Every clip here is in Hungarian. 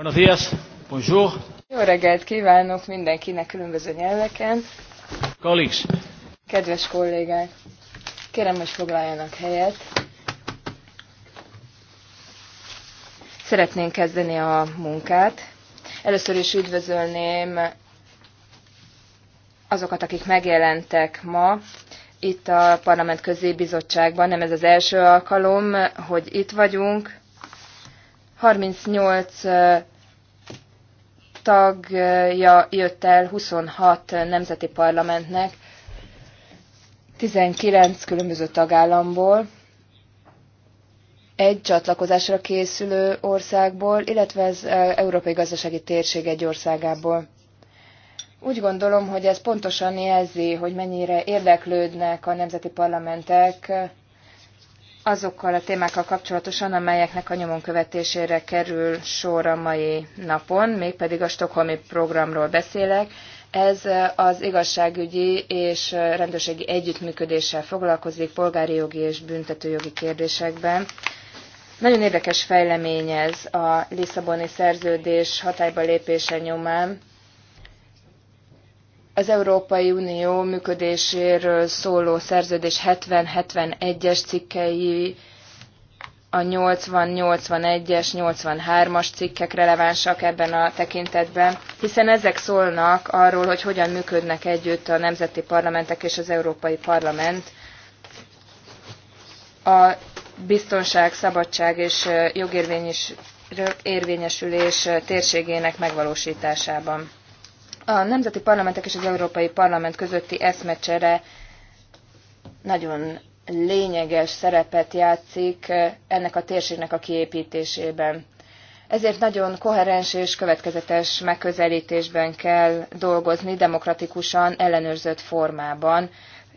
Buenos días, bonjour. Jó reggelt kívánok mindenkinek különböző nyelveken. Colleagues. Kedves kollégák, kérem, hogy foglaljanak helyet. Szeretnénk kezdeni a munkát. Először is üdvözölném azokat, akik megjelentek ma itt a Parlament Közébizottságban. Nem ez az első alkalom, hogy itt vagyunk. 38 tagja jött el 26 nemzeti parlamentnek, 19 különböző tagállamból, egy csatlakozásra készülő országból, illetve az e, Európai Gazdasági Térség egy országából. Úgy gondolom, hogy ez pontosan jelzi, hogy mennyire érdeklődnek a nemzeti parlamentek azokkal a témákkal kapcsolatosan, amelyeknek a nyomon követésére kerül sor a mai napon, mégpedig a Stockholmi programról beszélek. Ez az igazságügyi és rendőrségi együttműködéssel foglalkozik polgári jogi és büntetőjogi kérdésekben. Nagyon érdekes fejlemény ez a Lisszaboni szerződés hatályba lépése nyomán, az Európai Unió működéséről szóló szerződés 70-71-es cikkei, a 80-81-es, 83-as cikkek relevánsak ebben a tekintetben, hiszen ezek szólnak arról, hogy hogyan működnek együtt a nemzeti parlamentek és az Európai Parlament a biztonság, szabadság és érvényesülés térségének megvalósításában. A nemzeti parlamentek és az Európai Parlament közötti eszmecsere nagyon lényeges szerepet játszik ennek a térségnek a kiépítésében. Ezért nagyon koherens és következetes megközelítésben kell dolgozni demokratikusan, ellenőrzött formában,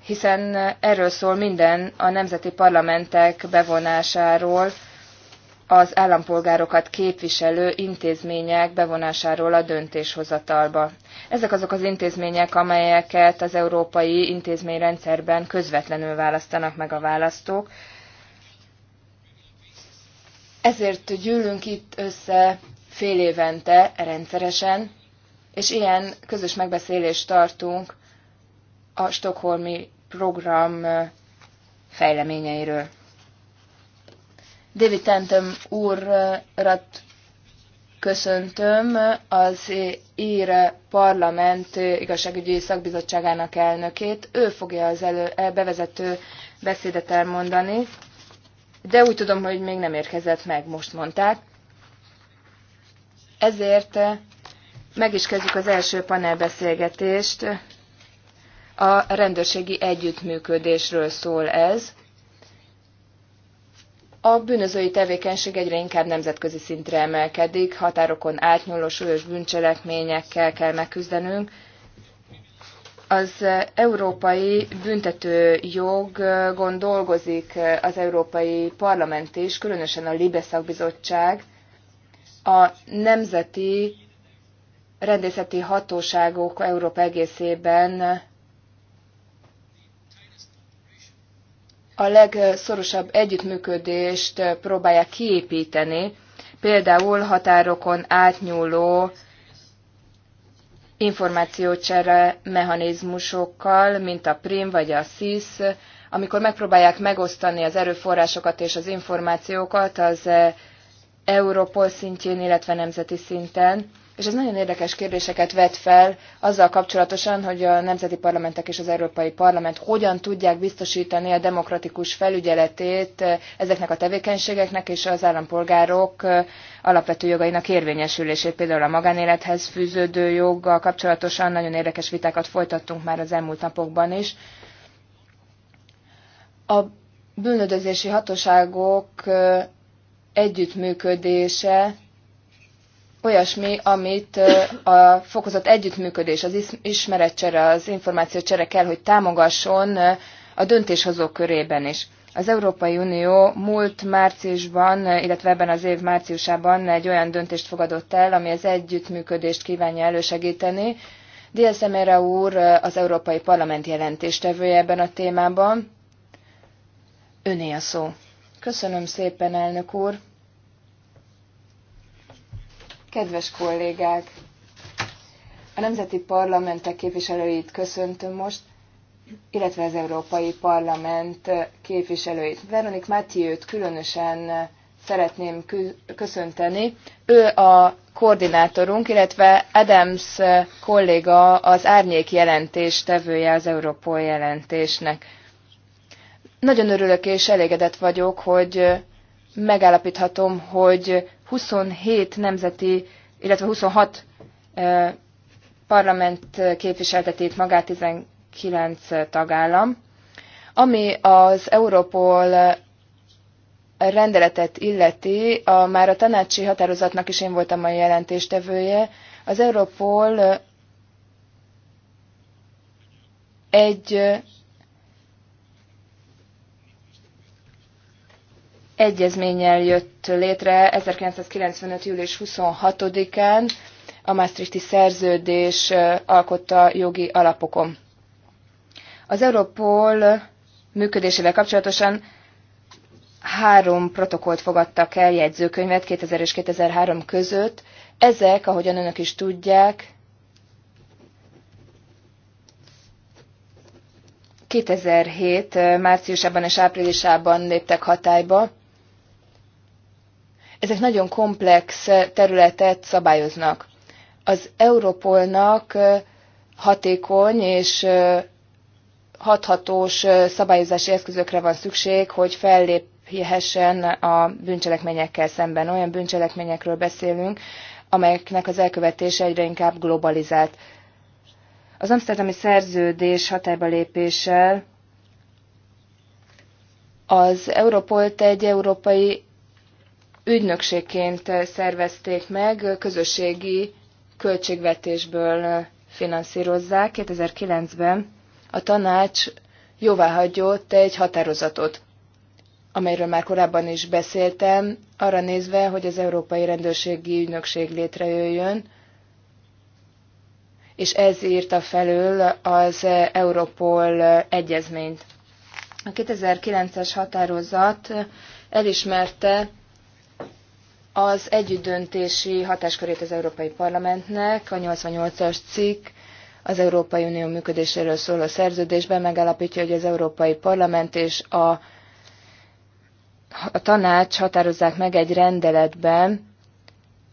hiszen erről szól minden a nemzeti parlamentek bevonásáról, az állampolgárokat képviselő intézmények bevonásáról a döntéshozatalba. Ezek azok az intézmények, amelyeket az európai intézményrendszerben közvetlenül választanak meg a választók. Ezért gyűlünk itt össze fél évente rendszeresen, és ilyen közös megbeszélést tartunk a Stockholmi program fejleményeiről. Divitentem úrrat köszöntöm az ír parlament igazságügyi szakbizottságának elnökét. Ő fogja az elő, e, bevezető beszédet elmondani, de úgy tudom, hogy még nem érkezett meg, most mondták. Ezért meg is kezdjük az első panelbeszélgetést. A rendőrségi együttműködésről szól ez. A bűnözői tevékenység egyre inkább nemzetközi szintre emelkedik, határokon átnyúló súlyos bűncselekményekkel kell megküzdenünk. Az európai büntető jogon dolgozik az Európai Parlament is, különösen a Libe szakbizottság, a nemzeti rendészeti hatóságok Európa egészében a legszorosabb együttműködést próbálják kiépíteni, például határokon átnyúló információcsere mechanizmusokkal, mint a PRIM vagy a SIS, amikor megpróbálják megosztani az erőforrásokat és az információkat az Európol szintjén, illetve nemzeti szinten és ez nagyon érdekes kérdéseket vet fel azzal kapcsolatosan, hogy a nemzeti parlamentek és az Európai Parlament hogyan tudják biztosítani a demokratikus felügyeletét ezeknek a tevékenységeknek és az állampolgárok alapvető jogainak érvényesülését, például a magánélethez fűződő joggal kapcsolatosan nagyon érdekes vitákat folytattunk már az elmúlt napokban is. A bűnöldözési hatóságok együttműködése olyasmi, amit a fokozott együttműködés, az ismeretcsere, az információcsere kell, hogy támogasson a döntéshozók körében is. Az Európai Unió múlt márciusban, illetve ebben az év márciusában egy olyan döntést fogadott el, ami az együttműködést kívánja elősegíteni. Díaz Emera úr az Európai Parlament jelentéstevője ebben a témában. Öné a szó. Köszönöm szépen, elnök úr. Kedves kollégák! A nemzeti parlamentek képviselőit köszöntöm most, illetve az Európai Parlament képviselőit. Veronik Mátyőt különösen szeretném köszönteni. Ő a koordinátorunk, illetve Adams kolléga az árnyék jelentés tevője az Európol jelentésnek. Nagyon örülök és elégedett vagyok, hogy megállapíthatom, hogy 27 nemzeti, illetve 26 parlament képviseltetét magát 19 tagállam. Ami az Europol rendeletet illeti, a, már a tanácsi határozatnak is én voltam a jelentéstevője, az Europol egy egyezménnyel jött létre 1995. július 26-án a Maastrichti szerződés alkotta jogi alapokon. Az Europol működésével kapcsolatosan három protokollt fogadtak el jegyzőkönyvet 2000 és 2003 között. Ezek, ahogyan önök is tudják, 2007. márciusában és áprilisában léptek hatályba ezek nagyon komplex eh, területet szabályoznak. Az Europolnak eh, hatékony és eh, hathatós szabályozási eszközökre van szükség, hogy felléphessen a bűncselekményekkel szemben. Olyan bűncselekményekről beszélünk, amelyeknek az elkövetése egyre inkább globalizált. Az Amsterdami szerződés hatályba lépéssel az Europolt egy európai ügynökségként szervezték meg, közösségi költségvetésből finanszírozzák. 2009-ben a tanács jóváhagyott egy határozatot, amelyről már korábban is beszéltem, arra nézve, hogy az Európai Rendőrségi Ügynökség létrejöjjön, és ez írta felül az Europol egyezményt. A 2009-es határozat elismerte az együttdöntési hatáskörét az Európai Parlamentnek, a 88-as cikk az Európai Unió működéséről szóló szerződésben megállapítja, hogy az Európai Parlament és a, a tanács határozzák meg egy rendeletben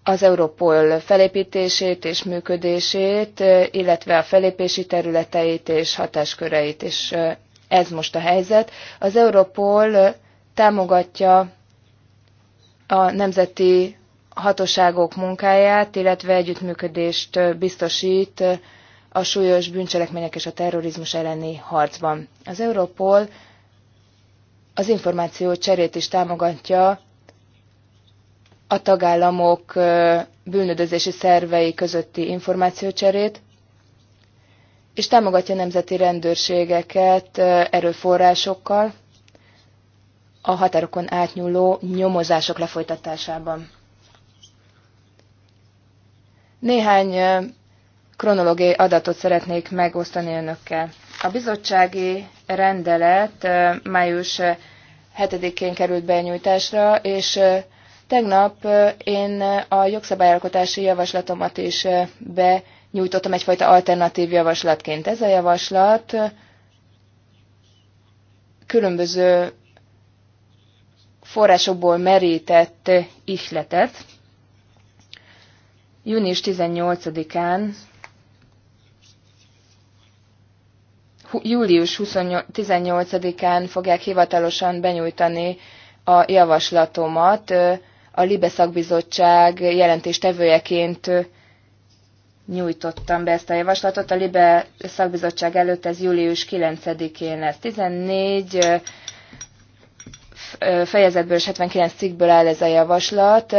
az Európol felépítését és működését, illetve a felépési területeit és hatásköreit, és ez most a helyzet. Az Európol támogatja a nemzeti hatóságok munkáját, illetve együttműködést biztosít a súlyos bűncselekmények és a terrorizmus elleni harcban. Az Europol az információ cserét is támogatja a tagállamok bűnödözési szervei közötti információcserét, és támogatja nemzeti rendőrségeket erőforrásokkal, a határokon átnyúló nyomozások lefolytatásában. Néhány kronológiai adatot szeretnék megosztani önökkel. A bizottsági rendelet május 7-én került benyújtásra, és tegnap én a jogszabályalkotási javaslatomat is benyújtottam egyfajta alternatív javaslatként. Ez a javaslat különböző forrásokból merített ihletet. Június 18-án július 18-án fogják hivatalosan benyújtani a javaslatomat. A Libe szakbizottság jelentéstevőjeként nyújtottam be ezt a javaslatot. A Libe szakbizottság előtt ez július 9-én lesz. 14 fejezetből és 79 cikkből áll ez a javaslat.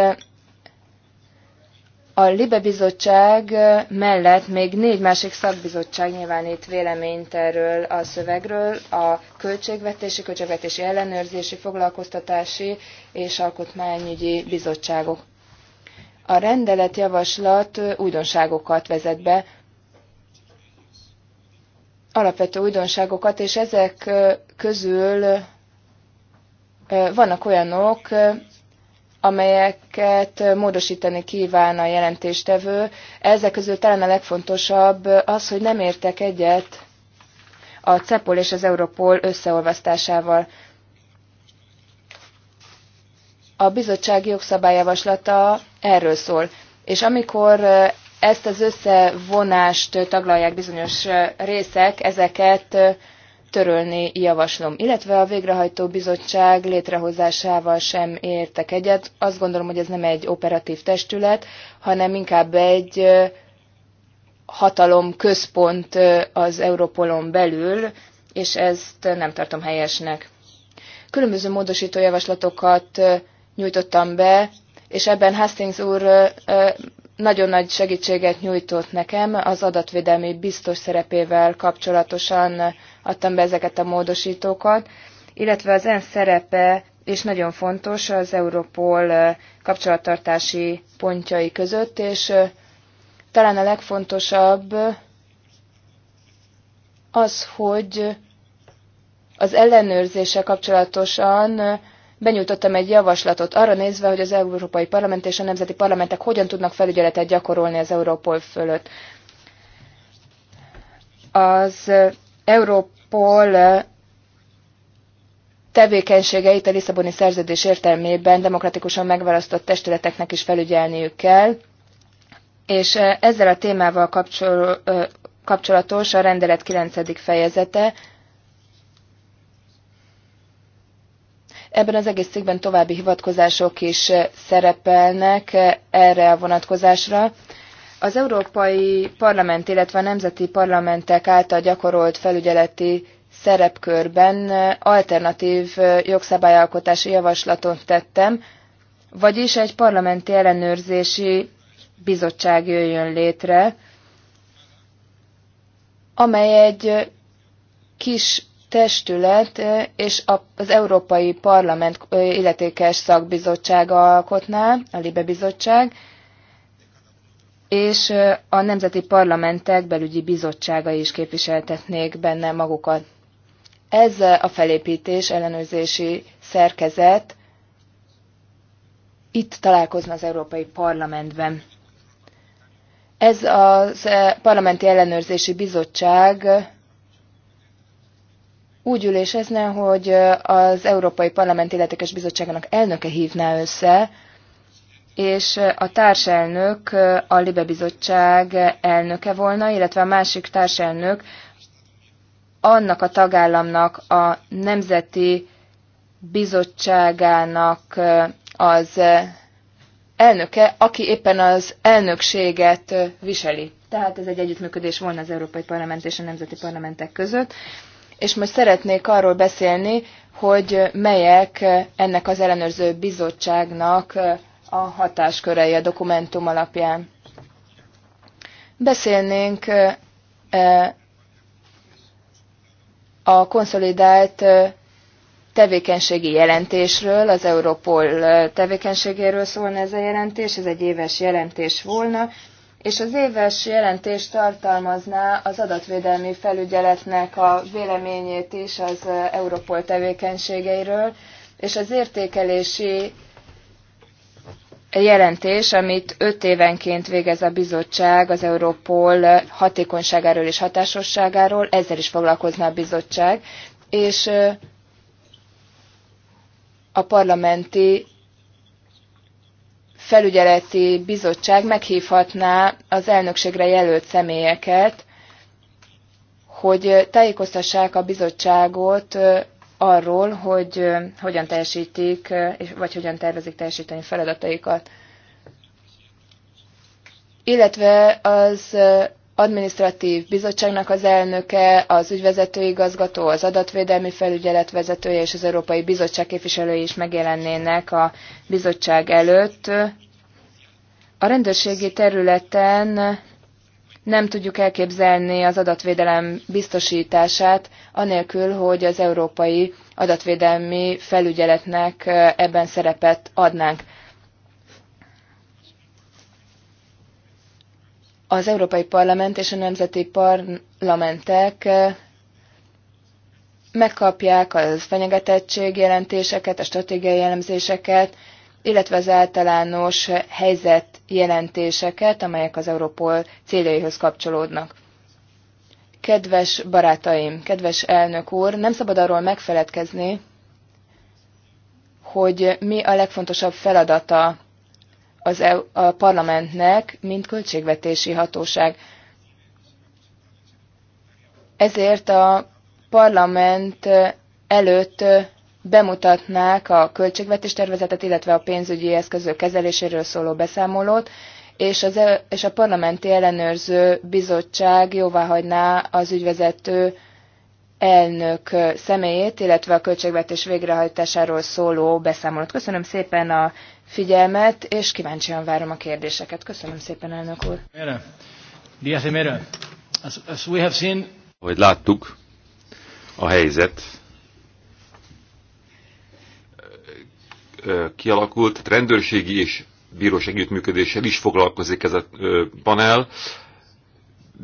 A Libe bizottság mellett még négy másik szakbizottság nyilvánít véleményt erről a szövegről, a költségvetési, költségvetési ellenőrzési, foglalkoztatási és alkotmányügyi bizottságok. A rendeletjavaslat újdonságokat vezet be, alapvető újdonságokat, és ezek közül vannak olyanok, amelyeket módosítani kíván a jelentéstevő. Ezek közül talán a legfontosabb az, hogy nem értek egyet a CEPOL és az Europol összeolvasztásával. A bizottsági jogszabályjavaslata erről szól, és amikor ezt az összevonást taglalják bizonyos részek, ezeket törölni javaslom, illetve a végrehajtó bizottság létrehozásával sem értek egyet. Azt gondolom, hogy ez nem egy operatív testület, hanem inkább egy hatalom központ az Európolon belül, és ezt nem tartom helyesnek. Különböző módosító javaslatokat nyújtottam be, és ebben Hastings úr nagyon nagy segítséget nyújtott nekem az adatvédelmi biztos szerepével kapcsolatosan adtam be ezeket a módosítókat, illetve az ENSZ szerepe és nagyon fontos az Europol kapcsolattartási pontjai között, és talán a legfontosabb az, hogy az ellenőrzése kapcsolatosan benyújtottam egy javaslatot arra nézve, hogy az Európai Parlament és a nemzeti parlamentek hogyan tudnak felügyeletet gyakorolni az Európol fölött. Az Európol tevékenységeit a Lisszaboni szerződés értelmében demokratikusan megválasztott testületeknek is felügyelniük kell, és ezzel a témával kapcsolatos a rendelet 9. fejezete, Ebben az egész cikkben további hivatkozások is eh, szerepelnek eh, erre a vonatkozásra. Az Európai Parlament, illetve a nemzeti parlamentek által gyakorolt felügyeleti szerepkörben eh, alternatív jogszabályalkotási javaslatot tettem, vagyis egy parlamenti ellenőrzési bizottság jöjjön létre, amely egy kis testület és az Európai Parlament illetékes szakbizottsága alkotná, a Libe Bizottság, és a nemzeti parlamentek belügyi bizottságai is képviseltetnék benne magukat. Ez a felépítés, ellenőrzési szerkezet itt találkozna az Európai Parlamentben. Ez a Parlamenti Ellenőrzési Bizottság úgy ülésezne, hogy az Európai Parlament Illetékes Bizottságának elnöke hívná össze, és a társelnök a Libe Bizottság elnöke volna, illetve a másik társelnök annak a tagállamnak a nemzeti bizottságának az elnöke, aki éppen az elnökséget viseli. Tehát ez egy együttműködés volna az Európai Parlament és a Nemzeti Parlamentek között és most szeretnék arról beszélni, hogy melyek ennek az ellenőrző bizottságnak a hatáskörei a dokumentum alapján. Beszélnénk a konszolidált tevékenységi jelentésről, az Europol tevékenységéről szólna ez a jelentés, ez egy éves jelentés volna, és az éves jelentés tartalmazná az adatvédelmi felügyeletnek a véleményét is az Europol tevékenységeiről, és az értékelési jelentés, amit öt évenként végez a bizottság az Europol hatékonyságáról és hatásosságáról, ezzel is foglalkozna a bizottság, és a parlamenti felügyeleti bizottság meghívhatná az elnökségre jelölt személyeket, hogy tájékoztassák a bizottságot arról, hogy hogyan teljesítik, vagy hogyan tervezik teljesíteni feladataikat. Illetve az adminisztratív bizottságnak az elnöke, az ügyvezető igazgató, az adatvédelmi felügyelet vezetője és az Európai Bizottság képviselői is megjelennének a bizottság előtt. A rendőrségi területen nem tudjuk elképzelni az adatvédelem biztosítását, anélkül, hogy az Európai Adatvédelmi Felügyeletnek ebben szerepet adnánk. az Európai Parlament és a nemzeti parlamentek megkapják az jelentéseket, a stratégiai jellemzéseket, illetve az általános helyzet jelentéseket, amelyek az Europol céljaihoz kapcsolódnak. Kedves barátaim, kedves elnök úr, nem szabad arról megfeledkezni, hogy mi a legfontosabb feladata az, e a parlamentnek, mint költségvetési hatóság. Ezért a parlament előtt bemutatnák a költségvetés tervezetet, illetve a pénzügyi eszközök kezeléséről szóló beszámolót, és, az, e és a parlamenti ellenőrző bizottság jóváhagyná az ügyvezető elnök személyét, illetve a költségvetés végrehajtásáról szóló beszámolót. Köszönöm szépen a figyelmet, és kíváncsian várom a kérdéseket. Köszönöm szépen, elnök úr. Díaz as, as we have seen... Ahogy láttuk, a helyzet kialakult, rendőrségi és bírós együttműködéssel is foglalkozik ez a panel,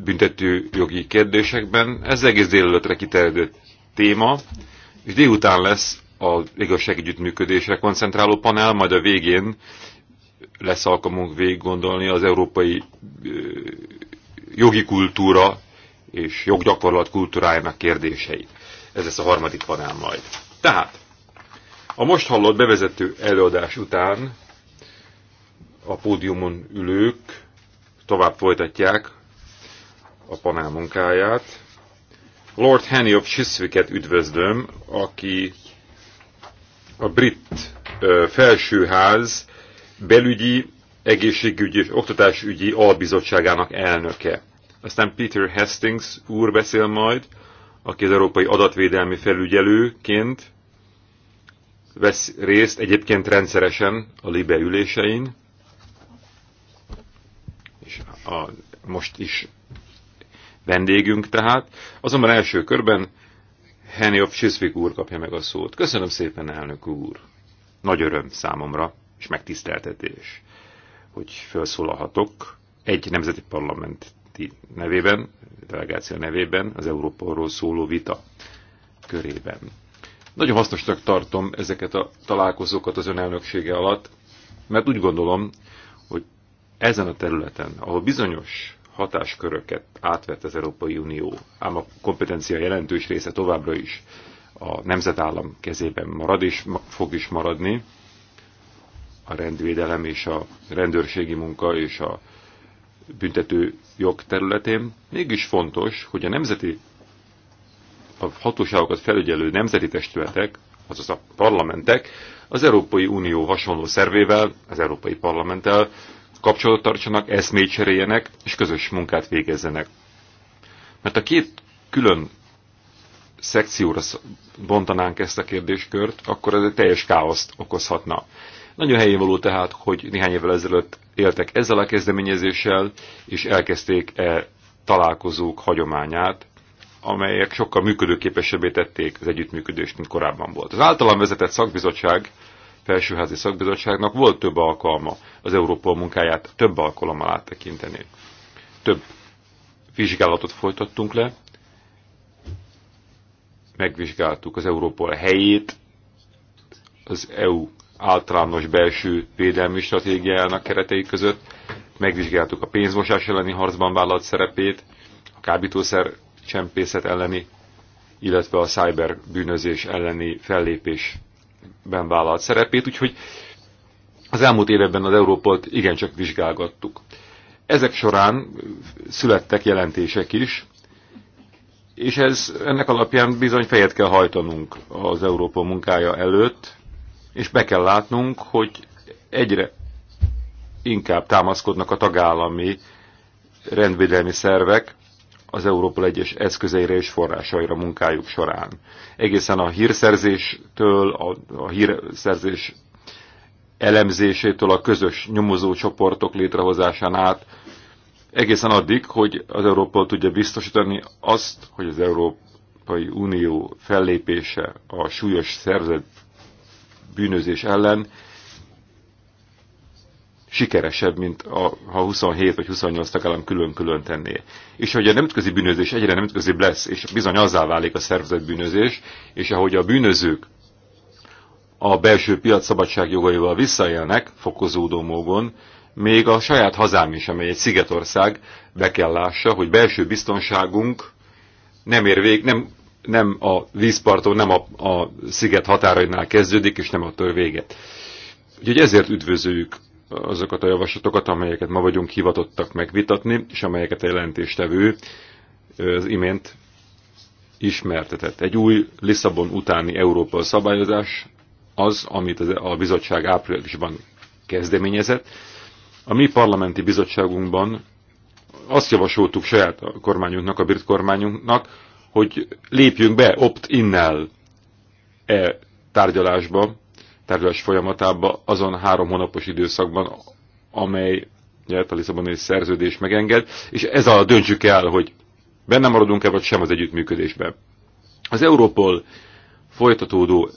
büntető jogi kérdésekben. Ez egész délelőttre kiterjedő téma, és délután lesz az együttműködésre koncentráló panel, majd a végén lesz alkalmunk végig gondolni az európai jogi kultúra és joggyakorlat kultúrájának kérdéseit. Ez lesz a harmadik panel majd. Tehát, a most hallott bevezető előadás után a pódiumon ülők tovább folytatják a panel munkáját. Lord Henny of Chiswicket üdvözlöm, aki a brit felsőház belügyi, egészségügyi és oktatásügyi albizottságának elnöke. Aztán Peter Hastings úr beszél majd, aki az Európai Adatvédelmi Felügyelőként vesz részt egyébként rendszeresen a LIBE ülésein, és a, most is vendégünk tehát. Azonban első körben Henjobb Csüszvik úr kapja meg a szót. Köszönöm szépen, elnök úr. Nagy öröm számomra, és megtiszteltetés, hogy felszólalhatok egy nemzeti parlamenti nevében, delegáció nevében, az Európáról szóló vita körében. Nagyon hasznosnak tartom ezeket a találkozókat az ön elnöksége alatt, mert úgy gondolom, hogy ezen a területen, ahol bizonyos hatásköröket átvett az Európai Unió, ám a kompetencia jelentős része továbbra is a nemzetállam kezében marad és fog is maradni. A rendvédelem és a rendőrségi munka és a büntető jog területén. Mégis fontos, hogy a nemzeti a hatóságokat felügyelő nemzeti testületek, azaz a parlamentek, az Európai Unió hasonló szervével, az Európai Parlamenttel kapcsolatot tartsanak, eszmét cseréljenek, és közös munkát végezzenek. Mert a két külön szekcióra bontanánk ezt a kérdéskört, akkor ez egy teljes káoszt okozhatna. Nagyon helyén való tehát, hogy néhány évvel ezelőtt éltek ezzel a kezdeményezéssel, és elkezdték e találkozók hagyományát, amelyek sokkal működőképesebbé tették az együttműködést, mint korábban volt. Az általam vezetett szakbizottság felsőházi szakbizottságnak volt több alkalma az Európa munkáját több alkalommal áttekinteni. Több vizsgálatot folytattunk le, megvizsgáltuk az Európa helyét, az EU általános belső védelmi stratégiájának keretei között, megvizsgáltuk a pénzmosás elleni harcban vállalt szerepét, a kábítószer csempészet elleni, illetve a cyber bűnözés elleni fellépés ben vállalt szerepét, úgyhogy az elmúlt években az Európolt igencsak vizsgálgattuk. Ezek során születtek jelentések is, és ez, ennek alapján bizony fejet kell hajtanunk az Európa munkája előtt, és be kell látnunk, hogy egyre inkább támaszkodnak a tagállami rendvédelmi szervek az Európa egyes eszközeire és forrásaira munkájuk során. Egészen a hírszerzéstől, a, a hírszerzés elemzésétől a közös nyomozó csoportok létrehozásán át, egészen addig, hogy az Európa tudja biztosítani azt, hogy az Európai Unió fellépése a súlyos szerzett bűnözés ellen sikeresebb, mint a, ha 27 vagy 28 tagállam külön-külön tenné. És hogy a nemzetközi bűnözés egyre nemzetközibb lesz, és bizony azzá válik a szervezett bűnözés, és ahogy a bűnözők a belső piac szabadság jogaival visszaélnek, fokozódó módon, még a saját hazám is, amely egy szigetország, be kell lássa, hogy belső biztonságunk nem ér vég, nem, nem a vízparton, nem a, a sziget határainál kezdődik, és nem a véget. Úgyhogy ezért üdvözöljük azokat a javaslatokat, amelyeket ma vagyunk hivatottak megvitatni, és amelyeket a jelentéstevő az imént ismertetett. Egy új Lisszabon utáni Európa szabályozás az, amit a bizottság áprilisban kezdeményezett. A mi parlamenti bizottságunkban azt javasoltuk saját a kormányunknak, a brit kormányunknak, hogy lépjünk be opt-innel e tárgyalásba, tárgyalás folyamatába azon három hónapos időszakban, amely a Lisszaboni szerződés megenged, és ez a döntsük el, hogy benne maradunk-e, vagy sem az együttműködésben. Az Európol folytatódó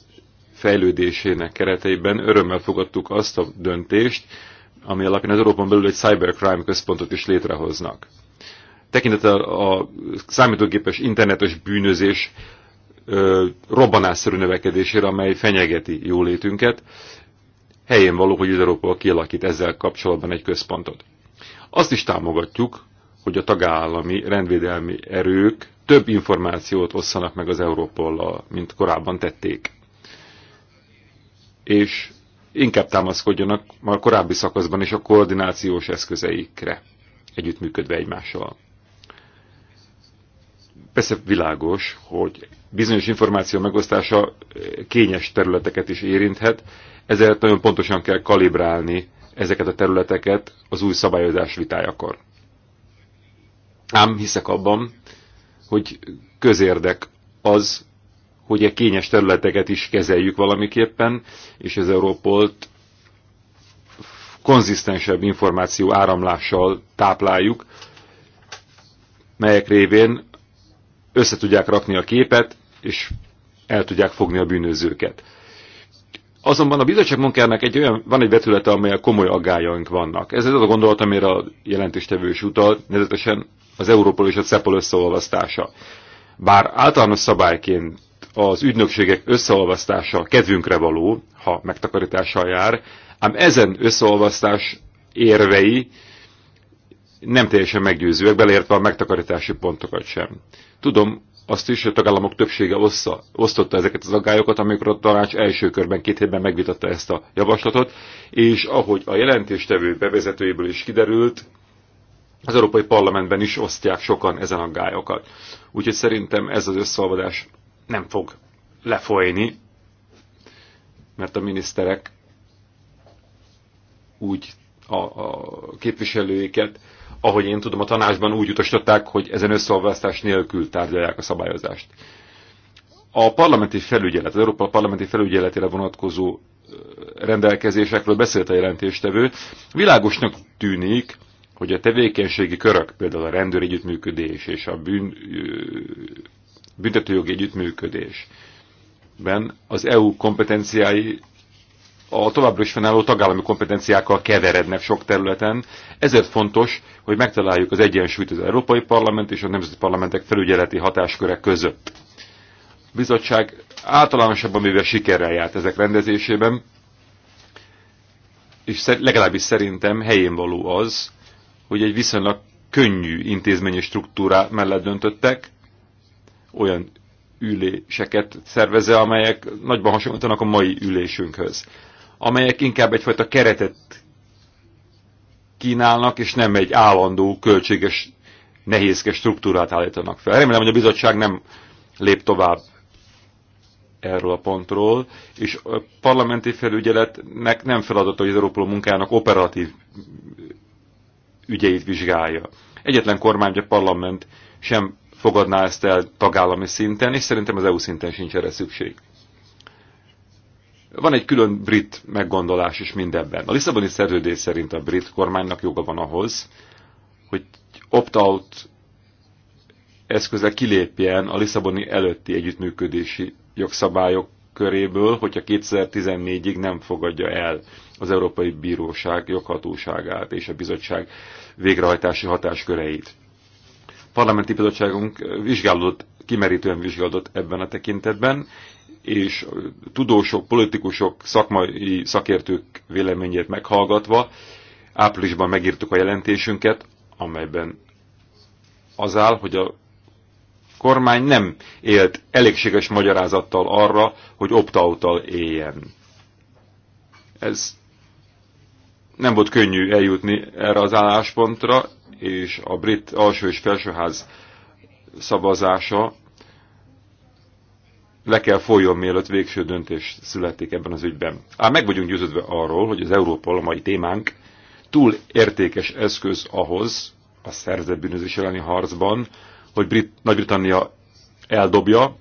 fejlődésének kereteiben örömmel fogadtuk azt a döntést, ami alapján az Európon belül egy cybercrime központot is létrehoznak. Tekintettel a számítógépes internetes bűnözés robbanásszerű növekedésére, amely fenyegeti jólétünket. Helyén való, hogy az Európa kialakít ezzel kapcsolatban egy központot. Azt is támogatjuk, hogy a tagállami rendvédelmi erők több információt osszanak meg az Európollal, mint korábban tették. És inkább támaszkodjanak már korábbi szakaszban is a koordinációs eszközeikre, együttműködve egymással. Persze világos, hogy bizonyos információ megosztása eh, kényes területeket is érinthet, ezért nagyon pontosan kell kalibrálni ezeket a területeket az új szabályozás vitájakor. Ám hiszek abban, hogy közérdek az, hogy a kényes területeket is kezeljük valamiképpen, és az Európolt konzisztensebb információ áramlással tápláljuk, melyek révén össze tudják rakni a képet, és el tudják fogni a bűnözőket. Azonban a bizottság munkának egy olyan, van egy vetülete, amely a komoly aggájaink vannak. Ez az a gondolat, amire a jelentéstevő is utal, nevezetesen az Európol és a CEPOL összeolvasztása. Bár általános szabályként az ügynökségek összeolvasztása kedvünkre való, ha megtakarítással jár, ám ezen összeolvasztás érvei nem teljesen meggyőzőek, beleértve a megtakarítási pontokat sem. Tudom azt is, hogy a tagállamok többsége ossza, osztotta ezeket az aggályokat, amikor a tanács első körben két hétben megvitatta ezt a javaslatot, és ahogy a jelentéstevő bevezetőjéből is kiderült, az Európai Parlamentben is osztják sokan ezen aggályokat. Úgyhogy szerintem ez az összeolvadás nem fog lefolyni, mert a miniszterek úgy a, a képviselőiket ahogy én tudom, a tanácsban úgy utasították, hogy ezen összeolvasztás nélkül tárgyalják a szabályozást. A parlamenti felügyelet, az Európa parlamenti felügyeletére vonatkozó rendelkezésekről beszélt a jelentéstevő. Világosnak tűnik, hogy a tevékenységi körök, például a rendőr együttműködés és a bűn, büntetőjogi együttműködésben az EU kompetenciái a továbbra is fennálló tagállami kompetenciákkal keverednek sok területen. Ezért fontos, hogy megtaláljuk az egyensúlyt az Európai Parlament és a Nemzeti Parlamentek felügyeleti hatásköre között. A bizottság általánosabban mivel sikerrel járt ezek rendezésében, és legalábbis szerintem helyén való az, hogy egy viszonylag könnyű intézményi struktúrá mellett döntöttek, olyan üléseket szervezze, amelyek nagyban hasonlítanak a mai ülésünkhöz amelyek inkább egyfajta keretet kínálnak, és nem egy állandó, költséges, nehézkes struktúrát állítanak fel. Remélem, hogy a bizottság nem lép tovább erről a pontról, és a parlamenti felügyeletnek nem feladata, hogy az Európoló munkának operatív ügyeit vizsgálja. Egyetlen kormány, a parlament sem fogadná ezt el tagállami szinten, és szerintem az EU szinten sincs erre szükség. Van egy külön brit meggondolás is mindebben. A Lisszaboni szerződés szerint a brit kormánynak joga van ahhoz, hogy opt-out eszköze kilépjen a Lisszaboni előtti együttműködési jogszabályok köréből, hogyha 2014-ig nem fogadja el az Európai Bíróság joghatóságát és a bizottság végrehajtási hatásköreit. Parlamenti bizottságunk vizsgálódott, kimerítően vizsgálódott ebben a tekintetben, és tudósok, politikusok, szakmai szakértők véleményét meghallgatva áprilisban megírtuk a jelentésünket, amelyben az áll, hogy a kormány nem élt elégséges magyarázattal arra, hogy optautal éljen. Ez nem volt könnyű eljutni erre az álláspontra, és a brit alsó és felsőház szavazása le kell folyjon, mielőtt végső döntés születik ebben az ügyben. Ám meg vagyunk győződve arról, hogy az Európol, a mai témánk, túl értékes eszköz ahhoz, a szerzett bűnözés elleni harcban, hogy Brit Nagy-Britannia eldobja,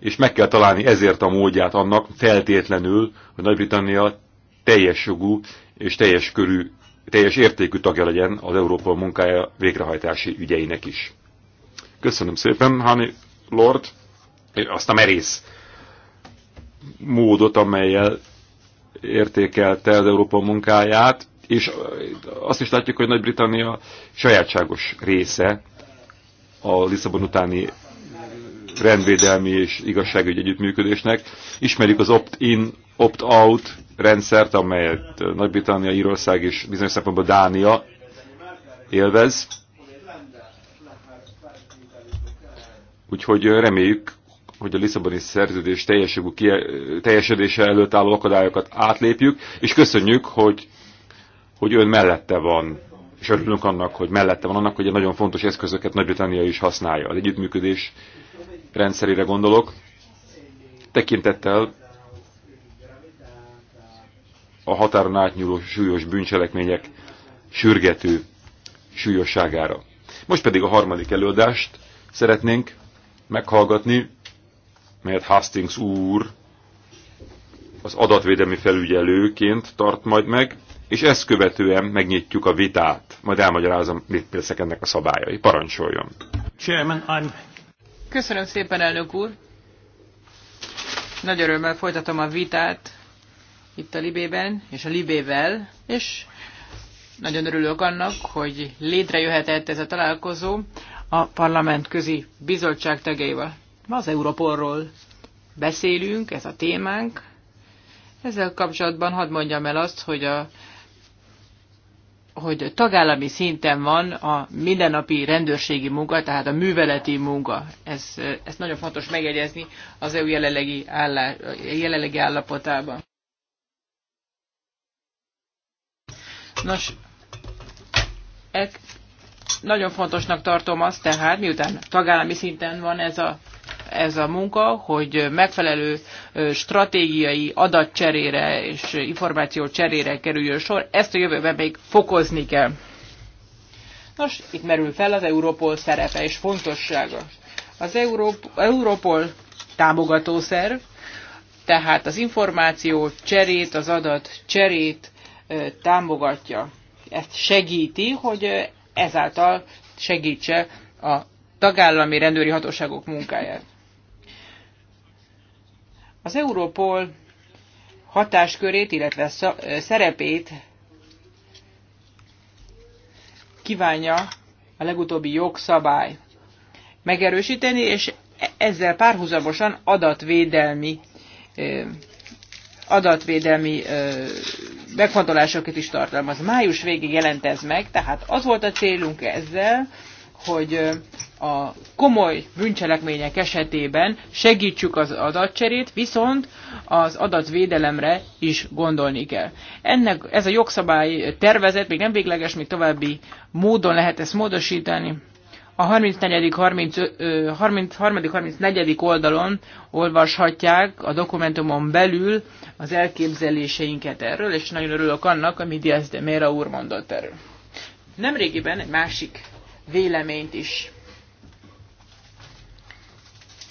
és meg kell találni ezért a módját annak feltétlenül, hogy Nagy-Britannia teljes jogú és teljes körű, teljes értékű tagja legyen az Európol munkája végrehajtási ügyeinek is. Köszönöm szépen, Hani Lord! azt a merész módot, amelyel értékelte az Európa munkáját, és azt is látjuk, hogy Nagy-Britannia sajátságos része a Lisszabon utáni rendvédelmi és igazságügyi együttműködésnek. Ismerjük az opt-in, opt-out rendszert, amelyet Nagy-Britannia, Írország és bizonyos szempontból Dánia élvez. Úgyhogy reméljük, hogy a Lisszaboni szerződés teljesedése előtt álló akadályokat átlépjük, és köszönjük, hogy, hogy ön mellette van, és örülünk annak, hogy mellette van annak, hogy a nagyon fontos eszközöket Nagy-Britannia is használja. Az együttműködés rendszerére gondolok, tekintettel a határon átnyúló súlyos bűncselekmények sürgető súlyosságára. Most pedig a harmadik előadást szeretnénk meghallgatni melyet Hastings úr az adatvédelmi felügyelőként tart majd meg, és ezt követően megnyitjuk a vitát. Majd elmagyarázom, mit leszek ennek a szabályai. Parancsoljon! Chairman, I'm... Köszönöm szépen, elnök úr! Nagy örömmel folytatom a vitát itt a Libében és a Libével, és nagyon örülök annak, hogy létrejöhetett ez a találkozó a parlament közi bizottság tagjaival. Ma az Europolról beszélünk, ez a témánk. Ezzel kapcsolatban hadd mondjam el azt, hogy a hogy tagállami szinten van a mindennapi rendőrségi munka, tehát a műveleti munka. Ez, ez nagyon fontos megjegyezni az EU jelenlegi, állá, jelenlegi állapotában. Nos, e- nagyon fontosnak tartom azt tehát, miután tagállami szinten van ez a ez a munka, hogy megfelelő stratégiai adatcserére és információ cserére kerüljön sor. Ezt a jövőben még fokozni kell. Nos, itt merül fel az Europol szerepe és fontossága. Az Európol Europol tehát az információ cserét, az adat cserét támogatja. Ezt segíti, hogy ezáltal segítse a tagállami rendőri hatóságok munkáját. Az Európol hatáskörét, illetve szerepét kívánja a legutóbbi jogszabály megerősíteni, és e- ezzel párhuzamosan adatvédelmi adatvédelmi megfontolásokat is tartalmaz. Május végig jelent ez meg, tehát az volt a célunk ezzel, hogy a komoly bűncselekmények esetében segítsük az adatcserét, viszont az adatvédelemre is gondolni kell. Ennek, ez a jogszabály tervezet még nem végleges, még további módon lehet ezt módosítani. A 34. 33. 34. oldalon olvashatják a dokumentumon belül az elképzeléseinket erről, és nagyon örülök annak, amit Diaz de Mera úr mondott erről. Nemrégiben egy másik véleményt is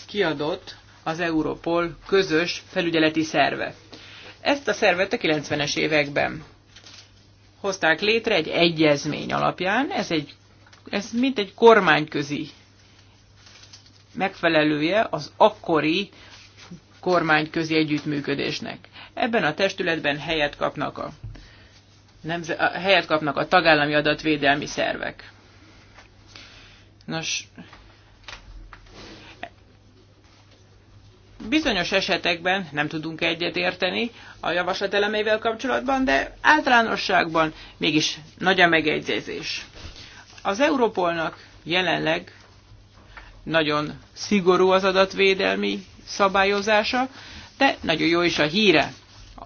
kiadott az Europol közös felügyeleti szerve. Ezt a szervet a 90-es években hozták létre egy egyezmény alapján. Ez, egy, ez mint egy kormányközi megfelelője az akkori kormányközi együttműködésnek. Ebben a testületben helyet kapnak a, nemze, helyet kapnak a tagállami adatvédelmi szervek. Nos, bizonyos esetekben nem tudunk egyet érteni a javaslat elemével kapcsolatban, de általánosságban mégis nagy a megegyezés. Az Európolnak jelenleg nagyon szigorú az adatvédelmi szabályozása, de nagyon jó is a híre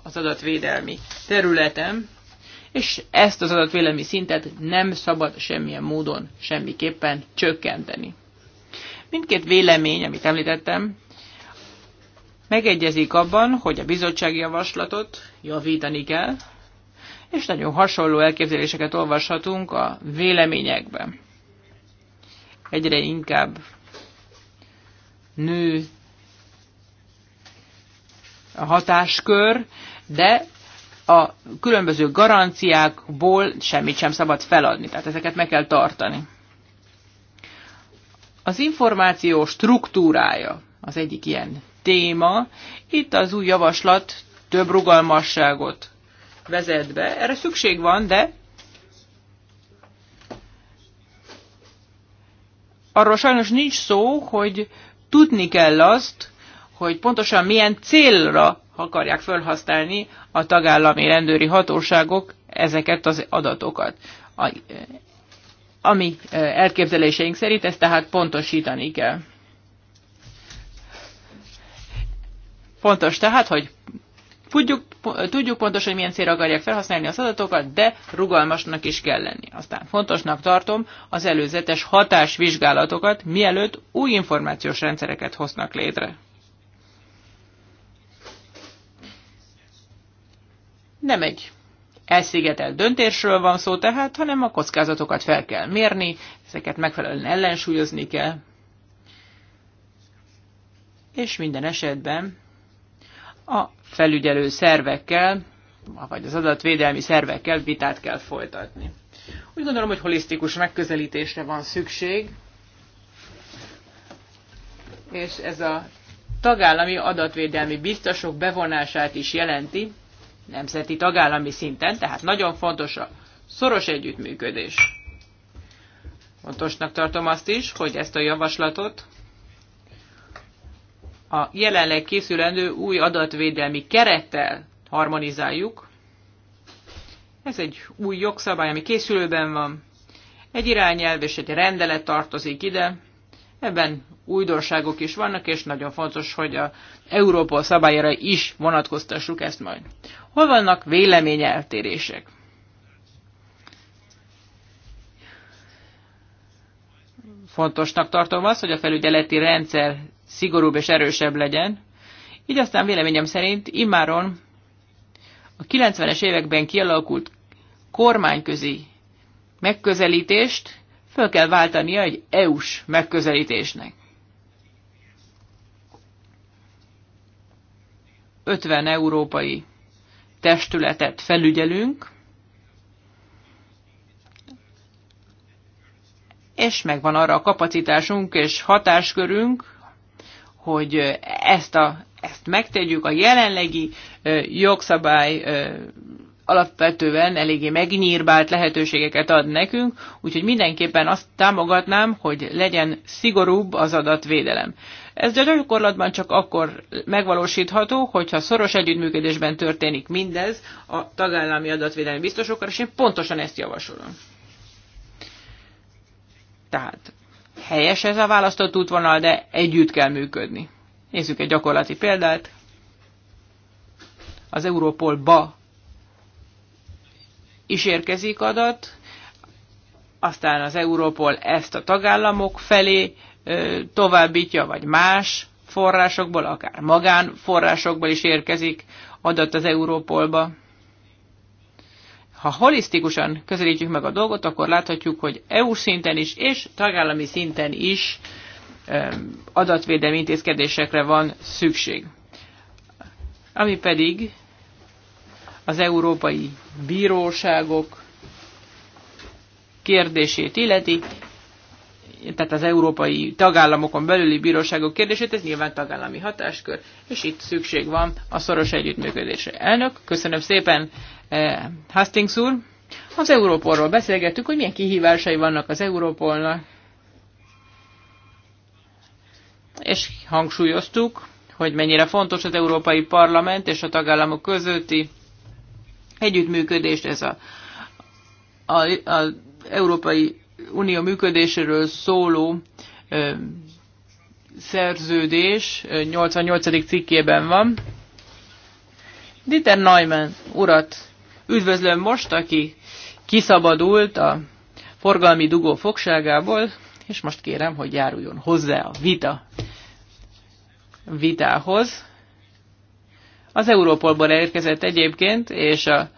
az adatvédelmi területen és ezt az adatvélemi szintet nem szabad semmilyen módon, semmiképpen csökkenteni. Mindkét vélemény, amit említettem, megegyezik abban, hogy a bizottsági javaslatot javítani kell, és nagyon hasonló elképzeléseket olvashatunk a véleményekben. Egyre inkább nő a hatáskör, de a különböző garanciákból semmit sem szabad feladni, tehát ezeket meg kell tartani. Az információ struktúrája az egyik ilyen téma. Itt az új javaslat több rugalmasságot vezet be. Erre szükség van, de arról sajnos nincs szó, hogy tudni kell azt, hogy pontosan milyen célra akarják felhasználni a tagállami rendőri hatóságok ezeket az adatokat. A, ami elképzeléseink szerint ezt tehát pontosítani kell. Fontos tehát, hogy tudjuk, tudjuk pontosan, hogy milyen célra akarják felhasználni az adatokat, de rugalmasnak is kell lenni. Aztán fontosnak tartom az előzetes hatásvizsgálatokat, mielőtt új információs rendszereket hoznak létre. Nem egy elszigetelt döntésről van szó tehát, hanem a kockázatokat fel kell mérni, ezeket megfelelően ellensúlyozni kell, és minden esetben a felügyelő szervekkel, vagy az adatvédelmi szervekkel vitát kell folytatni. Úgy gondolom, hogy holisztikus megközelítésre van szükség, és ez a tagállami adatvédelmi biztosok bevonását is jelenti, nemzeti tagállami szinten, tehát nagyon fontos a szoros együttműködés. Fontosnak tartom azt is, hogy ezt a javaslatot a jelenleg készülendő új adatvédelmi kerettel harmonizáljuk. Ez egy új jogszabály, ami készülőben van. Egy irányelv és egy rendelet tartozik ide. Ebben újdonságok is vannak, és nagyon fontos, hogy a Európol szabályára is vonatkoztassuk ezt majd. Hol vannak véleményeltérések? Fontosnak tartom azt, hogy a felügyeleti rendszer szigorúbb és erősebb legyen, így aztán véleményem szerint immáron a 90-es években kialakult kormányközi megközelítést föl kell váltania egy EU-s megközelítésnek. 50 európai testületet felügyelünk, és megvan arra a kapacitásunk és hatáskörünk, hogy ezt, a, ezt megtegyük a jelenlegi jogszabály alapvetően eléggé megnyírbált lehetőségeket ad nekünk, úgyhogy mindenképpen azt támogatnám, hogy legyen szigorúbb az adatvédelem. Ez gyakorlatban csak akkor megvalósítható, hogyha szoros együttműködésben történik mindez a tagállami adatvédelmi biztosokkal, és én pontosan ezt javasolom. Tehát helyes ez a választott útvonal, de együtt kell működni. Nézzük egy gyakorlati példát. Az ba is érkezik adat, aztán az Európol ezt a tagállamok felé továbbítja, vagy más forrásokból, akár magánforrásokból is érkezik adat az Európolba. Ha holisztikusan közelítjük meg a dolgot, akkor láthatjuk, hogy EU szinten is és tagállami szinten is adatvédelmi intézkedésekre van szükség. Ami pedig az európai bíróságok kérdését illeti, tehát az európai tagállamokon belüli bíróságok kérdését, ez nyilván tagállami hatáskör, és itt szükség van a szoros együttműködésre. Elnök, köszönöm szépen, eh, Hastings úr. Az Európolról beszélgettük, hogy milyen kihívásai vannak az Európolnak, és hangsúlyoztuk, hogy mennyire fontos az Európai Parlament és a tagállamok közötti együttműködést, ez a, a, a Európai Unió működéséről szóló ö, szerződés 88. cikkében van. Dieter Neumann urat üdvözlöm most, aki kiszabadult a forgalmi dugó fogságából, és most kérem, hogy járuljon hozzá a vita vitához. Az Európolból érkezett egyébként, és a,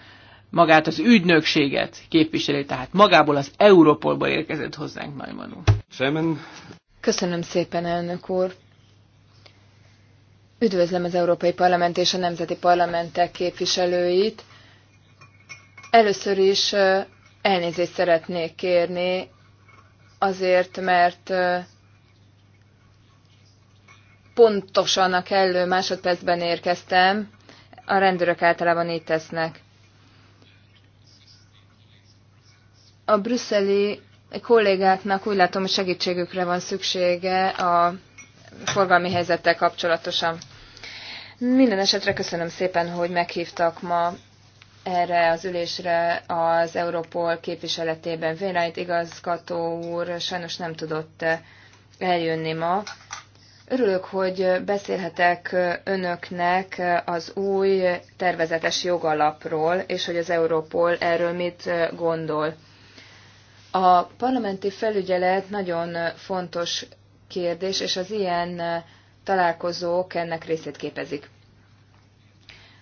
magát az ügynökséget képviseli, tehát magából az Európolból érkezett hozzánk Neumann úr. Köszönöm szépen, elnök úr. Üdvözlöm az Európai Parlament és a Nemzeti Parlamentek képviselőit. Először is elnézést szeretnék kérni azért, mert pontosan a kellő másodpercben érkeztem. A rendőrök általában így tesznek. A brüsszeli kollégáknak úgy látom, hogy segítségükre van szüksége a forgalmi helyzettel kapcsolatosan. Minden esetre köszönöm szépen, hogy meghívtak ma erre az ülésre az Europol képviseletében. Vérányt igazgató úr sajnos nem tudott eljönni ma, Örülök, hogy beszélhetek önöknek az új tervezetes jogalapról, és hogy az Európol erről mit gondol. A parlamenti felügyelet nagyon fontos kérdés, és az ilyen találkozók ennek részét képezik.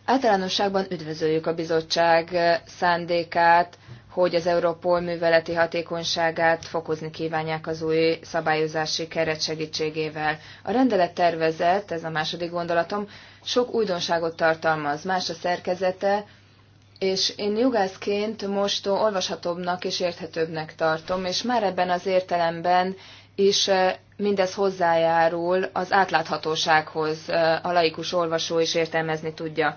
Általánosságban üdvözöljük a bizottság szándékát, hogy az Európol műveleti hatékonyságát fokozni kívánják az új szabályozási keret segítségével. A rendelet tervezett, ez a második gondolatom, sok újdonságot tartalmaz, más a szerkezete, és én jogászként most olvashatóbbnak és érthetőbbnek tartom, és már ebben az értelemben is eh, mindez hozzájárul az átláthatósághoz, eh, a laikus olvasó is értelmezni tudja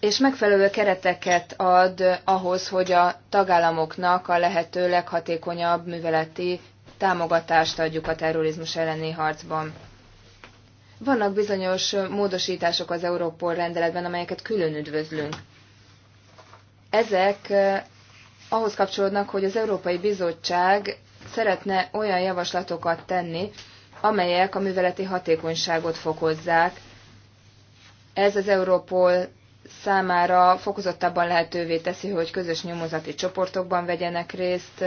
és megfelelő kereteket ad ahhoz, hogy a tagállamoknak a lehető leghatékonyabb műveleti támogatást adjuk a terrorizmus elleni harcban. Vannak bizonyos módosítások az Európol rendeletben, amelyeket külön üdvözlünk. Ezek eh, ahhoz kapcsolódnak, hogy az Európai Bizottság szeretne olyan javaslatokat tenni, amelyek a műveleti hatékonyságot fokozzák. Ez az Európol számára fokozottabban lehetővé teszi, hogy közös nyomozati csoportokban vegyenek részt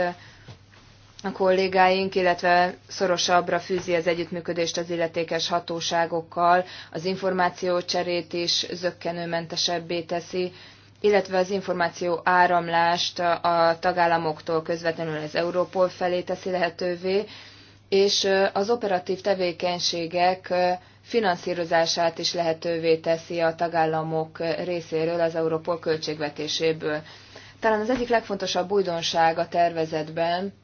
a kollégáink, illetve szorosabbra fűzi az együttműködést az illetékes hatóságokkal, az információcserét is zöggenőmentesebbé teszi, illetve az információ áramlást a tagállamoktól közvetlenül az Európol felé teszi lehetővé, és az operatív tevékenységek finanszírozását is lehetővé teszi a tagállamok részéről az Európol költségvetéséből. Talán az egyik legfontosabb újdonság a tervezetben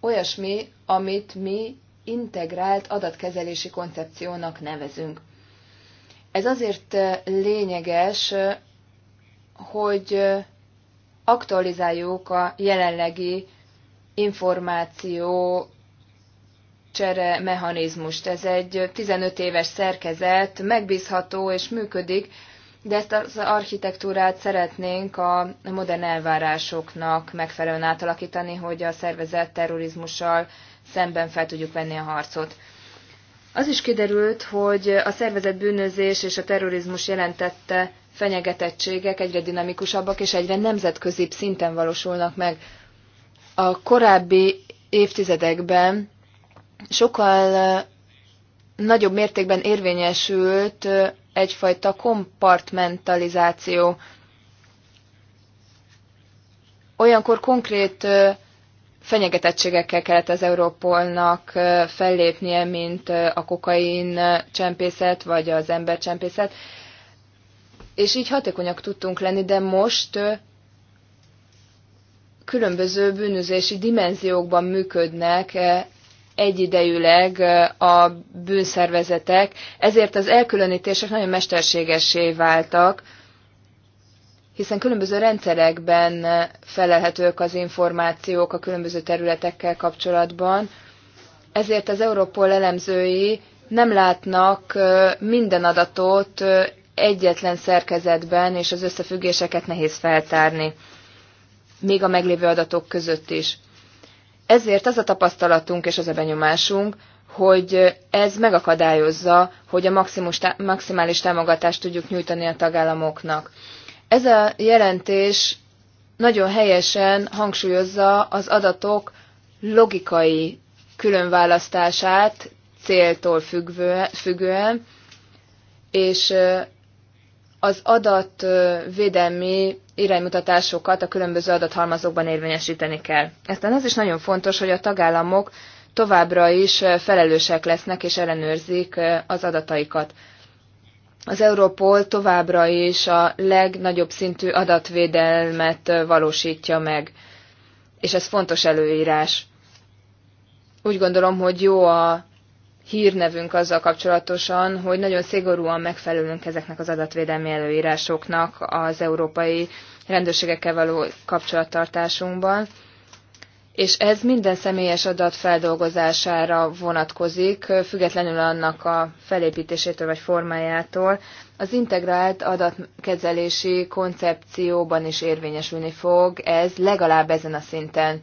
olyasmi, amit mi integrált adatkezelési koncepciónak nevezünk. Ez azért eh, lényeges, eh, hogy eh, aktualizáljuk a jelenlegi információ csere mechanizmust. Ez egy 15 éves szerkezet, megbízható és működik, de ezt az architektúrát szeretnénk a modern elvárásoknak megfelelően átalakítani, hogy a szervezett terrorizmussal szemben fel tudjuk venni a harcot. Az is kiderült, hogy a szervezett bűnözés és a terrorizmus jelentette fenyegetettségek egyre dinamikusabbak és egyre nemzetközi szinten valósulnak meg. A korábbi évtizedekben sokkal nagyobb mértékben érvényesült egyfajta kompartmentalizáció. Olyankor konkrét fenyegetettségekkel kellett az Európolnak fellépnie, mint a kokain csempészet vagy az embercsempészet, és így hatékonyak tudtunk lenni, de most különböző bűnözési dimenziókban működnek egyidejűleg a bűnszervezetek, ezért az elkülönítések nagyon mesterségessé váltak, hiszen különböző rendszerekben felelhetők az információk a különböző területekkel kapcsolatban, ezért az Európol elemzői nem látnak minden adatot egyetlen szerkezetben, és az összefüggéseket nehéz feltárni, még a meglévő adatok között is. Ezért az a tapasztalatunk és az a benyomásunk, hogy ez megakadályozza, hogy a maximus, maximális támogatást tudjuk nyújtani a tagállamoknak. Ez a jelentés nagyon helyesen hangsúlyozza az adatok logikai különválasztását céltól függően, függően és az adatvédelmi iránymutatásokat a különböző adathalmazokban érvényesíteni kell. Aztán az is nagyon fontos, hogy a tagállamok továbbra is felelősek lesznek és ellenőrzik az adataikat. Az Europol továbbra is a legnagyobb szintű adatvédelmet valósítja meg, és ez fontos előírás. Úgy gondolom, hogy jó a hírnevünk azzal kapcsolatosan, hogy nagyon szigorúan megfelelünk ezeknek az adatvédelmi előírásoknak az európai rendőrségekkel való kapcsolattartásunkban. És ez minden személyes adat feldolgozására vonatkozik, függetlenül annak a felépítésétől vagy formájától. Az integrált adatkezelési koncepcióban is érvényesülni fog ez legalább ezen a szinten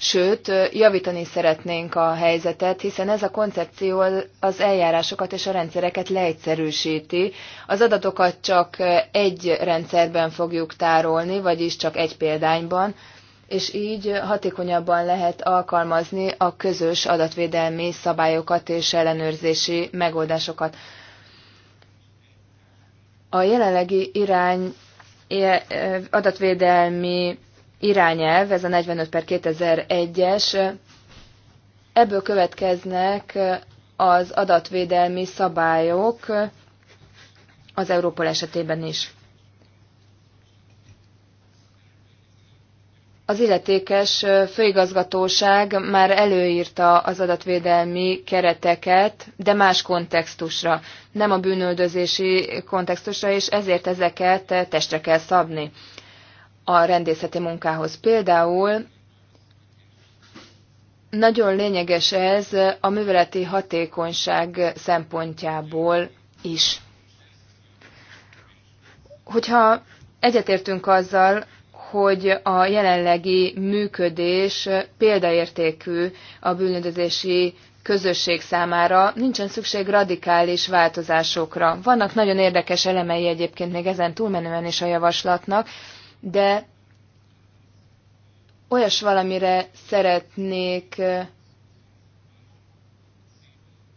sőt, javítani szeretnénk a helyzetet, hiszen ez a koncepció az eljárásokat és a rendszereket leegyszerűsíti. Az adatokat csak egy rendszerben fogjuk tárolni, vagyis csak egy példányban, és így hatékonyabban lehet alkalmazni a közös adatvédelmi szabályokat és ellenőrzési megoldásokat. A jelenlegi irány eh, adatvédelmi irányelv, ez a 45 per 2001-es, ebből következnek az adatvédelmi szabályok az Európa esetében is. Az illetékes főigazgatóság már előírta az adatvédelmi kereteket, de más kontextusra, nem a bűnöldözési kontextusra, és ezért ezeket testre kell szabni a rendészeti munkához. Például nagyon lényeges ez a műveleti hatékonyság szempontjából is. Hogyha egyetértünk azzal, hogy a jelenlegi működés példaértékű a bűnözési közösség számára, nincsen szükség radikális változásokra. Vannak nagyon érdekes elemei egyébként még ezen túlmenően is a javaslatnak, de olyas valamire szeretnék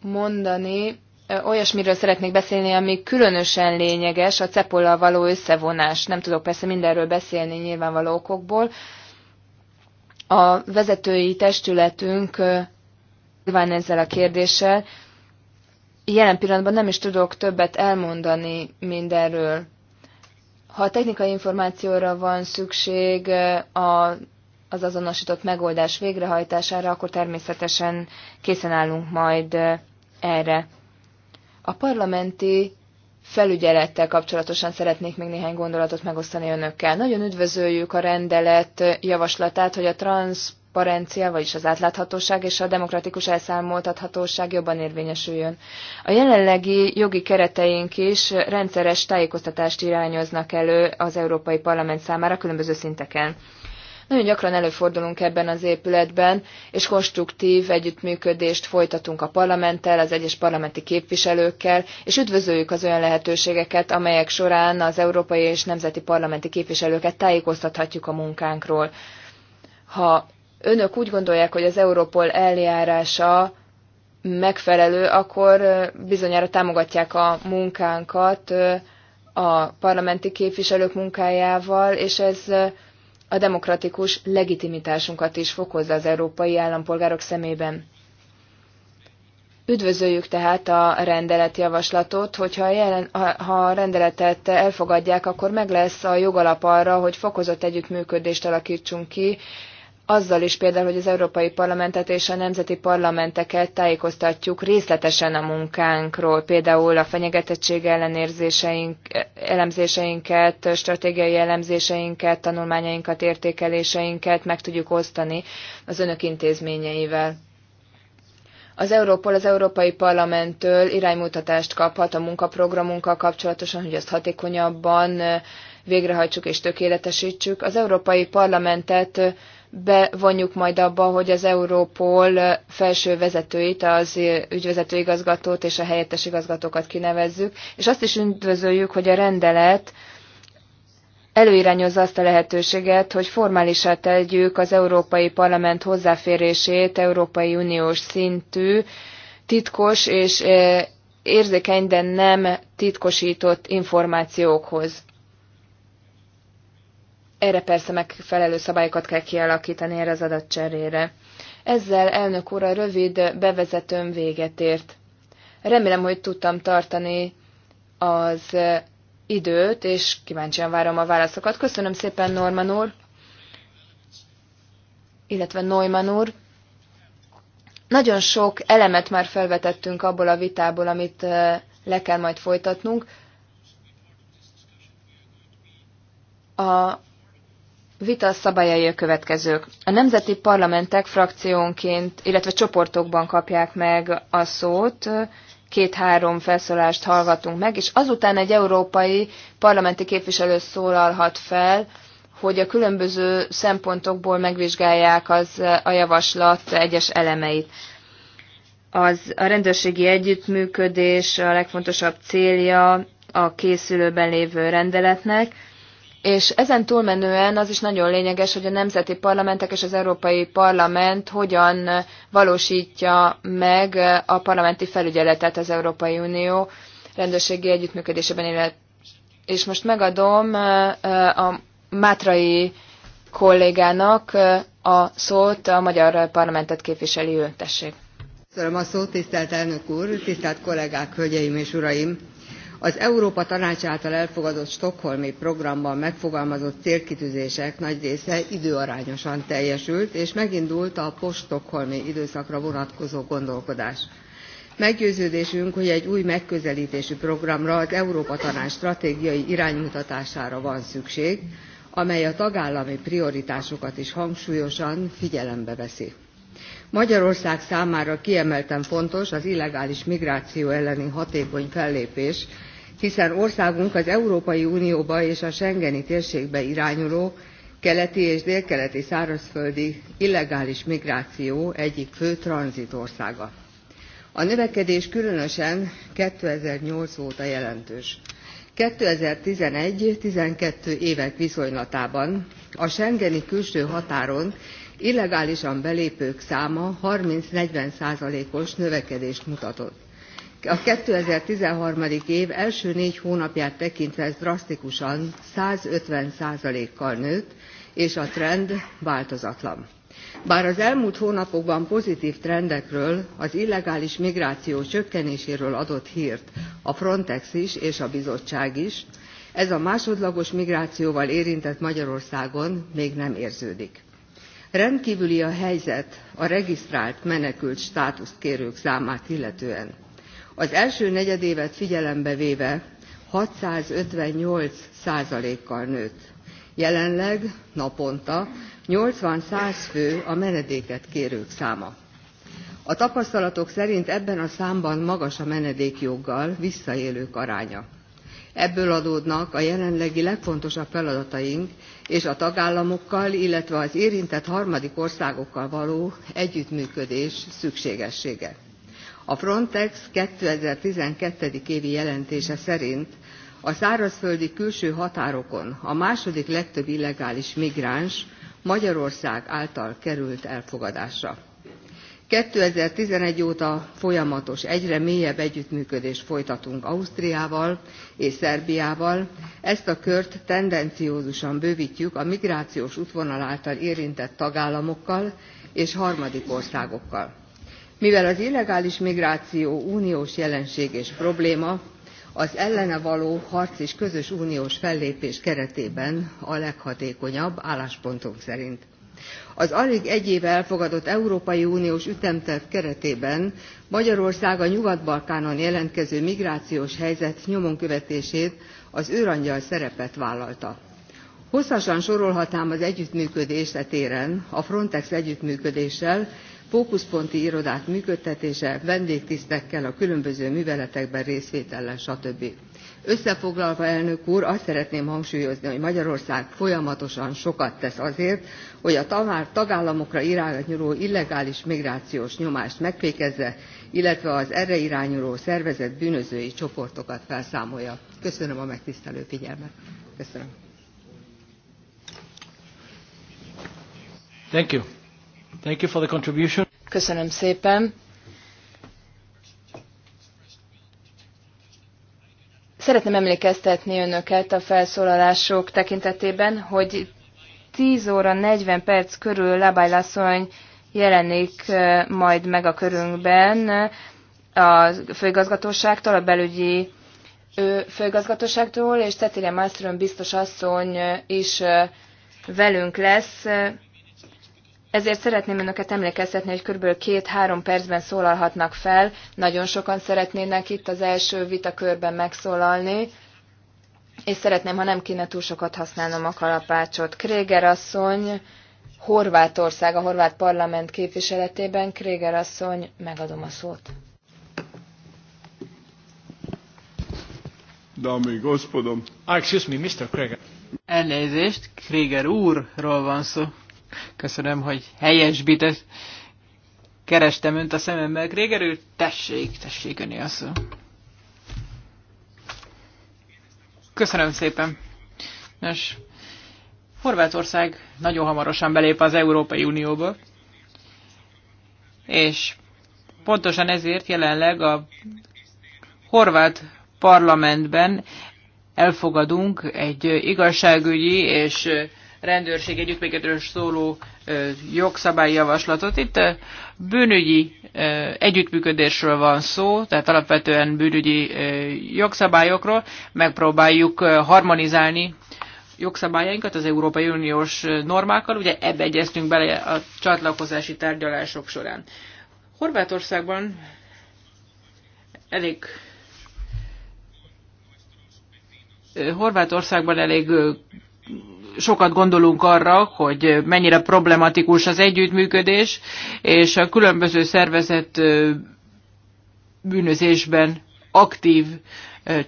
mondani, olyasmiről szeretnék beszélni, ami különösen lényeges, a cepollal való összevonás. Nem tudok persze mindenről beszélni nyilvánvaló okokból. A vezetői testületünk van ezzel a kérdéssel. Jelen pillanatban nem is tudok többet elmondani mindenről. Ha technikai információra van szükség a, az azonosított megoldás végrehajtására, akkor természetesen készen állunk majd erre. A parlamenti felügyelettel kapcsolatosan szeretnék még néhány gondolatot megosztani önökkel. Nagyon üdvözöljük a rendelet javaslatát, hogy a transz transzparencia, vagyis az átláthatóság és a demokratikus elszámoltathatóság jobban érvényesüljön. A jelenlegi jogi kereteink is rendszeres tájékoztatást irányoznak elő az Európai Parlament számára különböző szinteken. Nagyon gyakran előfordulunk ebben az épületben, és konstruktív együttműködést folytatunk a parlamenttel, az egyes parlamenti képviselőkkel, és üdvözöljük az olyan lehetőségeket, amelyek során az európai és nemzeti parlamenti képviselőket tájékoztathatjuk a munkánkról. Ha önök úgy gondolják, hogy az Európol eljárása megfelelő, akkor bizonyára támogatják a munkánkat a parlamenti képviselők munkájával, és ez a demokratikus legitimitásunkat is fokozza az európai állampolgárok szemében. Üdvözöljük tehát a rendeletjavaslatot, hogyha a, jelen, ha a rendeletet elfogadják, akkor meg lesz a jogalap arra, hogy fokozott együttműködést alakítsunk ki azzal is például, hogy az Európai Parlamentet és a nemzeti parlamenteket tájékoztatjuk részletesen a munkánkról, például a fenyegetettség ellenérzéseink, elemzéseinket, stratégiai elemzéseinket, tanulmányainkat, értékeléseinket meg tudjuk osztani az önök intézményeivel. Az Európol az Európai Parlamenttől iránymutatást kaphat a munkaprogramunkkal kapcsolatosan, hogy ezt hatékonyabban eh, végrehajtsuk és tökéletesítsük. Az Európai Parlamentet eh, bevonjuk majd abba, hogy az Európol felső vezetőit, az ügyvezető igazgatót és a helyettes igazgatókat kinevezzük, és azt is üdvözöljük, hogy a rendelet előirányozza azt a lehetőséget, hogy formálisá tegyük az Európai Parlament hozzáférését Európai Uniós szintű titkos és eh, érzékeny, de nem titkosított információkhoz. Erre persze megfelelő szabályokat kell kialakítani erre az adatcserére. Ezzel elnök úr a rövid bevezetőm véget ért. Remélem, hogy tudtam tartani az időt, és kíváncsian várom a válaszokat. Köszönöm szépen Norman úr, illetve Neumann úr. Nagyon sok elemet már felvetettünk abból a vitából, amit eh, le kell majd folytatnunk. A vita szabályai a következők. A nemzeti parlamentek frakciónként, illetve csoportokban kapják meg a szót, két-három felszólást hallgatunk meg, és azután egy európai parlamenti képviselő szólalhat fel, hogy a különböző szempontokból megvizsgálják az, a javaslat egyes elemeit. Az, a rendőrségi együttműködés a legfontosabb célja a készülőben lévő rendeletnek, és ezen túlmenően az is nagyon lényeges, hogy a nemzeti parlamentek és az Európai Parlament hogyan valósítja meg a parlamenti felügyeletet az Európai Unió rendőrségi együttműködésében, és most megadom a Mátrai kollégának a szót, a Magyar Parlamentet képviseli ő, tessék. Köszönöm a szót, tisztelt elnök úr, tisztelt kollégák, hölgyeim és uraim! Az Európa Tanács által elfogadott Stockholmi programban megfogalmazott célkitűzések nagy része időarányosan teljesült, és megindult a post-stockholmi időszakra vonatkozó gondolkodás. Meggyőződésünk, hogy egy új megközelítésű programra az Európa Tanács stratégiai iránymutatására van szükség, amely a tagállami prioritásokat is hangsúlyosan figyelembe veszi. Magyarország számára kiemelten fontos az illegális migráció elleni hatékony fellépés, hiszen országunk az Európai Unióba és a Schengeni térségbe irányuló keleti és délkeleti szárazföldi illegális migráció egyik fő tranzitországa. A növekedés különösen 2008 óta jelentős. 2011-12 évek viszonylatában a Schengeni külső határon illegálisan belépők száma 30-40 százalékos növekedést mutatott. A 2013. év első négy hónapját tekintve ez drasztikusan 150 százalékkal nőtt, és a trend változatlan. Bár az elmúlt hónapokban pozitív trendekről, az illegális migráció csökkenéséről adott hírt a Frontex is és a bizottság is, ez a másodlagos migrációval érintett Magyarországon még nem érződik. Rendkívüli a helyzet a regisztrált menekült státuszt kérők számát illetően. Az első negyedévet figyelembe véve 658 százalékkal nőtt. Jelenleg naponta 80-100 fő a menedéket kérők száma. A tapasztalatok szerint ebben a számban magas a menedékjoggal visszaélők aránya. Ebből adódnak a jelenlegi legfontosabb feladataink és a tagállamokkal illetve az érintett harmadik országokkal való együttműködés szükségessége. a frontex two thousand and twelve évi jelentése szerint a szárazföldi külső határokon a második legtöbb illegális migráns magyarország által került elfogadásra. 2011 óta folyamatos, egyre mélyebb együttműködést folytatunk Ausztriával és Szerbiával. Ezt a kört tendenciózusan bővítjük a migrációs útvonal által érintett tagállamokkal és harmadik országokkal. Mivel az illegális migráció uniós jelenség és probléma, az ellene való harc és közös uniós fellépés keretében a leghatékonyabb álláspontunk szerint. Az alig egy éve elfogadott Európai Uniós ütemterv keretében Magyarország a Nyugat-Balkánon jelentkező migrációs helyzet nyomon követését az őrangyal szerepet vállalta. Hosszasan sorolhatnám az együttműködést e téren, a Frontex együttműködéssel, fókuszponti irodák működtetése, vendégtisztekkel, a különböző műveletekben részvétellel, stb. Összefoglalva, elnök úr, azt szeretném hangsúlyozni, hogy Magyarország folyamatosan sokat tesz azért, hogy a tagállamokra irányuló illegális migrációs nyomást megfékezze, illetve az erre irányuló szervezett bűnözői csoportokat felszámolja. Köszönöm a megtisztelő figyelmet. Köszönöm. Thank you. Thank you for the contribution. Köszönöm szépen. Szeretném emlékeztetni önöket a felszólalások tekintetében, hogy 10 óra 40 perc körül Labájlasszony jelenik majd meg a körünkben a főigazgatóságtól, a belügyi főigazgatóságtól, és Cecilia Malmström biztos asszony is velünk lesz. Ezért szeretném önöket emlékeztetni, hogy kb. két-három percben szólalhatnak fel. Nagyon sokan szeretnének itt az első vitakörben megszólalni, és szeretném, ha nem kéne túl sokat használnom a kalapácsot. Kréger asszony, Horvátország, a horvát parlament képviseletében. Kréger asszony, megadom a szót. Dami, gospodom. Ah, excuse me, Mr. Kréger. Elnézést, Kréger úrról van szó. Köszönöm, hogy helyesbített. Eh, kerestem önt a szememmel, Grégerő. Tessék, tessék öné a szó. Köszönöm szépen. Nos, Horvátország nagyon hamarosan belép az Európai Unióba, és pontosan ezért jelenleg a horvát parlamentben elfogadunk egy igazságügyi és rendőrség együttműködős szóló jogszabályjavaslatot. Itt bűnügyi együttműködésről van szó, tehát alapvetően bűnügyi jogszabályokról. Megpróbáljuk harmonizálni jogszabályainkat az Európai Uniós normákkal, ugye ebbe egyeztünk bele a csatlakozási tárgyalások során. Horvátországban elég Horvátországban elég sokat gondolunk arra, hogy mennyire problematikus az együttműködés, és a különböző szervezet bűnözésben aktív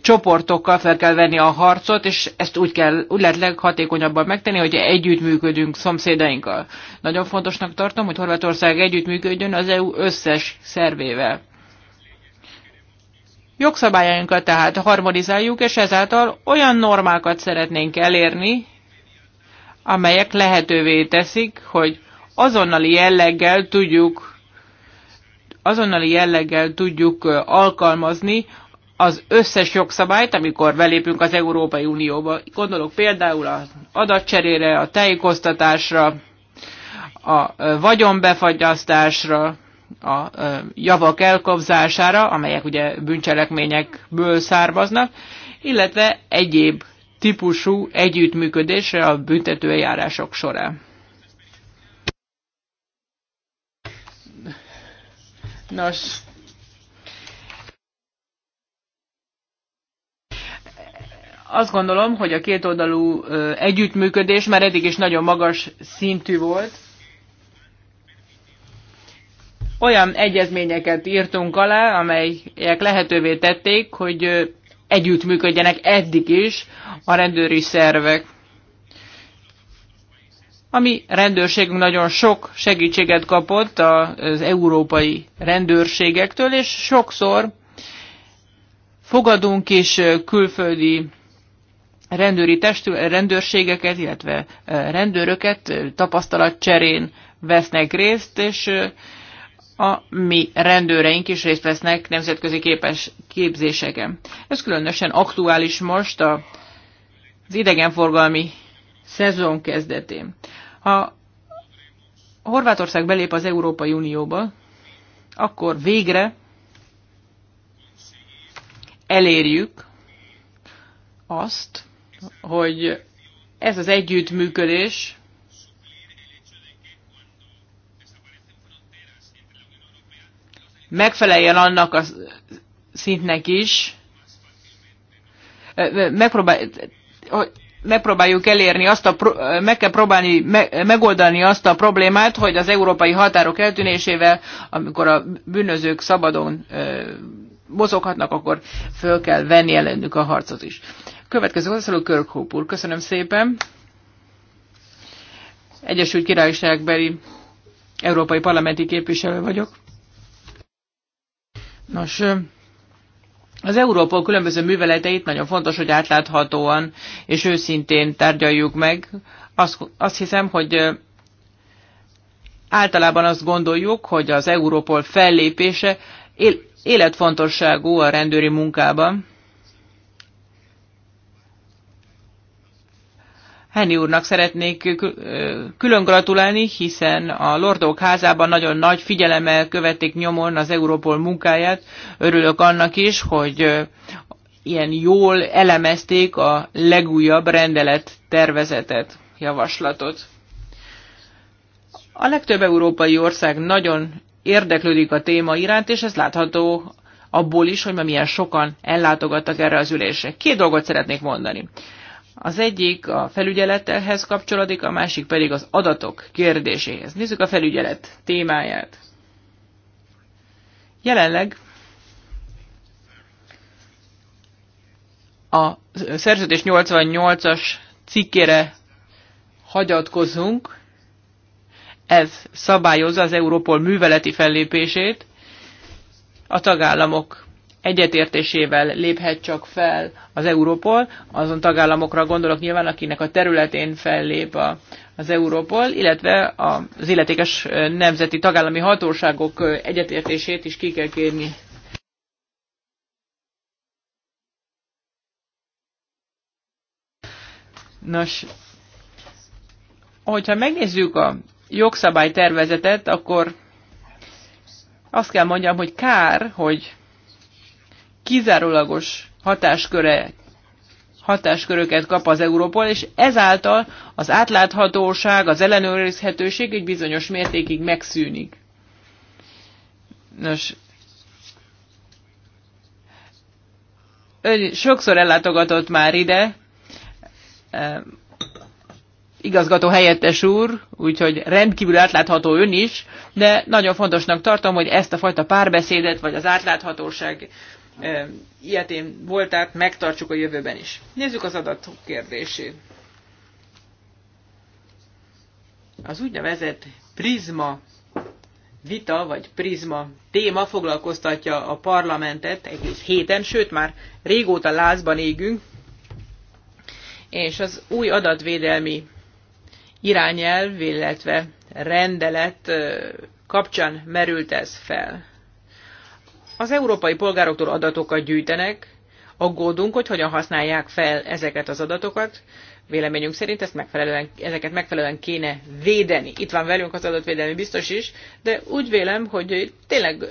csoportokkal fel kell venni a harcot, és ezt úgy, kell, úgy lehet leghatékonyabban megtenni, hogy együttműködünk szomszédainkkal. Nagyon fontosnak tartom, hogy Horvátország együttműködjön az EU összes szervével. Jogszabályainkat tehát harmonizáljuk, és ezáltal olyan normákat szeretnénk elérni, amelyek lehetővé teszik, hogy azonnali jelleggel tudjuk azonnali jelleggel tudjuk alkalmazni az összes jogszabályt, amikor belépünk az Európai Unióba. Gondolok például az adatcserére, a tájékoztatásra, a vagyonbefagyasztásra, a javak elkobzására, amelyek ugye bűncselekményekből származnak, illetve egyéb típusú együttműködésre a büntetőeljárások során. Nos, azt gondolom, hogy a kétoldalú együttműködés már eddig is nagyon magas szintű volt. Olyan egyezményeket írtunk alá, amelyek lehetővé tették, hogy együttműködjenek eddig is a rendőri szervek. Ami rendőrségünk nagyon sok segítséget kapott az európai rendőrségektől, és sokszor fogadunk is külföldi rendőri testül, rendőrségeket, illetve rendőröket tapasztalatcserén vesznek részt, és a mi rendőreink is részt vesznek nemzetközi képes képzéseken. Ez különösen aktuális most a, az idegenforgalmi szezon kezdetén. Ha Horvátország belép az Európai Unióba, akkor végre elérjük azt, hogy ez az együttműködés megfeleljen annak a szintnek is, megpróbál, megpróbáljuk elérni azt a, meg kell próbálni megoldani azt a problémát, hogy az európai határok eltűnésével, amikor a bűnözők szabadon mozoghatnak, akkor föl kell venni ellenük a harcot is. Következő hozzászóló Körkhóp úr. Köszönöm szépen. Egyesült Királyságbeli Európai Parlamenti képviselő vagyok. Nos, az Európa különböző műveleteit nagyon fontos, hogy átláthatóan és őszintén tárgyaljuk meg. Azt, azt hiszem, hogy általában azt gondoljuk, hogy az Európol fellépése életfontosságú a rendőri munkában. Henny úrnak szeretnék külön gratulálni, hiszen a Lordok házában nagyon nagy figyelemmel követik nyomon az Európol munkáját. Örülök annak is, hogy ilyen jól elemezték a legújabb rendelet tervezetet, javaslatot. A legtöbb európai ország nagyon érdeklődik a téma iránt, és ez látható abból is, hogy ma milyen sokan ellátogattak erre az ülésre. Két dolgot szeretnék mondani. Az egyik a felügyelethez kapcsolódik, a másik pedig az adatok kérdéséhez. Nézzük a felügyelet témáját. Jelenleg a szerződés 88-as cikkére hagyatkozunk, ez szabályozza az Európol műveleti fellépését, a tagállamok egyetértésével léphet csak fel az Európol, azon tagállamokra gondolok nyilván, akinek a területén fellép a, az Európol, illetve az illetékes nemzeti tagállami hatóságok egyetértését is ki kell kérni. Nos, hogyha megnézzük a jogszabálytervezetet, akkor azt kell mondjam, hogy kár, hogy kizárólagos hatásköre, hatásköröket kap az Európol, és ezáltal az átláthatóság, az ellenőrizhetőség egy bizonyos mértékig megszűnik. Nos, ön sokszor ellátogatott már ide, e, igazgató helyettes úr, úgyhogy rendkívül átlátható ön is, de nagyon fontosnak tartom, hogy ezt a fajta párbeszédet, vagy az átláthatóság ilyetén voltát megtartsuk a jövőben is. Nézzük az adatok kérdését. Az úgynevezett prizma vita, vagy prizma téma foglalkoztatja a parlamentet egész héten, sőt már régóta lázban égünk, és az új adatvédelmi irányelv, illetve rendelet kapcsán merült ez fel. Az európai polgároktól adatokat gyűjtenek, aggódunk, hogy hogyan használják fel ezeket az adatokat. Véleményünk szerint ezt megfelelően, ezeket megfelelően kéne védeni. Itt van velünk az adatvédelmi biztos is, de úgy vélem, hogy tényleg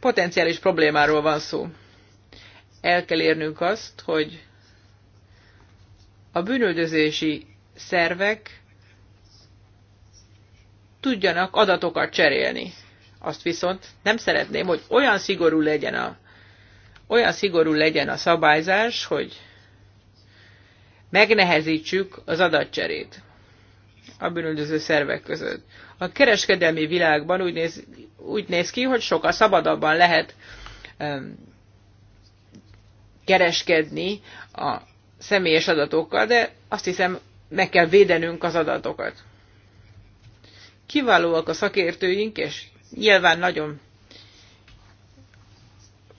potenciális problémáról van szó. El kell érnünk azt, hogy a bűnöldözési szervek tudjanak adatokat cserélni. Azt viszont nem szeretném, hogy olyan szigorú legyen a, olyan szigorú legyen a szabályzás, hogy megnehezítsük az adatcserét a bűnöldöző szervek között. A kereskedelmi világban úgy néz, úgy néz ki, hogy sokkal szabadabban lehet um, kereskedni a személyes adatokkal, de azt hiszem meg kell védenünk az adatokat. Kiválóak a szakértőink, és Nyilván nagyon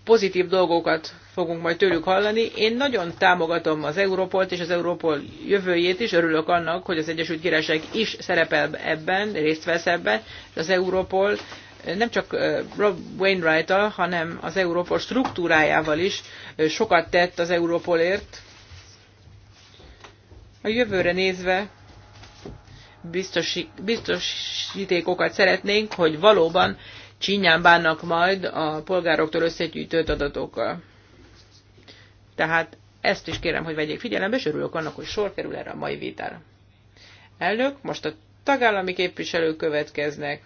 pozitív dolgokat fogunk majd tőlük hallani. Én nagyon támogatom az Európolt és az Európol jövőjét is, örülök annak, hogy az Egyesült Királyság is szerepel ebben, részt vesz ebben, az Európol eh, nem csak eh, Rob wainwright hanem az Európol struktúrájával is eh, sokat tett az Európolért. A jövőre nézve biztosítékokat szeretnénk, hogy valóban csínyán bánnak majd a polgároktól összegyűjtött adatokkal. Tehát ezt is kérem, hogy vegyék figyelembe, és örülök annak, hogy sor kerül erre a mai vitára. Elnök, most a tagállami képviselők következnek.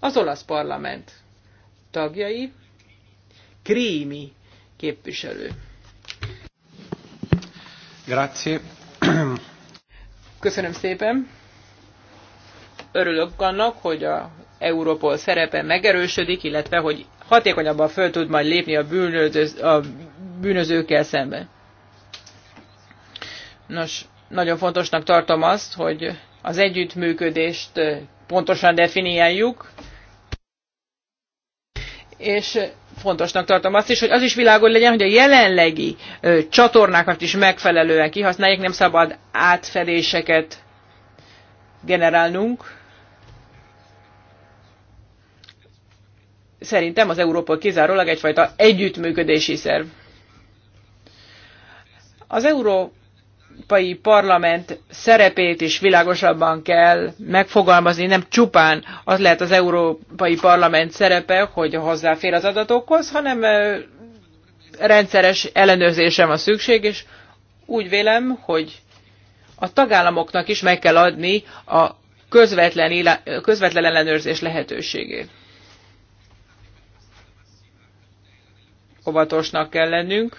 Az olasz parlament tagjai, Krími képviselő. Grazie. Köszönöm szépen. Örülök annak, hogy a Európol szerepe megerősödik, illetve hogy hatékonyabban föl tud majd lépni a, bűnöző, a bűnözőkkel szemben. Nos, nagyon fontosnak tartom azt, hogy az együttműködést pontosan definiáljuk, és fontosnak tartom azt is, hogy az is világos legyen, hogy a jelenlegi ö, csatornákat is megfelelően kihasználják, nem szabad átfedéseket generálnunk. Szerintem az Európa kizárólag egyfajta együttműködési szerv. Az Európai Parlament szerepét is világosabban kell megfogalmazni, nem csupán az lehet az Európai Parlament szerepe, hogy hozzáfér az adatokhoz, hanem rendszeres ellenőrzésem van szükség, és úgy vélem, hogy a tagállamoknak is meg kell adni a közvetlen, közvetlen ellenőrzés lehetőségét. óvatosnak kell lennünk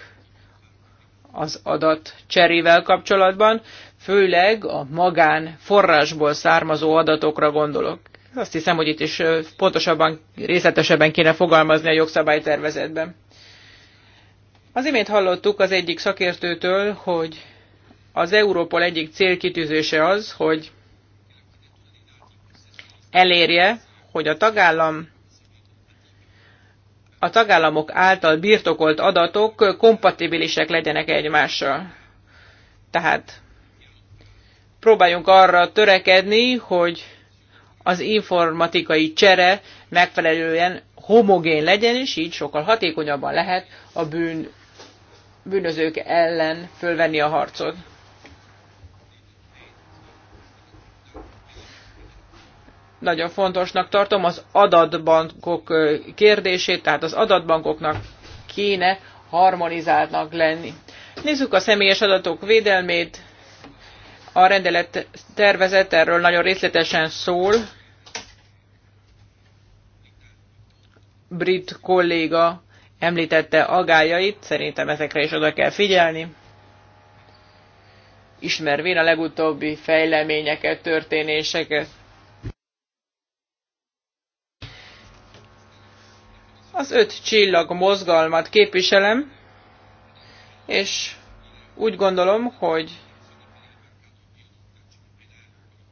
az adat cserével kapcsolatban, főleg a magán forrásból származó adatokra gondolok. Azt hiszem, hogy itt is pontosabban, részletesebben kéne fogalmazni a jogszabálytervezetben. Az imént hallottuk az egyik szakértőtől, hogy az Európol egyik célkitűzése az, hogy elérje, hogy a tagállam a tagállamok által birtokolt adatok kompatibilisek legyenek egymással. Tehát próbáljunk arra törekedni, hogy az informatikai csere megfelelően homogén legyen, és így sokkal hatékonyabban lehet a bűn, bűnözők ellen fölvenni a harcot. nagyon fontosnak tartom az adatbankok kérdését, tehát az adatbankoknak kéne harmonizáltnak lenni. Nézzük a személyes adatok védelmét. A rendelet tervezet erről nagyon részletesen szól. Brit kolléga említette agályait, szerintem ezekre is oda kell figyelni. Ismervén a legutóbbi fejleményeket, történéseket. Az öt csillag mozgalmat képviselem, és úgy gondolom, hogy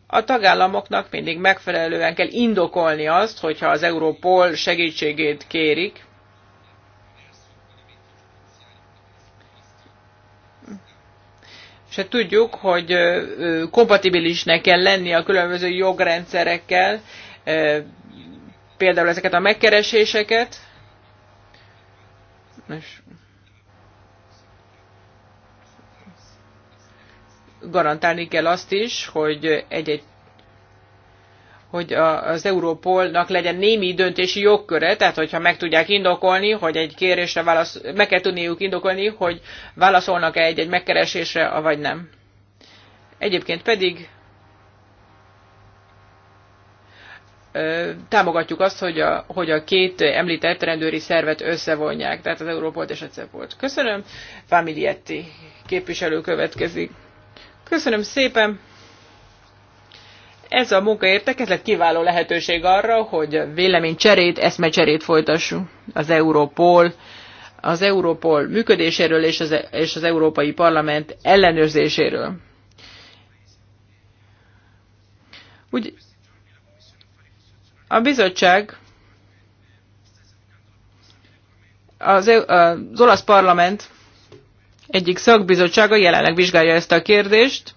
a tagállamoknak mindig megfelelően kell indokolni azt, hogyha az Európol segítségét kérik. És hát tudjuk, hogy kompatibilisnek kell lenni a különböző jogrendszerekkel, például ezeket a megkereséseket, és garantálni kell azt is, hogy egy-egy hogy az Európolnak legyen némi döntési jogköre, tehát hogyha meg tudják indokolni, hogy egy kérésre válasz, meg kell tudniuk indokolni, hogy válaszolnak-e egy-egy megkeresésre, vagy nem. Egyébként pedig támogatjuk azt, hogy a, hogy a két említett rendőri szervet összevonják, tehát az Európolt és a Cepolt. Köszönöm. Familietti képviselő következik. Köszönöm szépen. Ez a értekezlet kiváló lehetőség arra, hogy vélemény cserét, eszmecserét folytassuk az Európol, az Európol működéséről és az, és az Európai Parlament ellenőrzéséről. Úgy a bizottság az, az olasz parlament egyik szakbizottsága jelenleg vizsgálja ezt a kérdést.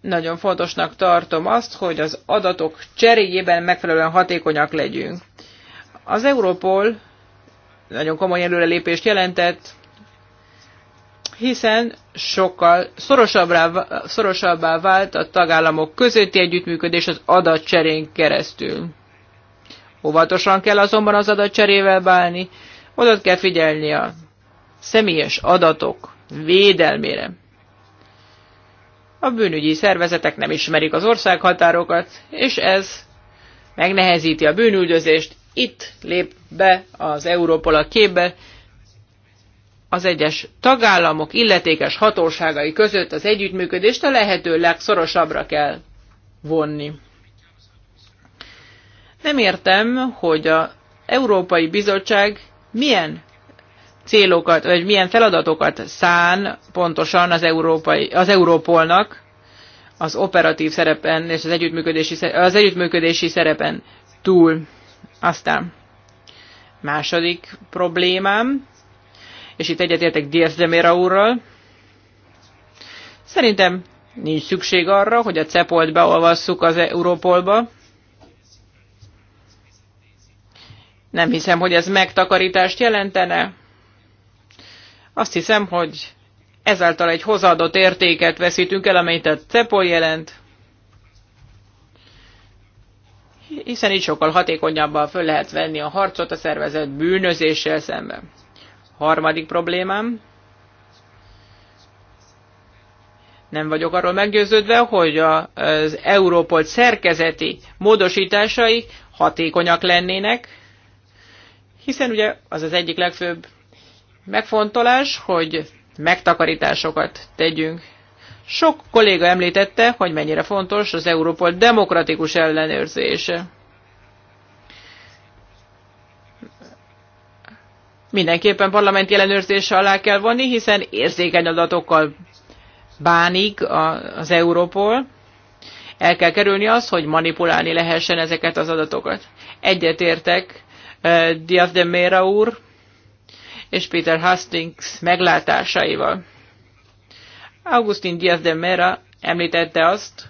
Nagyon fontosnak tartom azt, hogy az adatok cseréjében megfelelően hatékonyak legyünk. Az Europol nagyon komoly előrelépést jelentett, hiszen sokkal szorosabbá, szorosabbá vált a tagállamok közötti együttműködés az adatcserén keresztül. Óvatosan kell azonban az adatcserével bálni, oda kell figyelni a személyes adatok védelmére. A bűnügyi szervezetek nem ismerik az országhatárokat, és ez megnehezíti a bűnüldözést. Itt lép be az Európol a képbe, az egyes tagállamok illetékes hatóságai között az együttműködést a lehető legszorosabbra kell vonni. Nem értem, hogy a Európai Bizottság milyen célokat, vagy milyen feladatokat szán pontosan az, európai, az Európolnak az operatív szerepen és az együttműködési, az együttműködési szerepen túl. Aztán második problémám, és itt egyetértek Diaz de Mera úrral. Szerintem nincs szükség arra, hogy a Cepolt t beolvasszuk az Europolba. Nem hiszem, hogy ez megtakarítást jelentene. Azt hiszem, hogy ezáltal egy hozzáadott értéket veszítünk el, amelyet a CEPOL jelent, hiszen így sokkal hatékonyabban föl lehet venni a harcot a szervezet bűnözéssel szemben. Harmadik problémám. Nem vagyok arról meggyőződve, hogy az Európol szerkezeti módosításai hatékonyak lennének, hiszen ugye az az egyik legfőbb megfontolás, hogy megtakarításokat tegyünk. Sok kolléga említette, hogy mennyire fontos az Európol demokratikus ellenőrzése. mindenképpen parlamenti ellenőrzése alá kell vonni, hiszen érzékeny adatokkal bánik az Európol. El kell kerülni az, hogy manipulálni lehessen ezeket az adatokat. Egyetértek eh, Diaz de Mera úr és Peter Hastings meglátásaival. Augustin Diaz de Mera említette azt,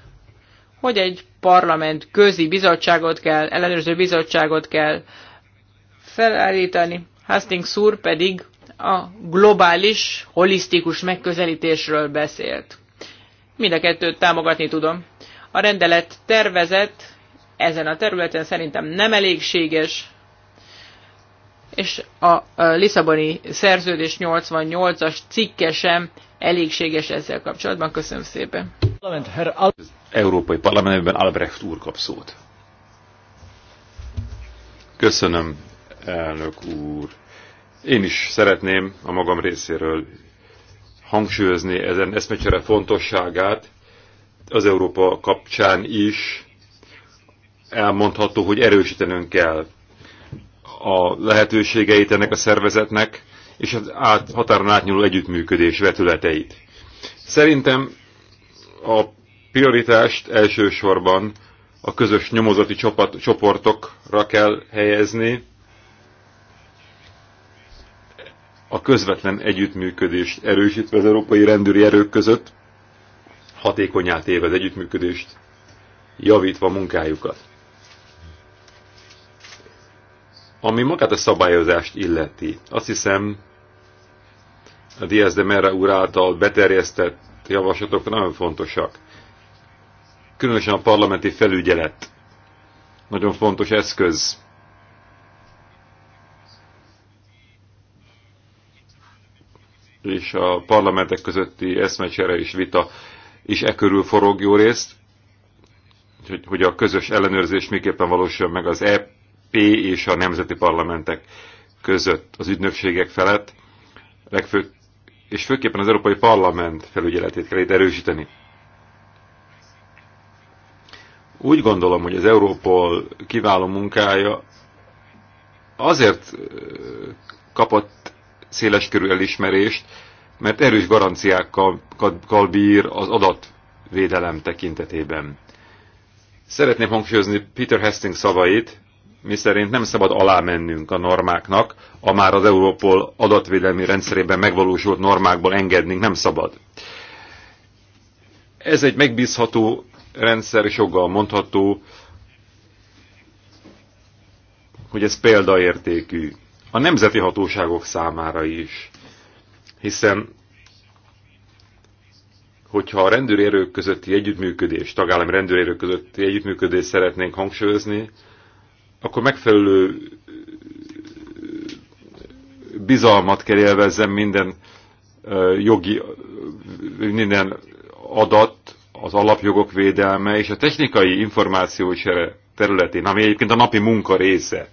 hogy egy parlament közi bizottságot kell, ellenőrző bizottságot kell felállítani, Hastings úr pedig a globális, holisztikus megközelítésről beszélt. Mind a kettőt támogatni tudom. A rendelet tervezett, ezen a területen szerintem nem elégséges, és a Lisszaboni szerződés 88-as cikke sem elégséges ezzel kapcsolatban. Köszönöm szépen. Az Európai Parlamentben Albrecht úr kap szót. Köszönöm, elnök úr. Én is szeretném a magam részéről hangsúlyozni ezen eszmecsere fontosságát, az Európa kapcsán is elmondható, hogy erősítenünk kell a lehetőségeit ennek a szervezetnek, és az át, határon átnyúló együttműködés vetületeit. Szerintem a prioritást elsősorban a közös nyomozati csoportokra kell helyezni, a közvetlen együttműködést erősítve az európai rendőri erők között, hatékonyá téve az együttműködést, javítva munkájukat. Ami magát a szabályozást illeti, azt hiszem, a Diaz de Merra úr által beterjesztett javaslatok nagyon fontosak. Különösen a parlamenti felügyelet nagyon fontos eszköz és a parlamentek közötti eszmecsere és vita is e körül forog jó részt, hogy, hogy a közös ellenőrzés miképpen valósul meg az EP és a nemzeti parlamentek között az ügynökségek felett, legfő, és főképpen az Európai Parlament felügyeletét kell itt erősíteni. Úgy gondolom, hogy az Európol kiváló munkája azért kapott széleskörű elismerést, mert erős garanciákkal bír az adatvédelem tekintetében. Szeretném hangsúlyozni Peter Hastings szavait, miszerint nem szabad alámennünk a normáknak, a már az Európol adatvédelmi rendszerében megvalósult normákból engednünk nem szabad. Ez egy megbízható rendszer, és joggal mondható, hogy ez példaértékű a nemzeti hatóságok számára is. Hiszen, hogyha a rendőrérők közötti együttműködés, tagállami rendőrérők közötti együttműködést szeretnénk hangsúlyozni, akkor megfelelő bizalmat kell élvezzen minden jogi, minden adat, az alapjogok védelme és a technikai információcsere területén, ami egyébként a napi munka része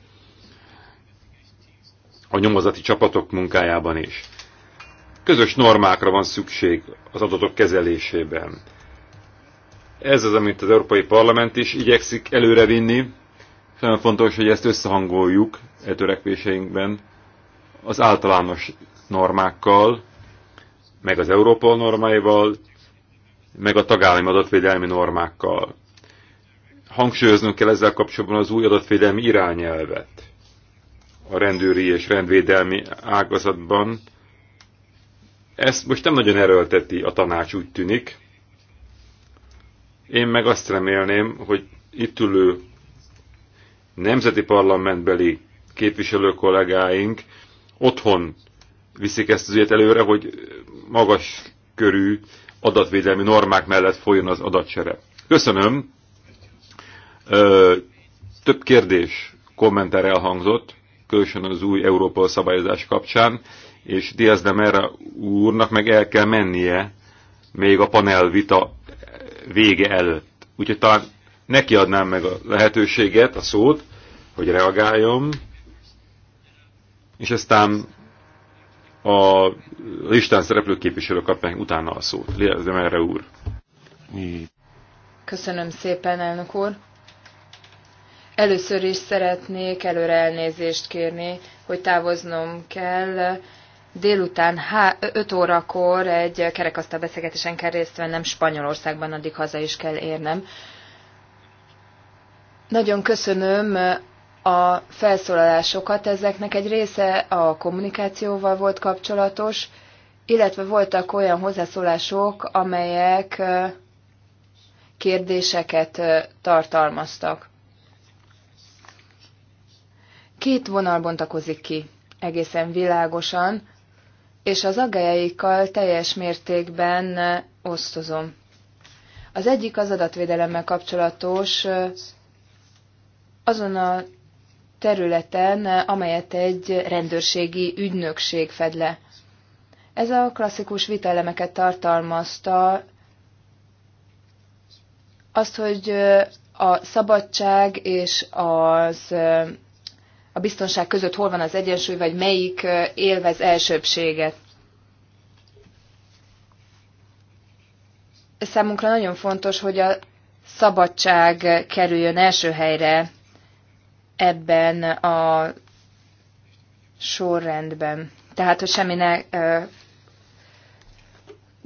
a nyomozati csapatok munkájában is. Közös normákra van szükség az adatok kezelésében. Ez az, amit az Európai Parlament is igyekszik előrevinni. Nagyon fontos, hogy ezt összehangoljuk e törekvéseinkben az általános normákkal, meg az Európa normáival, meg a tagállami adatvédelmi normákkal. Hangsúlyoznunk kell ezzel kapcsolatban az új adatvédelmi irányelvet a rendőri és rendvédelmi ágazatban. Ezt most nem nagyon erőlteti a tanács, úgy tűnik. Én meg azt remélném, hogy itt ülő nemzeti parlamentbeli képviselő kollégáink otthon viszik ezt az ügyet előre, hogy magas körű adatvédelmi normák mellett folyjon az adatsere. Köszönöm. több kérdés, kommenter elhangzott különösen az új Európa szabályozás kapcsán, és Diaz de Mera úrnak meg el kell mennie még a panel vita vége előtt. Úgyhogy talán neki adnám meg a lehetőséget, a szót, hogy reagáljon, és aztán a listán szereplő képviselő kapják utána a szót. Diaz de Mera úr. Köszönöm szépen, elnök úr. Először is szeretnék előre elnézést kérni, hogy távoznom kell. Délután 5 órakor egy kerekasztal beszélgetésen kell részt vennem Spanyolországban, addig haza is kell érnem. Nagyon köszönöm a felszólalásokat, ezeknek egy része a kommunikációval volt kapcsolatos, illetve voltak olyan hozzászólások, amelyek kérdéseket tartalmaztak két vonal bontakozik ki egészen világosan, és az agájaikkal teljes mértékben osztozom. Az egyik az adatvédelemmel kapcsolatos azon a területen, amelyet egy rendőrségi ügynökség fed le. Ez a klasszikus vitelemeket tartalmazta, azt, hogy a szabadság és az a biztonság között hol van az egyensúly, vagy melyik élvez elsőbséget. Számunkra nagyon fontos, hogy a szabadság kerüljön első helyre ebben a sorrendben. Tehát, hogy semmi ne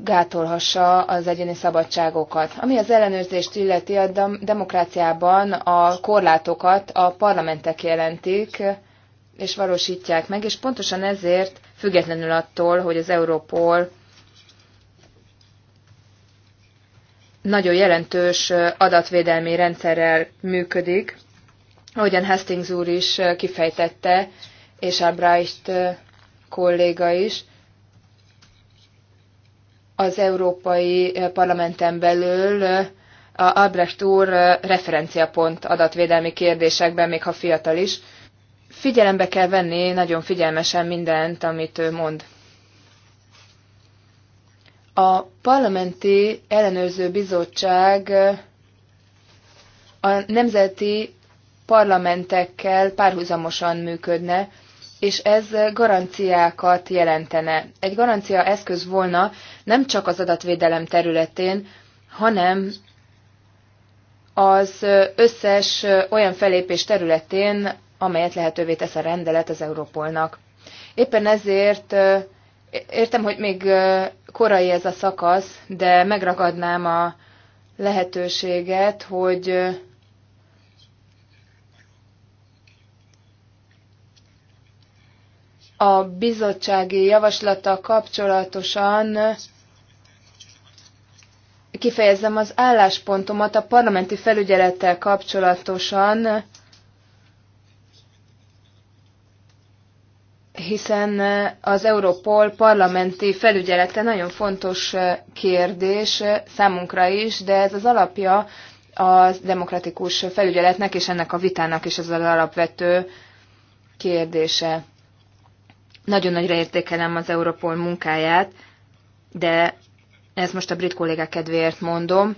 gátolhassa az egyéni szabadságokat. Ami az ellenőrzést illeti, a demokráciában a korlátokat a parlamentek jelentik, és valósítják meg, és pontosan ezért, függetlenül attól, hogy az Európol nagyon jelentős adatvédelmi rendszerrel működik, ahogyan Hastings úr is kifejtette, és Albrecht kolléga is, az Európai Parlamenten belül a Albrecht úr referenciapont adatvédelmi kérdésekben, még ha fiatal is. Figyelembe kell venni nagyon figyelmesen mindent, amit ő mond. A parlamenti ellenőrző bizottság a nemzeti parlamentekkel párhuzamosan működne, és ez garanciákat jelentene. Egy garancia eszköz volna nem csak az adatvédelem területén, hanem az összes olyan felépés területén, amelyet lehetővé tesz a rendelet az Európolnak. Éppen ezért értem, hogy még korai ez a szakasz, de megragadnám a lehetőséget, hogy a bizottsági javaslata kapcsolatosan kifejezem az álláspontomat a parlamenti felügyelettel kapcsolatosan, hiszen az Europol parlamenti felügyelete nagyon fontos kérdés számunkra is, de ez az alapja a demokratikus felügyeletnek és ennek a vitának is ez az alapvető kérdése. Nagyon nagyra értékelem az Europol munkáját, de ezt most a brit kollégák kedvéért mondom.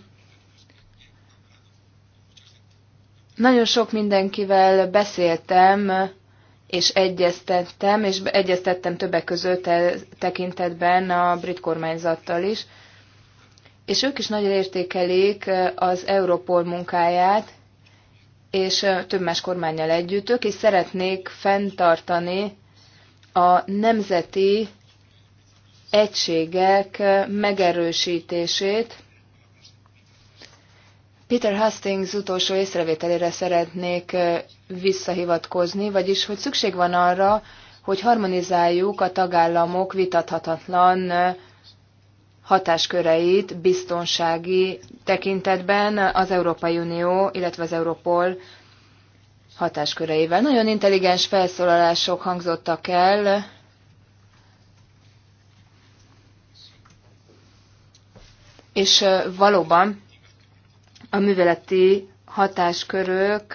Nagyon sok mindenkivel beszéltem, és egyeztettem, és egyeztettem többek között e tekintetben a brit kormányzattal is, és ők is nagyon értékelik az Europol munkáját, és több más kormányjal együtt. Ők is szeretnék fenntartani a nemzeti egységek megerősítését. Peter Hastings utolsó észrevételére szeretnék visszahivatkozni, vagyis hogy szükség van arra, hogy harmonizáljuk a tagállamok vitathatatlan hatásköreit biztonsági tekintetben az Európai Unió, illetve az Európol hatásköreivel. Nagyon intelligens felszólalások hangzottak el. És valóban a műveleti hatáskörök,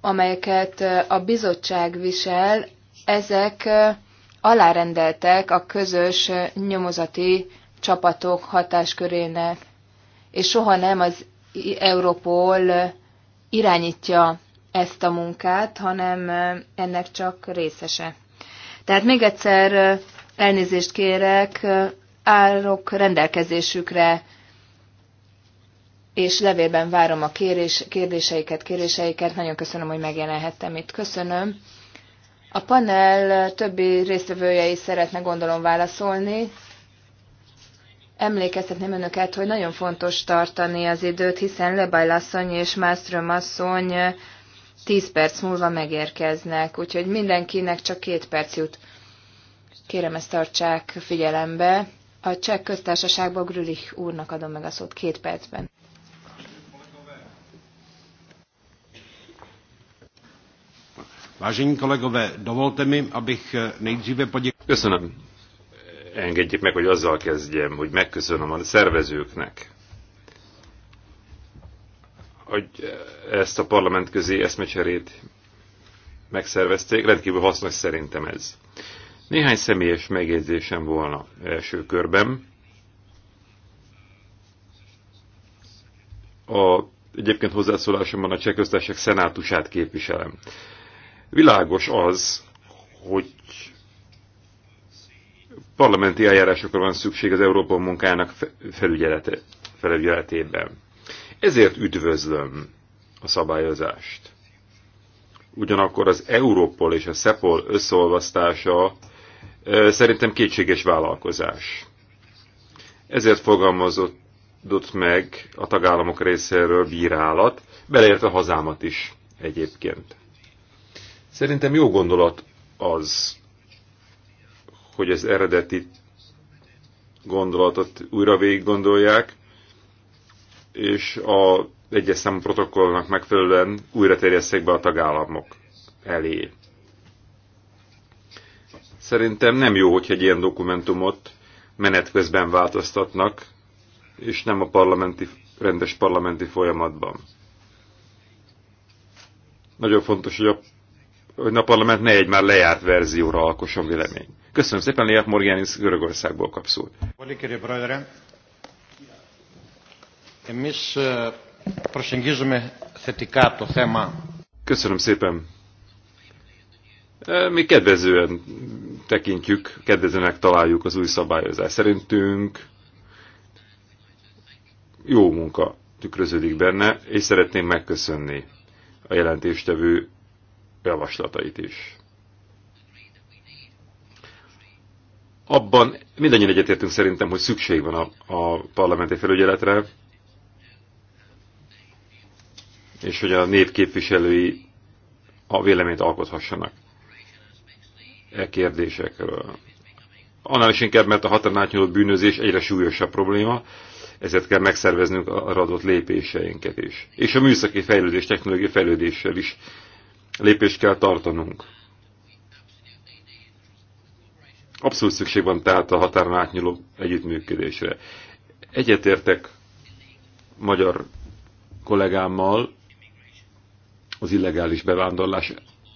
amelyeket a bizottság visel, ezek alárendeltek a közös nyomozati csapatok hatáskörének, és soha nem az Europol irányítja ezt a munkát, hanem ennek csak részese. Tehát még egyszer elnézést kérek, állok rendelkezésükre, és levélben várom a kérés, kérdéseiket, kéréseiket. Nagyon köszönöm, hogy megjelenhettem itt. Köszönöm. A panel többi résztvevője is szeretne gondolom válaszolni. Emlékeztetném önöket, hogy nagyon fontos tartani az időt, hiszen Lebaj asszony és Mászröm asszony 10 perc múlva megérkeznek, úgyhogy mindenkinek csak két perc jut. Kérem ezt tartsák figyelembe. A cseh köztársaságból Grülich úrnak adom meg a szót két percben. Vážení kolegové, dovolte mi, abych eh, nejdříve poděkoval. Köszönöm engedjék meg, hogy azzal kezdjem, hogy megköszönöm a szervezőknek, hogy ezt a parlament közé eszmecserét megszervezték. Rendkívül hasznos szerintem ez. Néhány személyes megjegyzésem volna első körben. A, egyébként hozzászólásomban a cseh szenátusát képviselem. Világos az, hogy parlamenti eljárásokra van szükség az Európa munkának felügyelete, felügyeletében. Ezért üdvözlöm a szabályozást. Ugyanakkor az Európol és a Szepol összeolvasztása szerintem kétséges vállalkozás. Ezért fogalmazott meg a tagállamok részéről bírálat, beleértve hazámat is egyébként. Szerintem jó gondolat az, hogy az eredeti gondolatot újra végig gondolják, és a egyes számú protokollnak megfelelően újra terjesszék be a tagállamok elé. Szerintem nem jó, hogy egy ilyen dokumentumot menet közben változtatnak, és nem a parlamenti, rendes parlamenti folyamatban. Nagyon fontos, hogy a, hogy a parlament ne egy már lejárt verzióra alkosson véleményt. Köszönöm szépen, Léa Morgánis Görögországból kap szót. Köszönöm szépen. Mi kedvezően tekintjük, kedvezőnek találjuk az új szabályozás. Szerintünk jó munka tükröződik benne, és szeretném megköszönni a jelentéstevő javaslatait is. abban mindannyian egyetértünk szerintem, hogy szükség van a, a parlamenti felügyeletre, és hogy a népképviselői a véleményt alkothassanak e kérdésekről. Annál is inkább, mert a határon átnyúló bűnözés egyre súlyosabb probléma, ezért kell megszerveznünk a radott lépéseinket is. És a műszaki fejlődés, technológiai fejlődéssel is lépést kell tartanunk. Abszolút szükség van tehát a határon átnyúló együttműködésre. Egyetértek magyar kollégámmal az illegális bevándorlás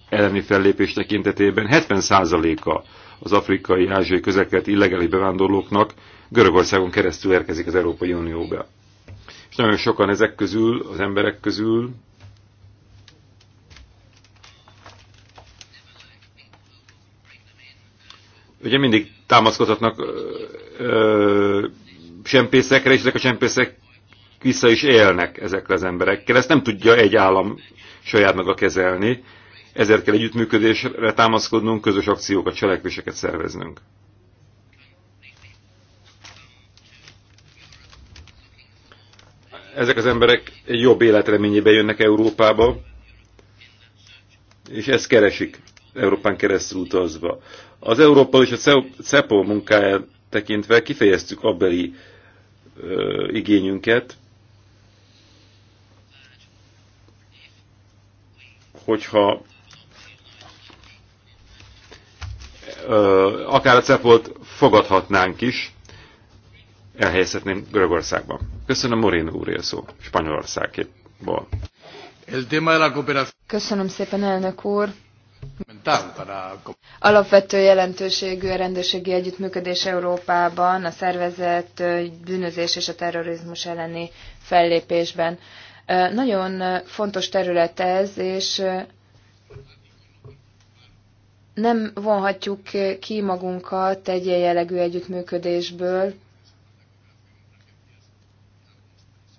elleni fellépés tekintetében 70%-a az afrikai, ázsiai közeket illegális bevándorlóknak Görögországon keresztül érkezik az Európai Unióba. És nagyon sokan ezek közül, az emberek közül ugye mindig támaszkodhatnak csempészekre, és ezek a csempészek vissza is élnek ezekre az emberekkel. Ezt nem tudja egy állam saját maga kezelni, ezért kell együttműködésre támaszkodnunk, közös akciókat, cselekvéseket szerveznünk. Ezek az emberek egy jobb életreményében jönnek Európába, és ezt keresik Európán keresztül utazva. Az Európa és a CEPO e munkáját tekintve kifejeztük abbeli ö, igényünket, hogyha ö, akár a CEPOlt fogadhatnánk is, elhelyezhetném Görögországban. Köszönöm Morén úr szó, Spanyolországból. Köszönöm szépen, elnök úr. Alapvető jelentőségű a rendőrségi együttműködés Európában, a szervezett bűnözés és a terrorizmus elleni fellépésben. Nagyon fontos terület ez, és nem vonhatjuk ki magunkat egy ilyen jellegű együttműködésből,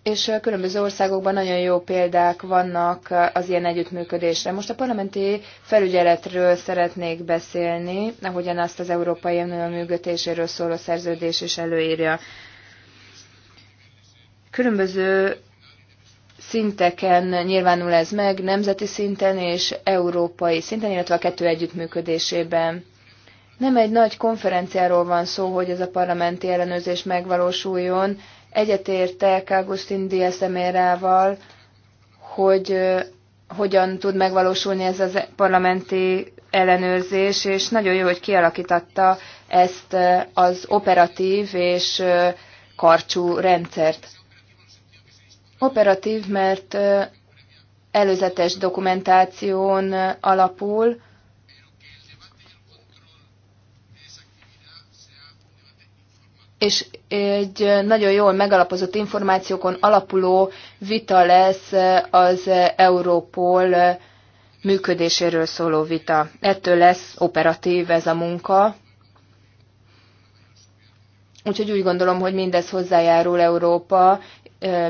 és különböző országokban nagyon jó példák vannak az ilyen együttműködésre. Most a parlamenti felügyeletről szeretnék beszélni, ahogyan azt az Európai Unió működéséről szóló szerződés is előírja. Különböző szinteken nyilvánul ez meg, nemzeti szinten és európai szinten, illetve a kettő együttműködésében. Nem egy nagy konferenciáról van szó, hogy ez a parlamenti ellenőrzés megvalósuljon, Egyetértek Agustin Díaz Emérával, hogy hogyan tud megvalósulni ez a parlamenti ellenőrzés, és nagyon jó, hogy kialakította ezt az operatív és karcsú rendszert. Operatív, mert előzetes dokumentáción alapul, és egy nagyon jól megalapozott információkon alapuló vita lesz az Európol működéséről szóló vita. Ettől lesz operatív ez a munka. Úgyhogy úgy gondolom, hogy mindez hozzájárul Európa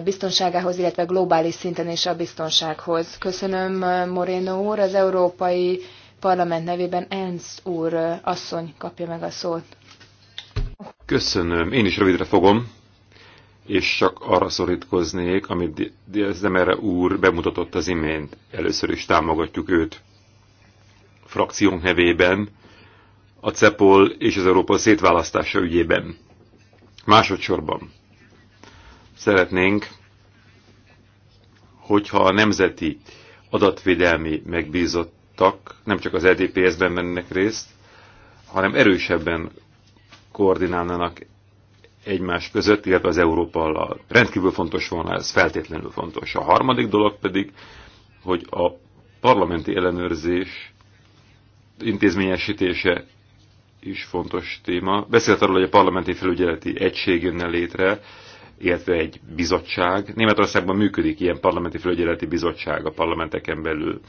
biztonságához, illetve globális szinten is a biztonsághoz. Köszönöm Moreno úr, az Európai Parlament nevében Ernst úr asszony kapja meg a szót. Köszönöm, én is rövidre fogom, és csak arra szorítkoznék, amit Zemere úr bemutatott az imént. Először is támogatjuk őt frakciónk nevében, a CEPOL és az Európa szétválasztása ügyében. Másodszorban szeretnénk, hogyha a nemzeti adatvédelmi megbízottak nem csak az EDPS-ben mennek részt, hanem erősebben koordinálnának egymás között, illetve az Európallal. Rendkívül fontos volna, ez feltétlenül fontos. A harmadik dolog pedig, hogy a parlamenti ellenőrzés intézményesítése is fontos téma. Beszélt arról, hogy a parlamenti felügyeleti egység jönne létre, illetve egy bizottság. Németországban működik ilyen parlamenti felügyeleti bizottság a parlamenteken belül.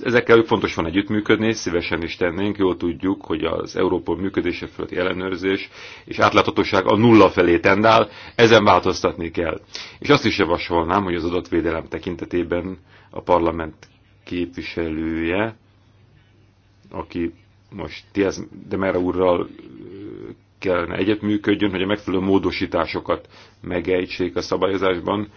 Ezekkel fontos van együttműködni, szívesen is tennénk, jól tudjuk, hogy az Európa működése fölötti ellenőrzés és átláthatóság a nulla felé tendál, ezen változtatni kell. És azt is javasolnám, hogy az adatvédelem tekintetében a parlament képviselője, aki most Tiaz Demera úrral kellene egyetműködjön, hogy a megfelelő módosításokat megejtsék a szabályozásban,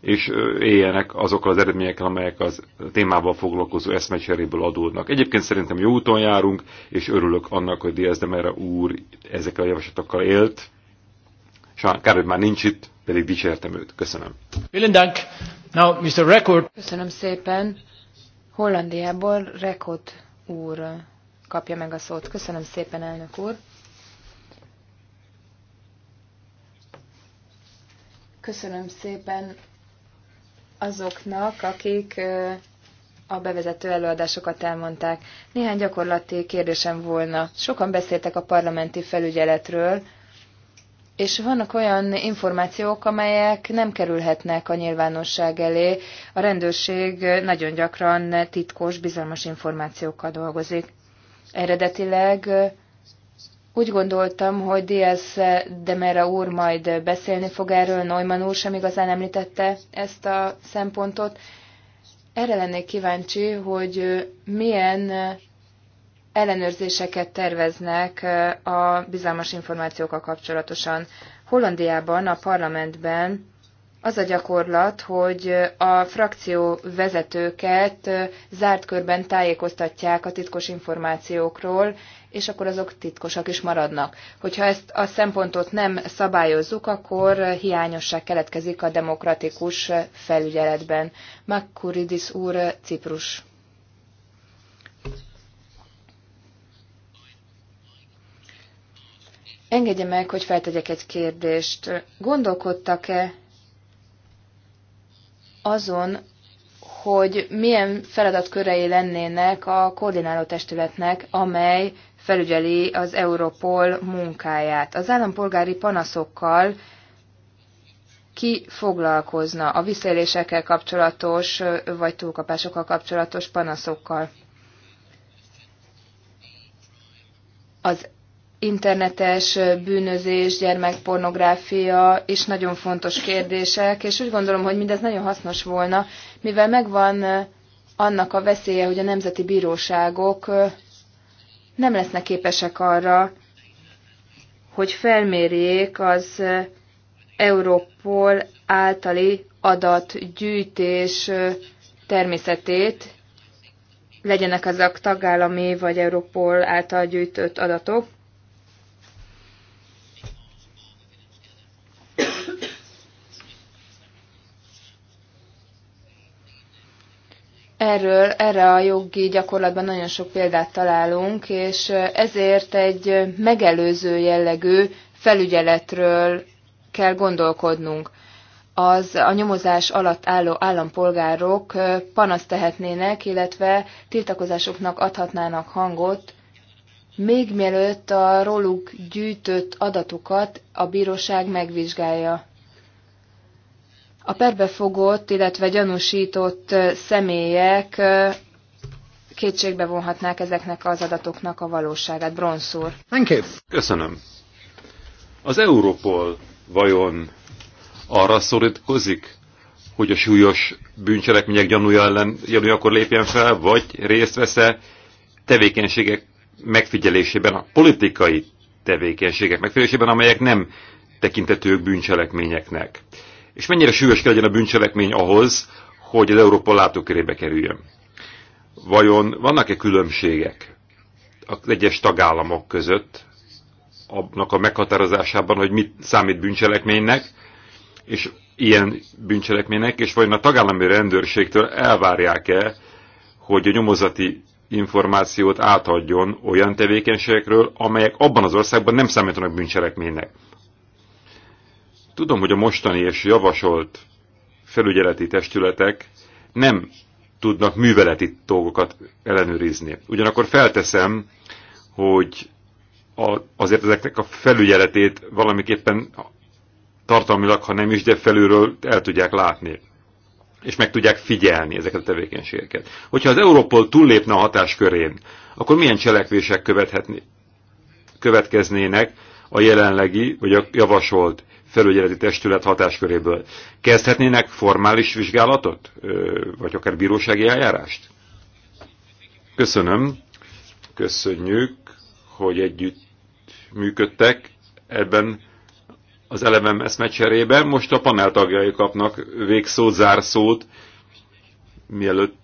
és éljenek azokkal az eredményekkel, amelyek az témával foglalkozó eszmecseréből adódnak. Egyébként szerintem jó úton járunk, és örülök annak, hogy Diaz de Mera úr ezekkel a javaslatokkal élt. Kár, hogy már nincs itt, pedig dicsértem őt. Köszönöm. Now, Mr. Record. Köszönöm szépen. Hollandiából Rekord úr kapja meg a szót. Köszönöm szépen, elnök úr. Köszönöm szépen azoknak, akik a bevezető előadásokat elmondták. Néhány gyakorlati kérdésem volna. Sokan beszéltek a parlamenti felügyeletről, és vannak olyan információk, amelyek nem kerülhetnek a nyilvánosság elé. A rendőrség nagyon gyakran titkos, bizalmas információkkal dolgozik. Eredetileg úgy gondoltam, hogy Diaz de Mera úr majd beszélni fog erről, Neumann úr sem igazán említette ezt a szempontot. Erre lennék kíváncsi, hogy milyen ellenőrzéseket terveznek a bizalmas információkkal kapcsolatosan. Hollandiában, a parlamentben az a gyakorlat, hogy a frakció vezetőket zárt körben tájékoztatják a titkos információkról, és akkor azok titkosak is maradnak. Hogyha ezt a szempontot nem szabályozzuk, akkor hiányosság keletkezik a demokratikus felügyeletben. Makkuridis úr, Ciprus. Engedje meg, hogy feltegyek egy kérdést. Gondolkodtak-e azon, hogy milyen feladatkörei lennének a koordináló testületnek, amely felügyeli az Europol munkáját. Az állampolgári panaszokkal ki foglalkozna a visszaélésekkel kapcsolatos vagy túlkapásokkal kapcsolatos panaszokkal. Az internetes bűnözés, gyermekpornográfia is nagyon fontos kérdések, és úgy gondolom, hogy mindez nagyon hasznos volna, mivel megvan annak a veszélye, hogy a nemzeti bíróságok nem lesznek képesek arra, hogy felmérjék az Európol általi adatgyűjtés természetét, legyenek azok tagállami vagy Európol által gyűjtött adatok. Erről, erre a jogi gyakorlatban nagyon sok példát találunk, és ezért egy megelőző jellegű felügyeletről kell gondolkodnunk. Az a nyomozás alatt álló állampolgárok panaszt tehetnének, illetve tiltakozásoknak adhatnának hangot, még mielőtt a róluk gyűjtött adatokat a bíróság megvizsgálja a perbefogott, illetve gyanúsított személyek kétségbe vonhatnák ezeknek az adatoknak a valóságát. Bronszúr. Köszönöm. Az Europol vajon arra szorítkozik, hogy a súlyos bűncselekmények gyanúja ellen, gyanújakor lépjen fel, vagy részt vesz-e tevékenységek megfigyelésében, a politikai tevékenységek megfigyelésében, amelyek nem tekintetők bűncselekményeknek és mennyire súlyos kell legyen a bűncselekmény ahhoz, hogy az Európa látókörébe kerüljön. Vajon vannak-e különbségek az egyes tagállamok között, annak a meghatározásában, hogy mit számít bűncselekménynek, és ilyen bűncselekménynek, és vajon a tagállami rendőrségtől elvárják-e, hogy a nyomozati információt átadjon olyan tevékenységekről, amelyek abban az országban nem számítanak bűncselekménynek. Tudom, hogy a mostani és javasolt felügyeleti testületek nem tudnak műveleti dolgokat ellenőrizni. Ugyanakkor felteszem, hogy a, azért ezeknek a felügyeletét valamiképpen tartalmilag, ha nem is, de felülről el tudják látni és meg tudják figyelni ezeket a tevékenységeket. Hogyha az Európol túllépne a hatáskörén, akkor milyen cselekvések követhetni, következnének a jelenlegi, vagy a javasolt felügyeleti testület hatásköréből. Kezdhetnének formális vizsgálatot, vagy akár bírósági eljárást? Köszönöm, köszönjük, hogy együtt működtek ebben az elemem eszmecserében. Most a panel tagjai kapnak végszót, zárszót, mielőtt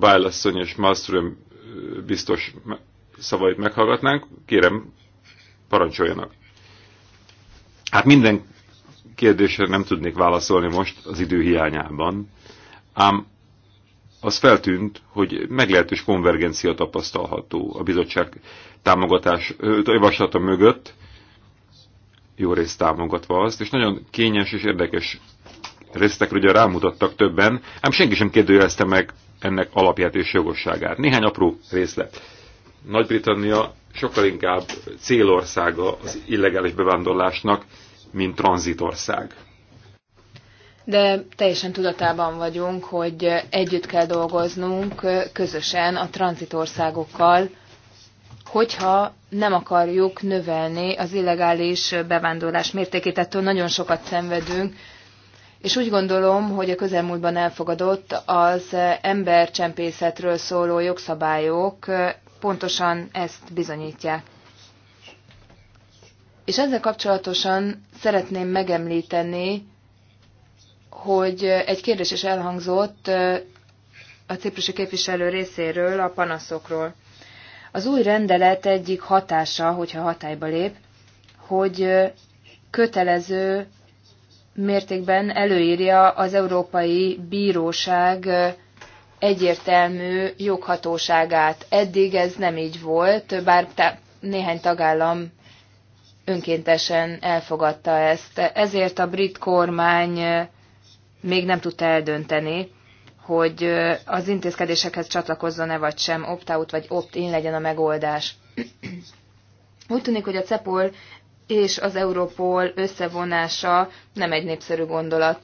Bájlasszony és Malmström biztos szavait meghallgatnánk. Kérem, parancsoljanak. Hát minden kérdésre nem tudnék válaszolni most az idő hiányában, ám az feltűnt, hogy meglehetős konvergencia tapasztalható a bizottság támogatás javaslata mögött, jó részt támogatva azt, és nagyon kényes és érdekes résztekre ugye rámutattak többen, ám senki sem kérdőjelezte meg ennek alapját és jogosságát. Néhány apró részlet. Nagy-Britannia sokkal inkább célországa az illegális bevándorlásnak, mint tranzitország. De teljesen tudatában vagyunk, hogy együtt kell dolgoznunk közösen a tranzitországokkal, hogyha nem akarjuk növelni az illegális bevándorlás mértékét, ettől nagyon sokat szenvedünk, és úgy gondolom, hogy a közelmúltban elfogadott az embercsempészetről szóló jogszabályok pontosan ezt bizonyítják. És ezzel kapcsolatosan szeretném megemlíteni, hogy egy kérdés is elhangzott a ciprusi képviselő részéről a panaszokról. Az új rendelet egyik hatása, hogyha hatályba lép, hogy kötelező mértékben előírja az Európai Bíróság egyértelmű joghatóságát. Eddig ez nem így volt, bár néhány tagállam önkéntesen elfogadta ezt. Ezért a brit kormány még nem tudta eldönteni, hogy az intézkedésekhez csatlakozzon-e vagy sem, opt-out vagy opt-in legyen a megoldás. Úgy tűnik, hogy a CEPOL és az Európol összevonása nem egy népszerű gondolat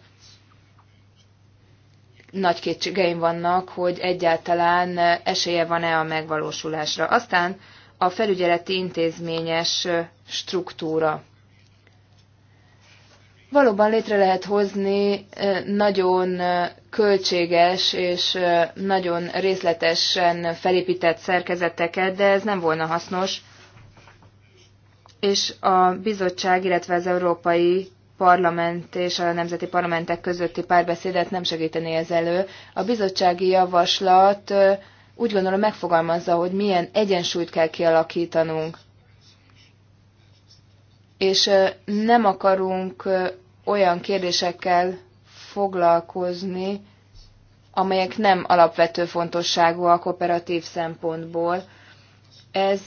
nagy kétségeim vannak, hogy egyáltalán esélye van-e a megvalósulásra. Aztán a felügyeleti intézményes struktúra. Valóban létre lehet hozni eh, nagyon eh, költséges és eh, nagyon részletesen felépített szerkezeteket, de ez nem volna hasznos. És a bizottság, illetve az Európai parlament és a nemzeti parlamentek közötti párbeszédet nem segíteni ez elő. A bizottsági javaslat úgy gondolom megfogalmazza, hogy milyen egyensúlyt kell kialakítanunk. És nem akarunk olyan kérdésekkel foglalkozni, amelyek nem alapvető fontosságú a kooperatív szempontból. Ez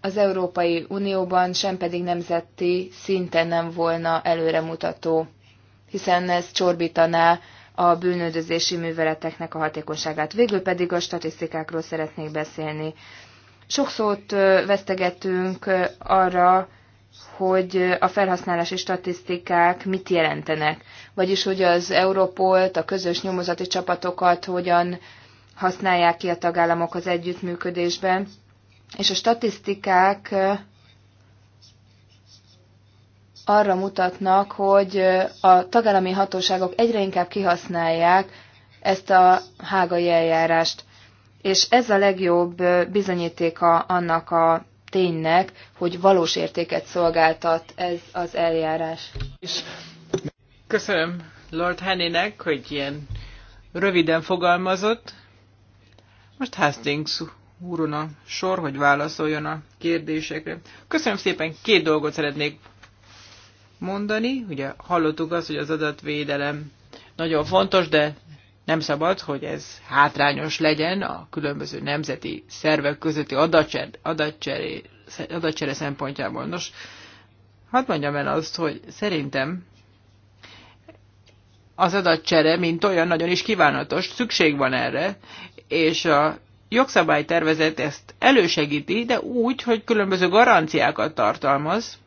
az Európai Unióban, sem pedig nemzeti szinten nem volna előremutató, hiszen ez csorbítaná a bűnöldözési műveleteknek a hatékonyságát. Végül pedig a statisztikákról szeretnék beszélni. Sok szót vesztegetünk arra, hogy a felhasználási statisztikák mit jelentenek, vagyis hogy az európolt, a közös nyomozati csapatokat hogyan használják ki a tagállamok az együttműködésben és a statisztikák arra mutatnak, hogy a tagállami hatóságok egyre inkább kihasználják ezt a hágai eljárást. És ez a legjobb bizonyítéka annak a ténynek, hogy valós értéket szolgáltat ez az eljárás. Köszönöm Lord Hennének, hogy ilyen röviden fogalmazott. Most Hastings úrona sor, hogy válaszoljon a kérdésekre. Köszönöm szépen, két dolgot szeretnék mondani. Ugye hallottuk azt, hogy az adatvédelem nagyon fontos, de nem szabad, hogy ez hátrányos legyen a különböző nemzeti szervek közötti adatcser, adatcseré, adatcsere szempontjából. Nos, hadd mondjam el azt, hogy szerintem az adatcsere, mint olyan, nagyon is kívánatos, szükség van erre, és a jogszabálytervezet ezt elősegíti, de úgy, hogy különböző garanciákat tartalmaz.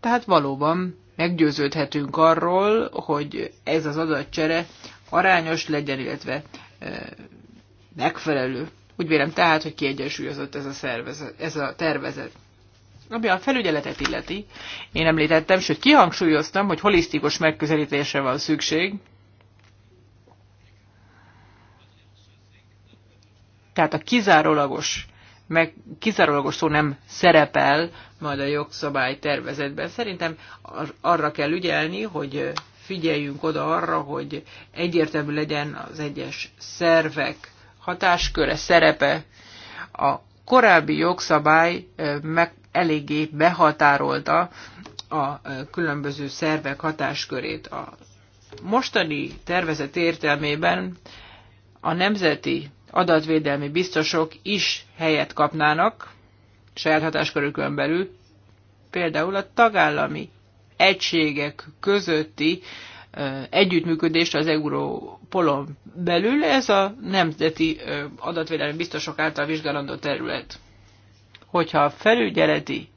Tehát valóban meggyőződhetünk arról, hogy ez az adatcsere arányos legyen, illetve megfelelő. Úgy vélem tehát, hogy kiegyensúlyozott ez a, szervezet, ez a tervezet. Ami a felügyeletet illeti, én említettem, sőt kihangsúlyoztam, hogy holisztikus megközelítésre van szükség, tehát a kizárólagos, meg kizárólagos szó nem szerepel majd a jogszabály tervezetben. Szerintem arra kell ügyelni, hogy figyeljünk oda arra, hogy egyértelmű legyen az egyes szervek hatásköre, szerepe. A korábbi jogszabály meg eléggé behatárolta a különböző szervek hatáskörét. A mostani tervezet értelmében a nemzeti adatvédelmi biztosok is helyet kapnának saját hatáskörükön belül, például a tagállami egységek közötti együttműködést az Európolon belül, ez a nemzeti adatvédelmi biztosok által vizsgálandó terület. Hogyha a felügyeleti,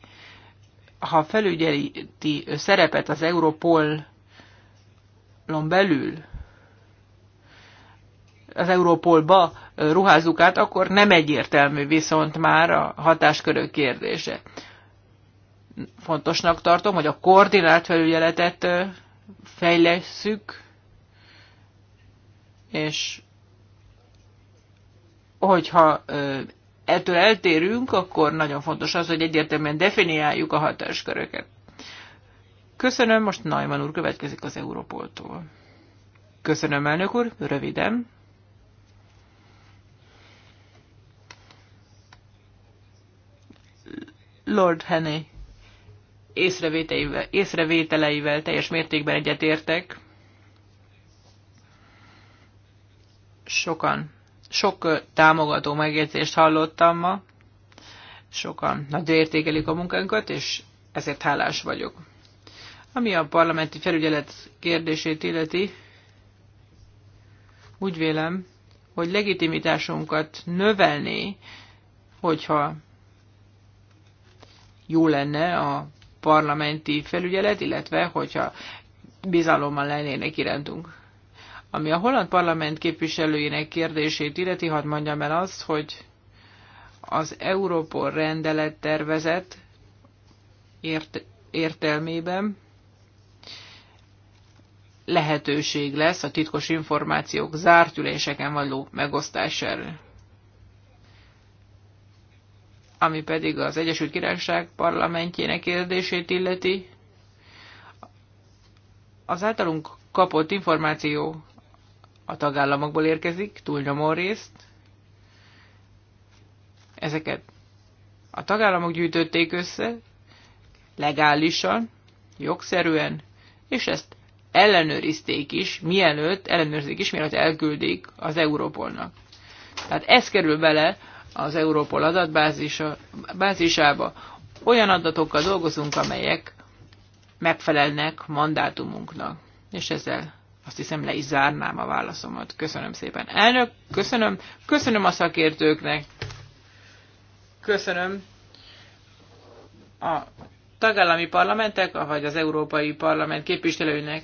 ha felügyeleti szerepet az Európolon belül az Európolba ruházzuk át, akkor nem egyértelmű viszont már a hatáskörök kérdése. Fontosnak tartom, hogy a koordinált felügyeletet fejleszük, és hogyha ettől eltérünk, akkor nagyon fontos az, hogy egyértelműen definiáljuk a hatásköröket. Köszönöm, most Najman úr következik az Európoltól. Köszönöm, elnök úr, röviden. Lord Henny észrevételeivel, észrevételeivel teljes mértékben egyetértek. Sokan, sok támogató megjegyzést hallottam ma, sokan nagyra értékelik a munkánkat, és ezért hálás vagyok. Ami a parlamenti felügyelet kérdését illeti, úgy vélem, hogy legitimitásunkat növelni, hogyha jó lenne a parlamenti felügyelet, illetve hogyha bizalommal lennének irántunk. Ami a holland parlament képviselőinek kérdését illeti, hadd mondjam el azt, hogy az Európol rendelet tervezet ért, értelmében lehetőség lesz a titkos információk zárt üléseken való megosztására ami pedig az Egyesült Királyság parlamentjének kérdését illeti. Az általunk kapott információ a tagállamokból érkezik, túlnyomó részt. Ezeket a tagállamok gyűjtötték össze, legálisan, jogszerűen, és ezt ellenőrizték is, mielőtt, ellenőrzik is, mielőtt elküldik az Európolnak. Tehát ez kerül bele az Európol adatbázisába. Olyan adatokkal dolgozunk, amelyek megfelelnek mandátumunknak. És ezzel azt hiszem le is zárnám a válaszomat. Köszönöm szépen. Elnök, köszönöm. Köszönöm a szakértőknek. Köszönöm a tagállami parlamentek, vagy az Európai Parlament képviselőinek.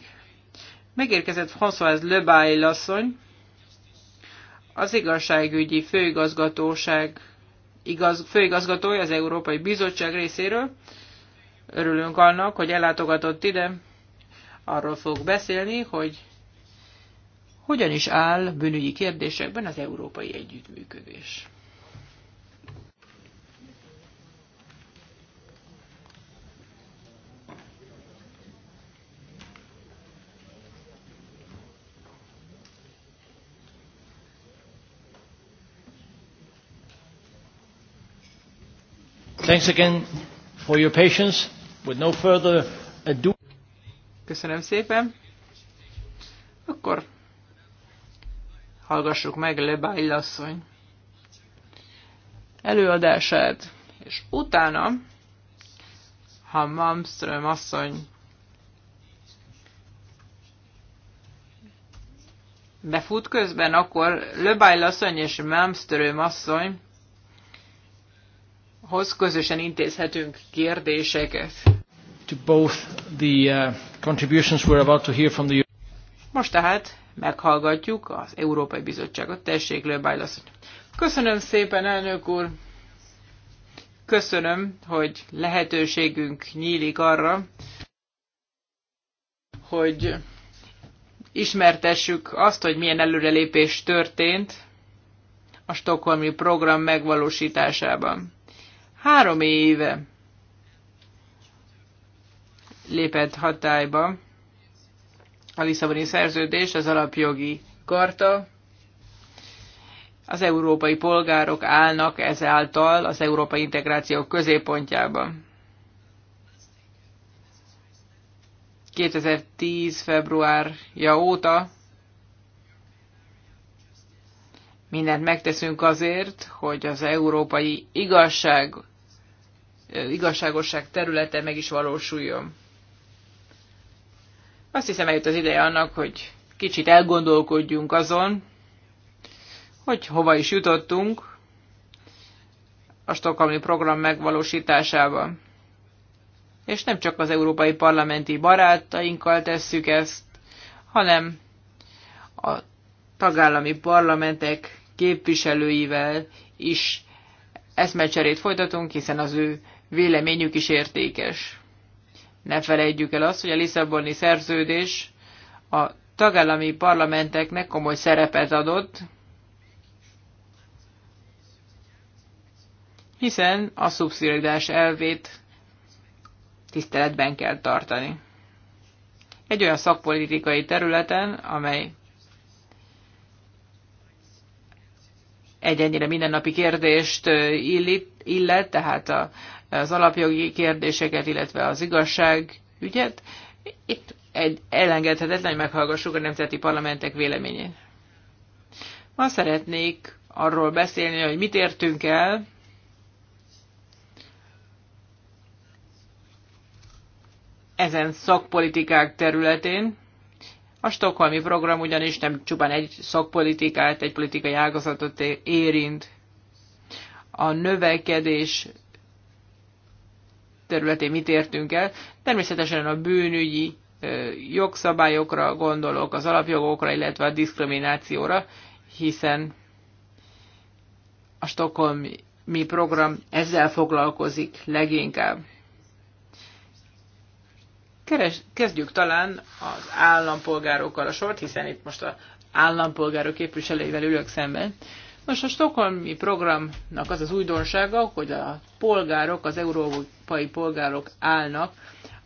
Megérkezett François Lebail asszony, az igazságügyi főigazgatóság igaz, főigazgatója az Európai Bizottság részéről. Örülünk annak, hogy ellátogatott ide. Arról fog beszélni, hogy hogyan is áll bűnügyi kérdésekben az európai együttműködés. Thanks again for your patience. With no further ado. Köszönöm szépen. Akkor hallgassuk meg Lebály asszony előadását, és utána, ha Malmström asszony befut közben, akkor Löbály asszony és Malmström asszony hoz közösen intézhetünk kérdéseket. To both the uh, contributions we're about to hear from the Most tehát meghallgatjuk az Európai Bizottságot. Tessék, Löbájlasz. Köszönöm szépen, elnök úr. Köszönöm, hogy lehetőségünk nyílik arra, hogy ismertessük azt, hogy milyen előrelépés történt a Stockholmi program megvalósításában. Három éve lépett hatályba a Lisszaboni szerződés, az alapjogi karta. Az európai polgárok állnak ezáltal az európai integráció középpontjában. 2010. februárja óta mindent megteszünk azért, hogy az európai igazság igazságosság területe meg is valósuljon. Azt hiszem eljött az ideje annak, hogy kicsit elgondolkodjunk azon, hogy hova is jutottunk a Stockholmi program megvalósításában. És nem csak az európai parlamenti barátainkkal tesszük ezt, hanem a tagállami parlamentek képviselőivel is eszmecserét folytatunk, hiszen az ő véleményük is értékes. Ne felejtjük el azt, hogy a Lisszaboni szerződés a tagállami parlamenteknek komoly szerepet adott, hiszen a szubszidiás elvét tiszteletben kell tartani. Egy olyan szakpolitikai területen, amely egy ennyire mindennapi kérdést eh, illet tehát a az alapjogi kérdéseket, illetve az igazság, ügyet. Itt egy elengedhetetlen, hogy meghallgassuk a nemzeti parlamentek véleményét. Ma szeretnék arról beszélni, hogy mit értünk el, ezen szakpolitikák területén. A stokholmi program ugyanis nem csupán egy szakpolitikát, egy politikai ágazatot érint. A növekedés területén mit értünk el. Természetesen a bűnügyi jogszabályokra gondolok, az alapjogokra, illetve a diszkriminációra, hiszen a Stockholmi program ezzel foglalkozik leginkább. Keres, kezdjük talán az állampolgárokkal a sort, hiszen itt most az állampolgárok képviselőivel ülök szemben. Nos, a stokholmi programnak az az újdonsága, hogy a polgárok, az európai polgárok állnak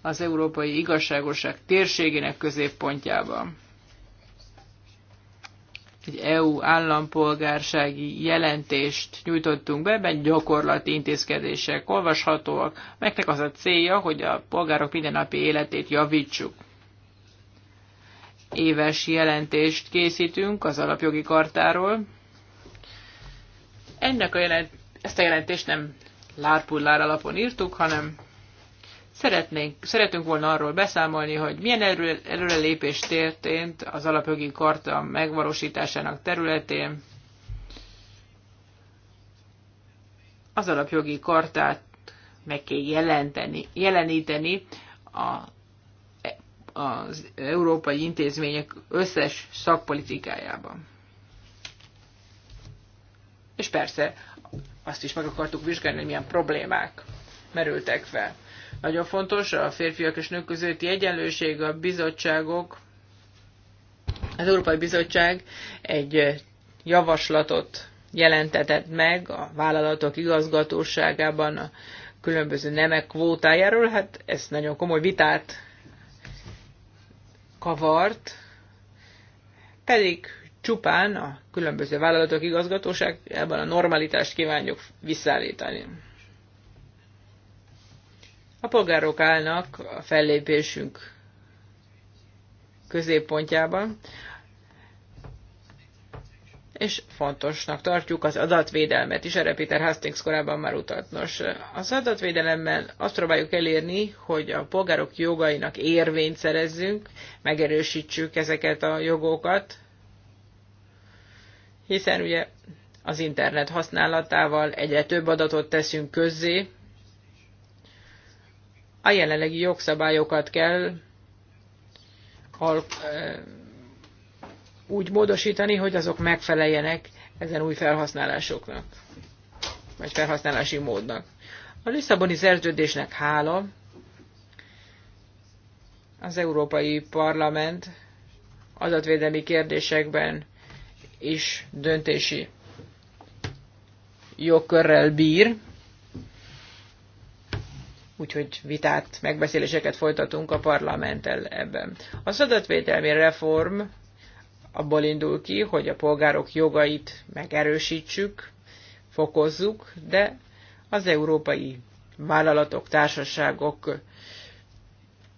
az európai igazságosság térségének középpontjában. Egy EU állampolgársági jelentést nyújtottunk be, mert gyakorlati intézkedések olvashatóak. Megnek az a célja, hogy a polgárok mindennapi életét javítsuk éves jelentést készítünk az alapjogi kartáról, ennek a jelent, ezt a jelentést nem lárpullár alapon írtuk, hanem szeretnénk, szeretünk volna arról beszámolni, hogy milyen erő, előrelépés történt az alapjogi karta megvalósításának területén. Az alapjogi kartát meg kell jelenteni, jeleníteni a, az európai intézmények összes szakpolitikájában és persze azt is meg akartuk vizsgálni, hogy milyen problémák merültek fel. Nagyon fontos a férfiak és nők közötti egyenlőség, a bizottságok, az Európai Bizottság egy javaslatot jelentetett meg a vállalatok igazgatóságában a különböző nemek kvótájáról, hát ez nagyon komoly vitát kavart, pedig csupán a különböző vállalatok igazgatóságában a normalitást kívánjuk visszaállítani. A polgárok állnak a fellépésünk középpontjában, és fontosnak tartjuk az adatvédelmet is, erre Peter Hastings korábban már utalt. Nos, az adatvédelemmel azt próbáljuk elérni, hogy a polgárok jogainak érvényt szerezzünk, megerősítsük ezeket a jogokat, hiszen ugye az internet használatával egyre több adatot teszünk közzé. A jelenlegi jogszabályokat kell eh, úgy módosítani, hogy azok megfeleljenek ezen új felhasználásoknak, vagy felhasználási módnak. A Lisszaboni szerződésnek hála az Európai Parlament adatvédelmi kérdésekben és döntési jogkörrel bír, úgyhogy vitát, megbeszéléseket folytatunk a parlamenttel ebben. Az adatvédelmi reform abból indul ki, hogy a polgárok jogait megerősítsük, fokozzuk, de az európai vállalatok, társaságok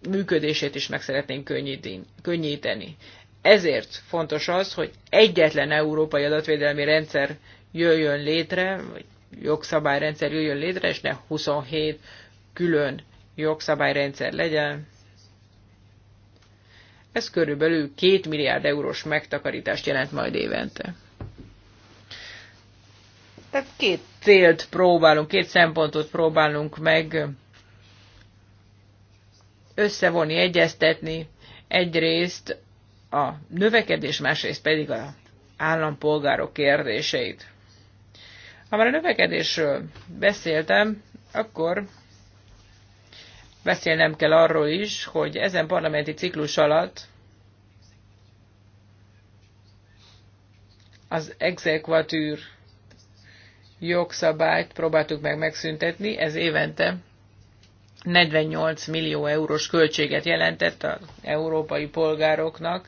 működését is meg szeretnénk könnyíteni. Ezért fontos az, hogy egyetlen európai adatvédelmi rendszer jöjjön létre, vagy jogszabályrendszer jöjjön létre, és ne 27 külön jogszabályrendszer legyen. Ez körülbelül 2 milliárd eurós megtakarítást jelent majd évente. Tehát két célt próbálunk, két szempontot próbálunk meg összevonni, egyeztetni. Egyrészt a növekedés, másrészt pedig a állampolgárok kérdéseit. Ha már a növekedésről beszéltem, akkor beszélnem kell arról is, hogy ezen parlamenti ciklus alatt az exekvatűr jogszabályt próbáltuk meg megszüntetni, ez évente 48 millió eurós költséget jelentett az európai polgároknak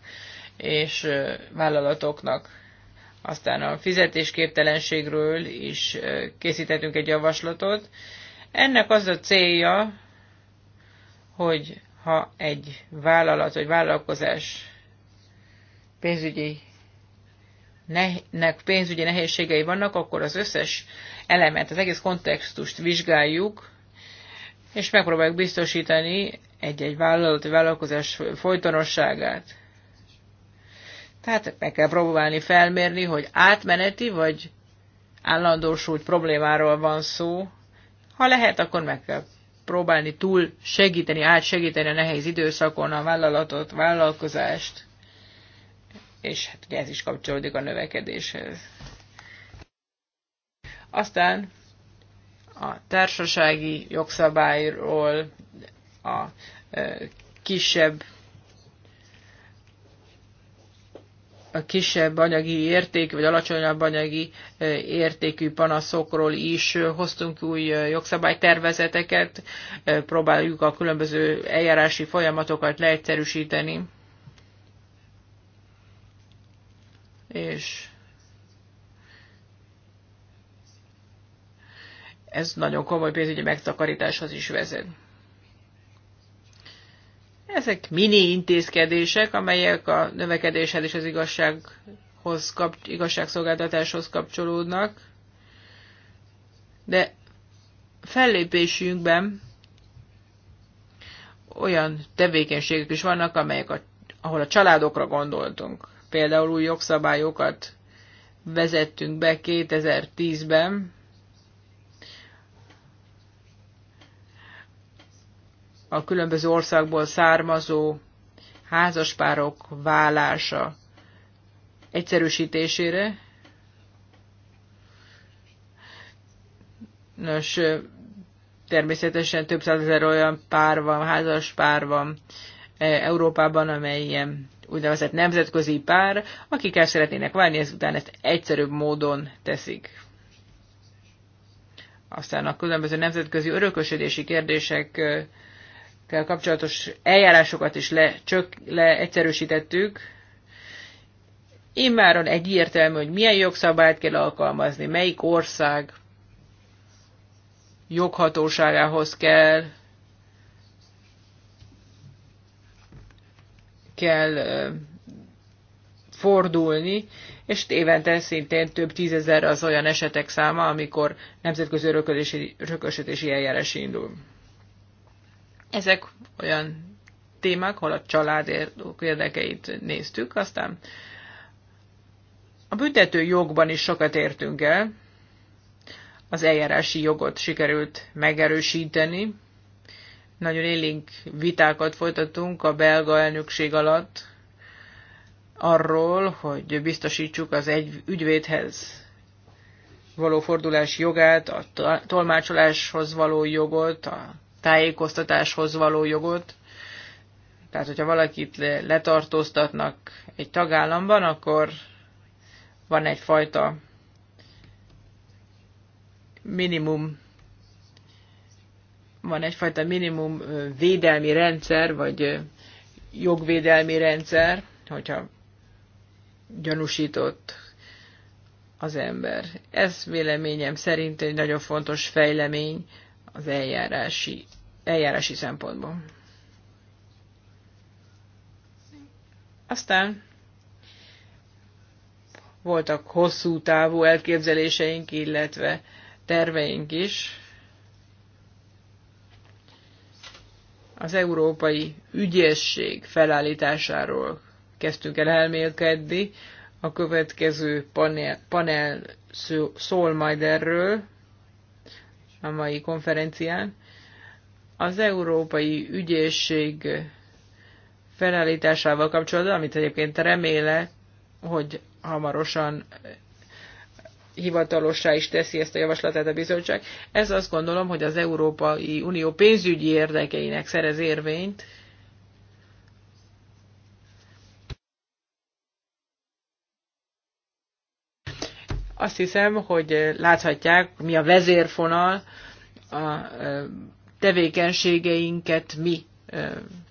és vállalatoknak. Aztán a fizetésképtelenségről is készítettünk egy javaslatot. Ennek az a célja, hogy ha egy vállalat vagy vállalkozás pénzügyi nek pénzügyi nehézségei vannak, akkor az összes elemet, az egész kontextust vizsgáljuk, és megpróbáljuk biztosítani egy-egy vállalati vállalkozás folytonosságát. Tehát meg kell próbálni felmérni, hogy átmeneti vagy állandósult problémáról van szó. Ha lehet, akkor meg kell próbálni túl segíteni, átsegíteni a nehéz időszakon a vállalatot, vállalkozást, és hát ugye ez is kapcsolódik a növekedéshez. Aztán a társasági jogszabályról, a kisebb a kisebb anyagi érték, vagy alacsonyabb anyagi értékű panaszokról is hoztunk új jogszabálytervezeteket, próbáljuk a különböző eljárási folyamatokat leegyszerűsíteni. És ez nagyon komoly pénzügyi megtakarításhoz is vezet. Ezek mini intézkedések, amelyek a növekedéshez és az igazsághoz kap, igazságszolgáltatáshoz kapcsolódnak, de fellépésünkben olyan tevékenységek is vannak, amelyek a, ahol a családokra gondoltunk. Például új jogszabályokat vezettünk be 2010-ben, a különböző országból származó házaspárok vállása egyszerűsítésére. Nos, természetesen több százezer olyan pár van, házas pár van Európában, amely ilyen úgynevezett nemzetközi pár, akik el szeretnének válni, ezután ezt egyszerűbb módon teszik. Aztán a különböző nemzetközi örökösödési kérdések kapcsolatos eljárásokat is lecsök, leegyszerűsítettük. Immáron egyértelmű, hogy milyen jogszabályt kell alkalmazni, melyik ország joghatóságához kell kell fordulni, és évente szintén több tízezer az olyan esetek száma, amikor nemzetközi örökösödési eljárás indul. Ezek olyan témák, ahol a család érdekeit néztük, aztán a büntető jogban is sokat értünk el, az eljárási jogot sikerült megerősíteni. Nagyon élénk vitákat folytattunk a belga elnökség alatt arról, hogy biztosítsuk az egy ügyvédhez való fordulás jogát, a tolmácsoláshoz való jogot, a tájékoztatáshoz való jogot. Tehát, hogyha valakit letartóztatnak egy tagállamban, akkor van egyfajta minimum van egyfajta minimum védelmi rendszer, vagy jogvédelmi rendszer, hogyha gyanúsított az ember. Ez véleményem szerint egy nagyon fontos fejlemény az eljárási, eljárási szempontból. Aztán voltak hosszú távú elképzeléseink, illetve terveink is. Az európai ügyesség felállításáról kezdtünk el elmélkedni. A következő panel, panel szól majd erről a mai konferencián. Az Európai Ügyészség felállításával kapcsolatban, amit egyébként remélek, hogy hamarosan hivatalossá is teszi ezt a javaslatát a bizottság. Ez azt gondolom, hogy az Európai Unió pénzügyi érdekeinek szerez érvényt, Azt hiszem, hogy láthatják, mi a vezérfonal, a tevékenységeinket mi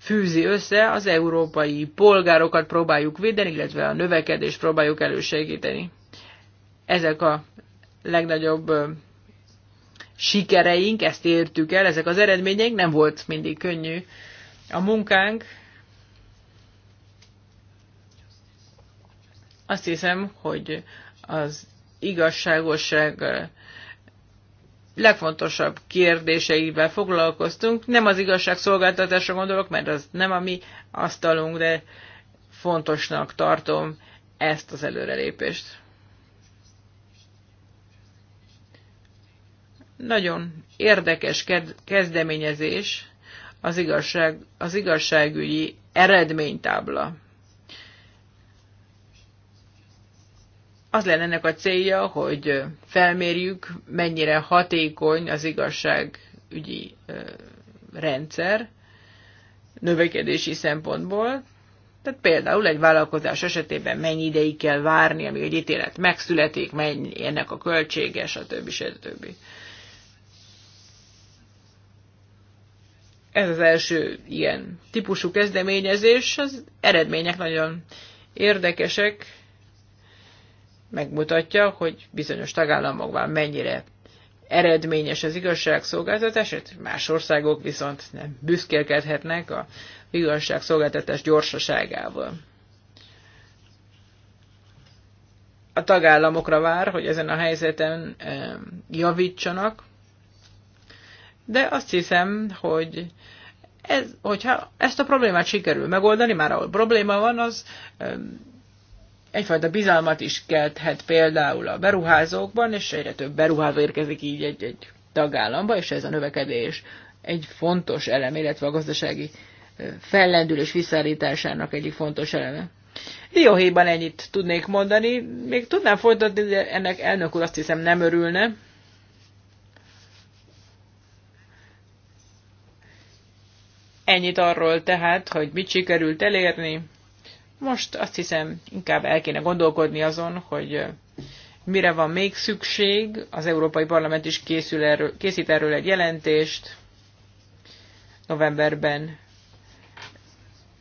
fűzi össze, az európai polgárokat próbáljuk védeni, illetve a növekedést próbáljuk elősegíteni. Ezek a legnagyobb sikereink, ezt értük el, ezek az eredményeink, nem volt mindig könnyű. A munkánk azt hiszem, hogy az igazságosság legfontosabb kérdéseivel foglalkoztunk. Nem az igazságszolgáltatásra gondolok, mert az nem a mi asztalunk, de fontosnak tartom ezt az előrelépést. Nagyon érdekes kezdeményezés az, igazság, az igazságügyi eredménytábla. az lenne ennek a célja, hogy felmérjük, mennyire hatékony az igazságügyi rendszer növekedési szempontból. Tehát például egy vállalkozás esetében mennyi ideig kell várni, amíg egy ítélet megszületik, mennyi ennek a költsége, stb. stb. Ez az első ilyen típusú kezdeményezés, az eredmények nagyon érdekesek, megmutatja, hogy bizonyos tagállamokban mennyire eredményes az igazságszolgáltatás, más országok viszont nem büszkélkedhetnek a igazságszolgáltatás gyorsaságával. A tagállamokra vár, hogy ezen a helyzeten javítsanak, de azt hiszem, hogy ez, hogyha ezt a problémát sikerül megoldani, már ahol probléma van, az egyfajta bizalmat is kelthet például a beruházókban, és egyre több beruházó érkezik így egy-egy tagállamba, és ez a növekedés egy fontos elem, illetve a gazdasági fellendülés visszaállításának egyik fontos eleme. Dióhéjban ennyit tudnék mondani, még tudnám folytatni, de ennek elnök úr azt hiszem nem örülne. Ennyit arról tehát, hogy mit sikerült elérni, most azt hiszem, inkább el kéne gondolkodni azon, hogy mire van még szükség. Az Európai Parlament is készül erről, készít erről egy jelentést. Novemberben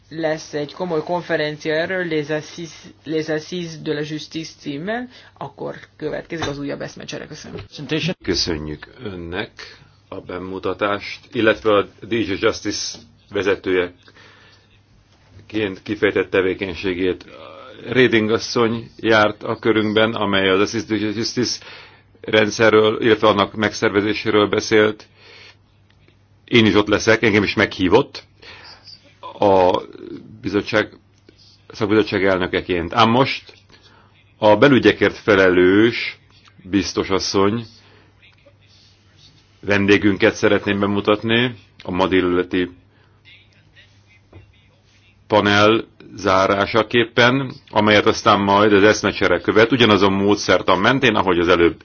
lesz egy komoly konferencia erről, Les Assises de la Justice címmel, akkor következik az újabb eszmecsere. Köszönöm. Köszönjük önnek a bemutatást, illetve a DJ Justice vezetője ként kifejtett tevékenységét. Reding asszony járt a körünkben, amely az Assistive Justice rendszerről, illetve annak megszervezéséről beszélt. Én is ott leszek, engem is meghívott a bizottság, szakbizottság elnökeként. Ám most a belügyekért felelős biztos asszony vendégünket szeretném bemutatni, a ma panel zárásaképpen, amelyet aztán majd az eszmecsere követ, ugyanazon a mentén, ahogy az előbb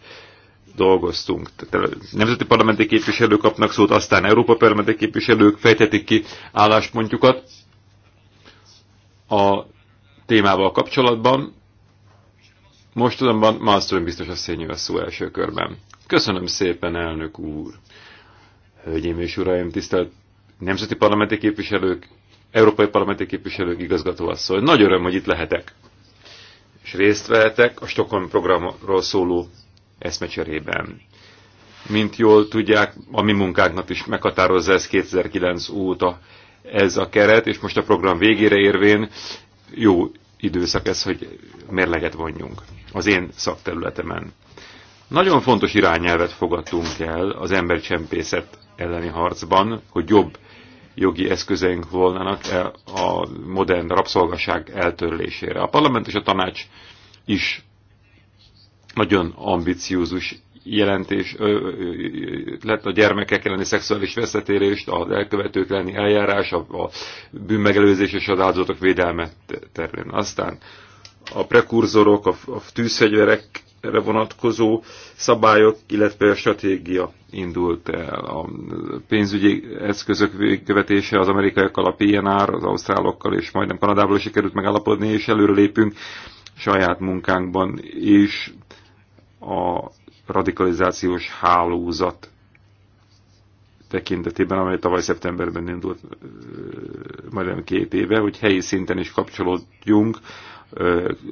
dolgoztunk. Tehát nemzeti parlamenti képviselők kapnak szót, aztán Európa parlamenti képviselők fejtetik ki álláspontjukat a témával kapcsolatban. Most azonban Malmström biztos a szényű a szó első körben. Köszönöm szépen, elnök úr! Hölgyeim és uraim, tisztelt nemzeti parlamenti képviselők, Európai Parlamenti Képviselők igazgatóasszony. Nagy öröm, hogy itt lehetek, és részt vehetek a Stockholm programról szóló eszmecserében. Mint jól tudják, a mi munkánknak is meghatározza ez 2009 óta ez a keret, és most a program végére érvén jó időszak ez, hogy mérleget vonjunk az én szakterületemen. Nagyon fontos irányelvet fogadtunk el az embercsempészet elleni harcban, hogy jobb jogi eszközeink volnának e, a modern rabszolgaság eltörlésére. A parlament és a tanács is nagyon ambiciózus jelentés ö, ö, ö, lett a gyermekek elleni szexuális veszetérést, az elkövetők elleni eljárás, a, a bűnmegelőzés és az áldozatok védelme terén. Aztán a prekurzorok, a, a tűzfegyverek erre vonatkozó szabályok, illetve a stratégia indult el. A pénzügyi eszközök követése az amerikaiakkal, a PNR, az ausztrálokkal és majdnem Kanadából sikerült megállapodni, és előrelépünk saját munkánkban és a radikalizációs hálózat tekintetében, amely tavaly szeptemberben indult majdnem két éve, hogy helyi szinten is kapcsolódjunk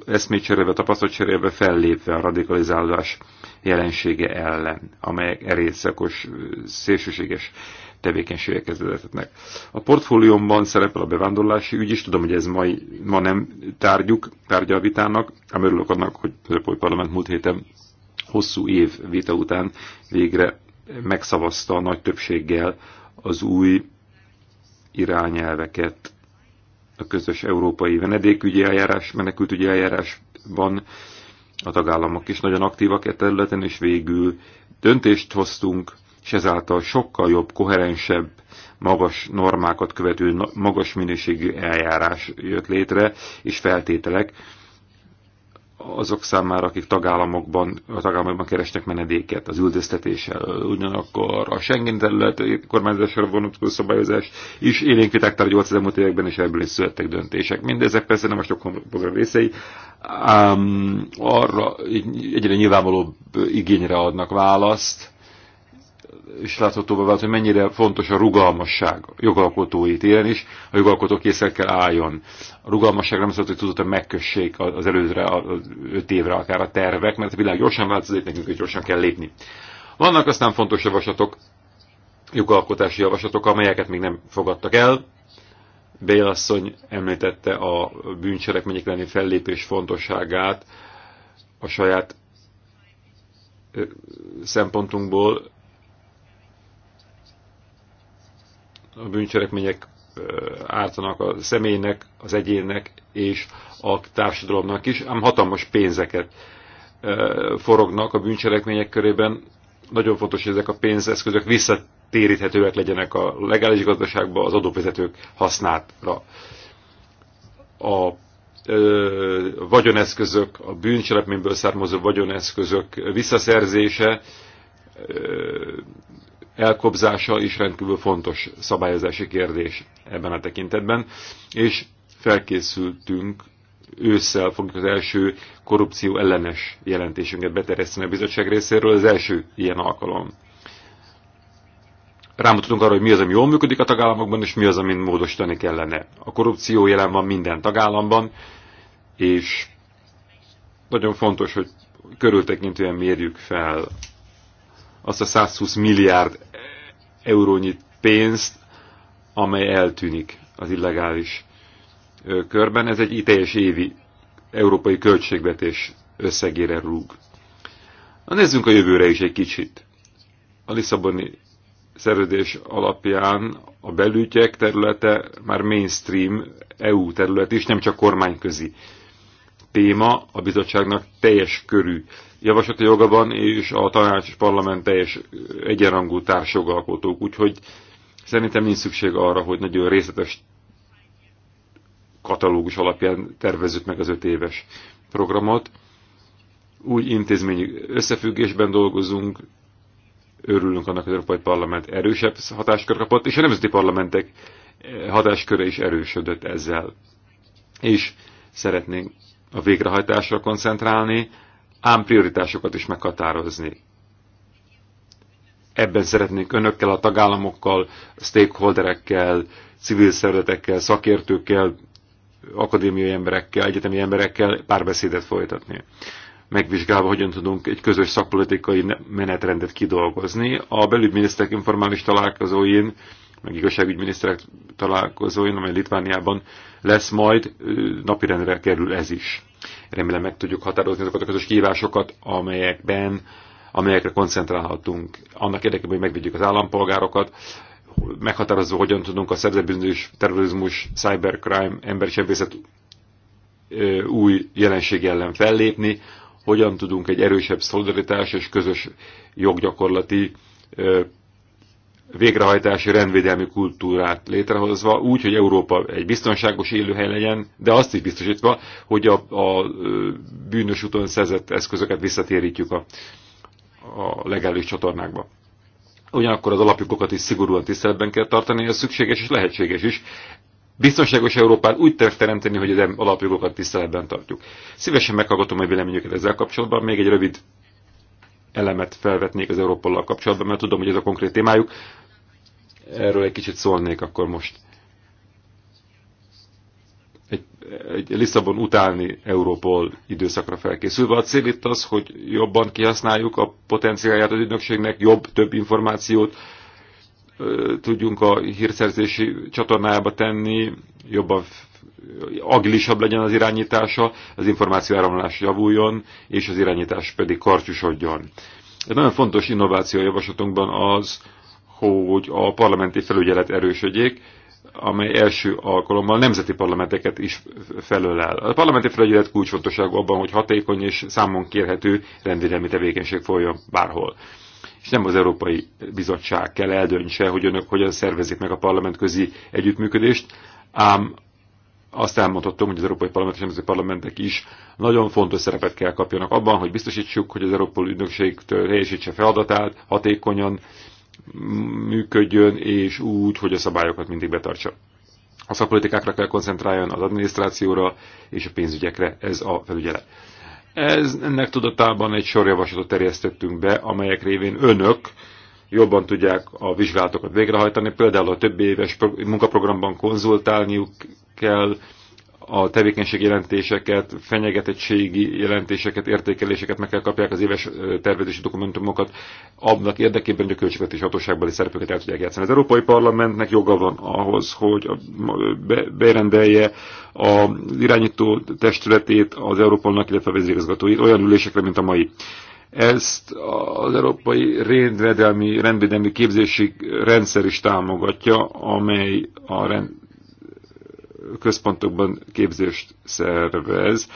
eszmécserébe, tapasztalatcserébe fellépve a radikalizálás jelensége ellen, amelyek erészekos, szélsőséges tevékenységek kezdetetnek. A portfóliómban szerepel a bevándorlási ügy is, tudom, hogy ez mai, ma nem tárgyuk, tárgya a vitának, ám örülök annak, hogy az Európai Parlament múlt héten hosszú év vita után végre megszavazta a nagy többséggel az új irányelveket a közös európai venedékügyi eljárás, menekültügyi eljárásban a tagállamok is nagyon aktívak e területen, és végül döntést hoztunk, és ezáltal sokkal jobb, koherensebb, magas normákat követő, magas minőségű eljárás jött létre, és feltételek, azok számára, akik tagállamokban, a tagállamokban keresnek menedéket az üldöztetéssel. Ugyanakkor a Schengen terület kormányzásra vonatkozó szabályozás is élénk viták tárgyalt az elmúlt években, és ebből is születtek döntések. Mindezek persze nem a sok program részei, ám arra egyre nyilvánvalóbb igényre adnak választ, is láthatóvá vált, hogy mennyire fontos a rugalmasság jogalkotói téren is, a jogalkotó készen kell álljon. A rugalmasság nem szólt, hogy tudottan megkössék az előzre, az öt évre akár a tervek, mert a világ gyorsan változik, nekünk is gyorsan kell lépni. Vannak aztán fontos javaslatok, jogalkotási javaslatok, amelyeket még nem fogadtak el. Bélasszony említette a bűncselekmények lenni fellépés fontosságát a saját szempontunkból a bűncselekmények ártanak a személynek, az egyének és a társadalomnak is, ám hatalmas pénzeket forognak a bűncselekmények körében. Nagyon fontos, hogy ezek a pénzeszközök visszatéríthetőek legyenek a legális gazdaságba az adófizetők hasznátra. A vagyoneszközök, a bűncselekményből származó vagyoneszközök visszaszerzése elkobzása is rendkívül fontos szabályozási kérdés ebben a tekintetben, és felkészültünk ősszel fogjuk az első korrupció ellenes jelentésünket beterjeszteni a bizottság részéről, az első ilyen alkalom. Rámutatunk arra, hogy mi az, ami jól működik a tagállamokban, és mi az, amin módosítani kellene. A korrupció jelen van minden tagállamban, és nagyon fontos, hogy körültekintően mérjük fel azt a 120 milliárd eurónyi pénzt, amely eltűnik az illegális körben. Ez egy teljes évi európai költségvetés összegére rúg. Na nézzünk a jövőre is egy kicsit. A Lisszaboni szerződés alapján a belügyek területe már mainstream EU terület is, nem csak kormányközi téma a bizottságnak teljes körű javaslati joga van, és a tanács és parlament teljes egyenrangú társjogalkotók, úgyhogy szerintem nincs szükség arra, hogy nagyon részletes katalógus alapján tervezzük meg az öt éves programot. Úgy intézményi összefüggésben dolgozunk, örülünk annak, hogy az Európai Parlament erősebb hatáskör kapott, és a nemzeti parlamentek hatásköre is erősödött ezzel. És szeretnénk a végrehajtásra koncentrálni, ám prioritásokat is meghatározni. Ebben szeretnék önökkel, a tagállamokkal, stakeholderekkel, civil szervezetekkel, szakértőkkel, akadémiai emberekkel, egyetemi emberekkel párbeszédet folytatni. Megvizsgálva, hogyan tudunk egy közös szakpolitikai menetrendet kidolgozni. A belügyminiszterek informális találkozóin meg igazságügyminiszterek találkozóin, amely Litvániában lesz majd, napirendre kerül ez is. Remélem meg tudjuk határozni azokat a közös kihívásokat, amelyekben, amelyekre koncentrálhatunk. Annak érdekében, hogy megvédjük az állampolgárokat, meghatározva, hogyan tudunk a szerzetbűnözés, terrorizmus, cybercrime, emberisebészet új jelenség ellen fellépni, hogyan tudunk egy erősebb szolidaritás és közös joggyakorlati végrehajtási rendvédelmi kultúrát létrehozva, úgy, hogy Európa egy biztonságos élőhely legyen, de azt is biztosítva, hogy a, a bűnös úton szerzett eszközöket visszatérítjük a, a legális csatornákba. Ugyanakkor az alapjukokat is szigorúan tiszteletben kell tartani, ez szükséges és lehetséges is. Biztonságos Európát úgy teremteni, hogy az alapjogokat tiszteletben tartjuk. Szívesen meghallgatom a véleményüket ezzel kapcsolatban, még egy rövid elemet felvetnék az Európollal kapcsolatban, mert tudom, hogy ez a konkrét témájuk. Erről egy kicsit szólnék akkor most. Egy, egy Lisszabon utáni Európol időszakra felkészülve. A cél itt az, hogy jobban kihasználjuk a potenciáját az ügynökségnek, jobb, több információt tudjunk a hírszerzési csatornájába tenni, jobban agilisabb legyen az irányítása, az információ áramlás javuljon, és az irányítás pedig karcsúsodjon. Egy nagyon fontos innováció a javaslatunkban az, hogy a parlamenti felügyelet erősödjék, amely első alkalommal nemzeti parlamenteket is felölel. A parlamenti felügyelet kulcsfontosságú abban, hogy hatékony és számon kérhető rendvédelmi tevékenység folyjon bárhol. És nem az Európai Bizottság kell eldöntse, hogy önök hogyan szervezik meg a parlamentközi együttműködést, ám azt elmondhatom, hogy az Európai Parlament és Nemzeti Parlamentek is nagyon fontos szerepet kell kapjanak abban, hogy biztosítsuk, hogy az Európai Ügynökség teljesítse feladatát hatékonyan, működjön, és úgy, hogy a szabályokat mindig betartsa. A szakpolitikákra kell koncentráljon, az adminisztrációra és a pénzügyekre, ez a felügyelet. Ez, ennek tudatában egy sor javaslatot terjesztettünk be, amelyek révén önök jobban tudják a vizsgálatokat végrehajtani, például a több éves munkaprogramban konzultálniuk kell, a tevékenység jelentéseket, fenyegetettségi jelentéseket, értékeléseket meg kell kapják az éves tervezési dokumentumokat, abnak érdekében, hogy a költségvetési hatóságbeli szerepüket el tudják játszani. Az Európai Parlamentnek joga van ahhoz, hogy berendelje az irányító testületét az Európának, illetve a vezérigazgatóit olyan ülésekre, mint a mai ezt az Európai Rendvédelmi, Rendvédelmi Képzési Rendszer is támogatja, amely a rend, központokban képzést szervez.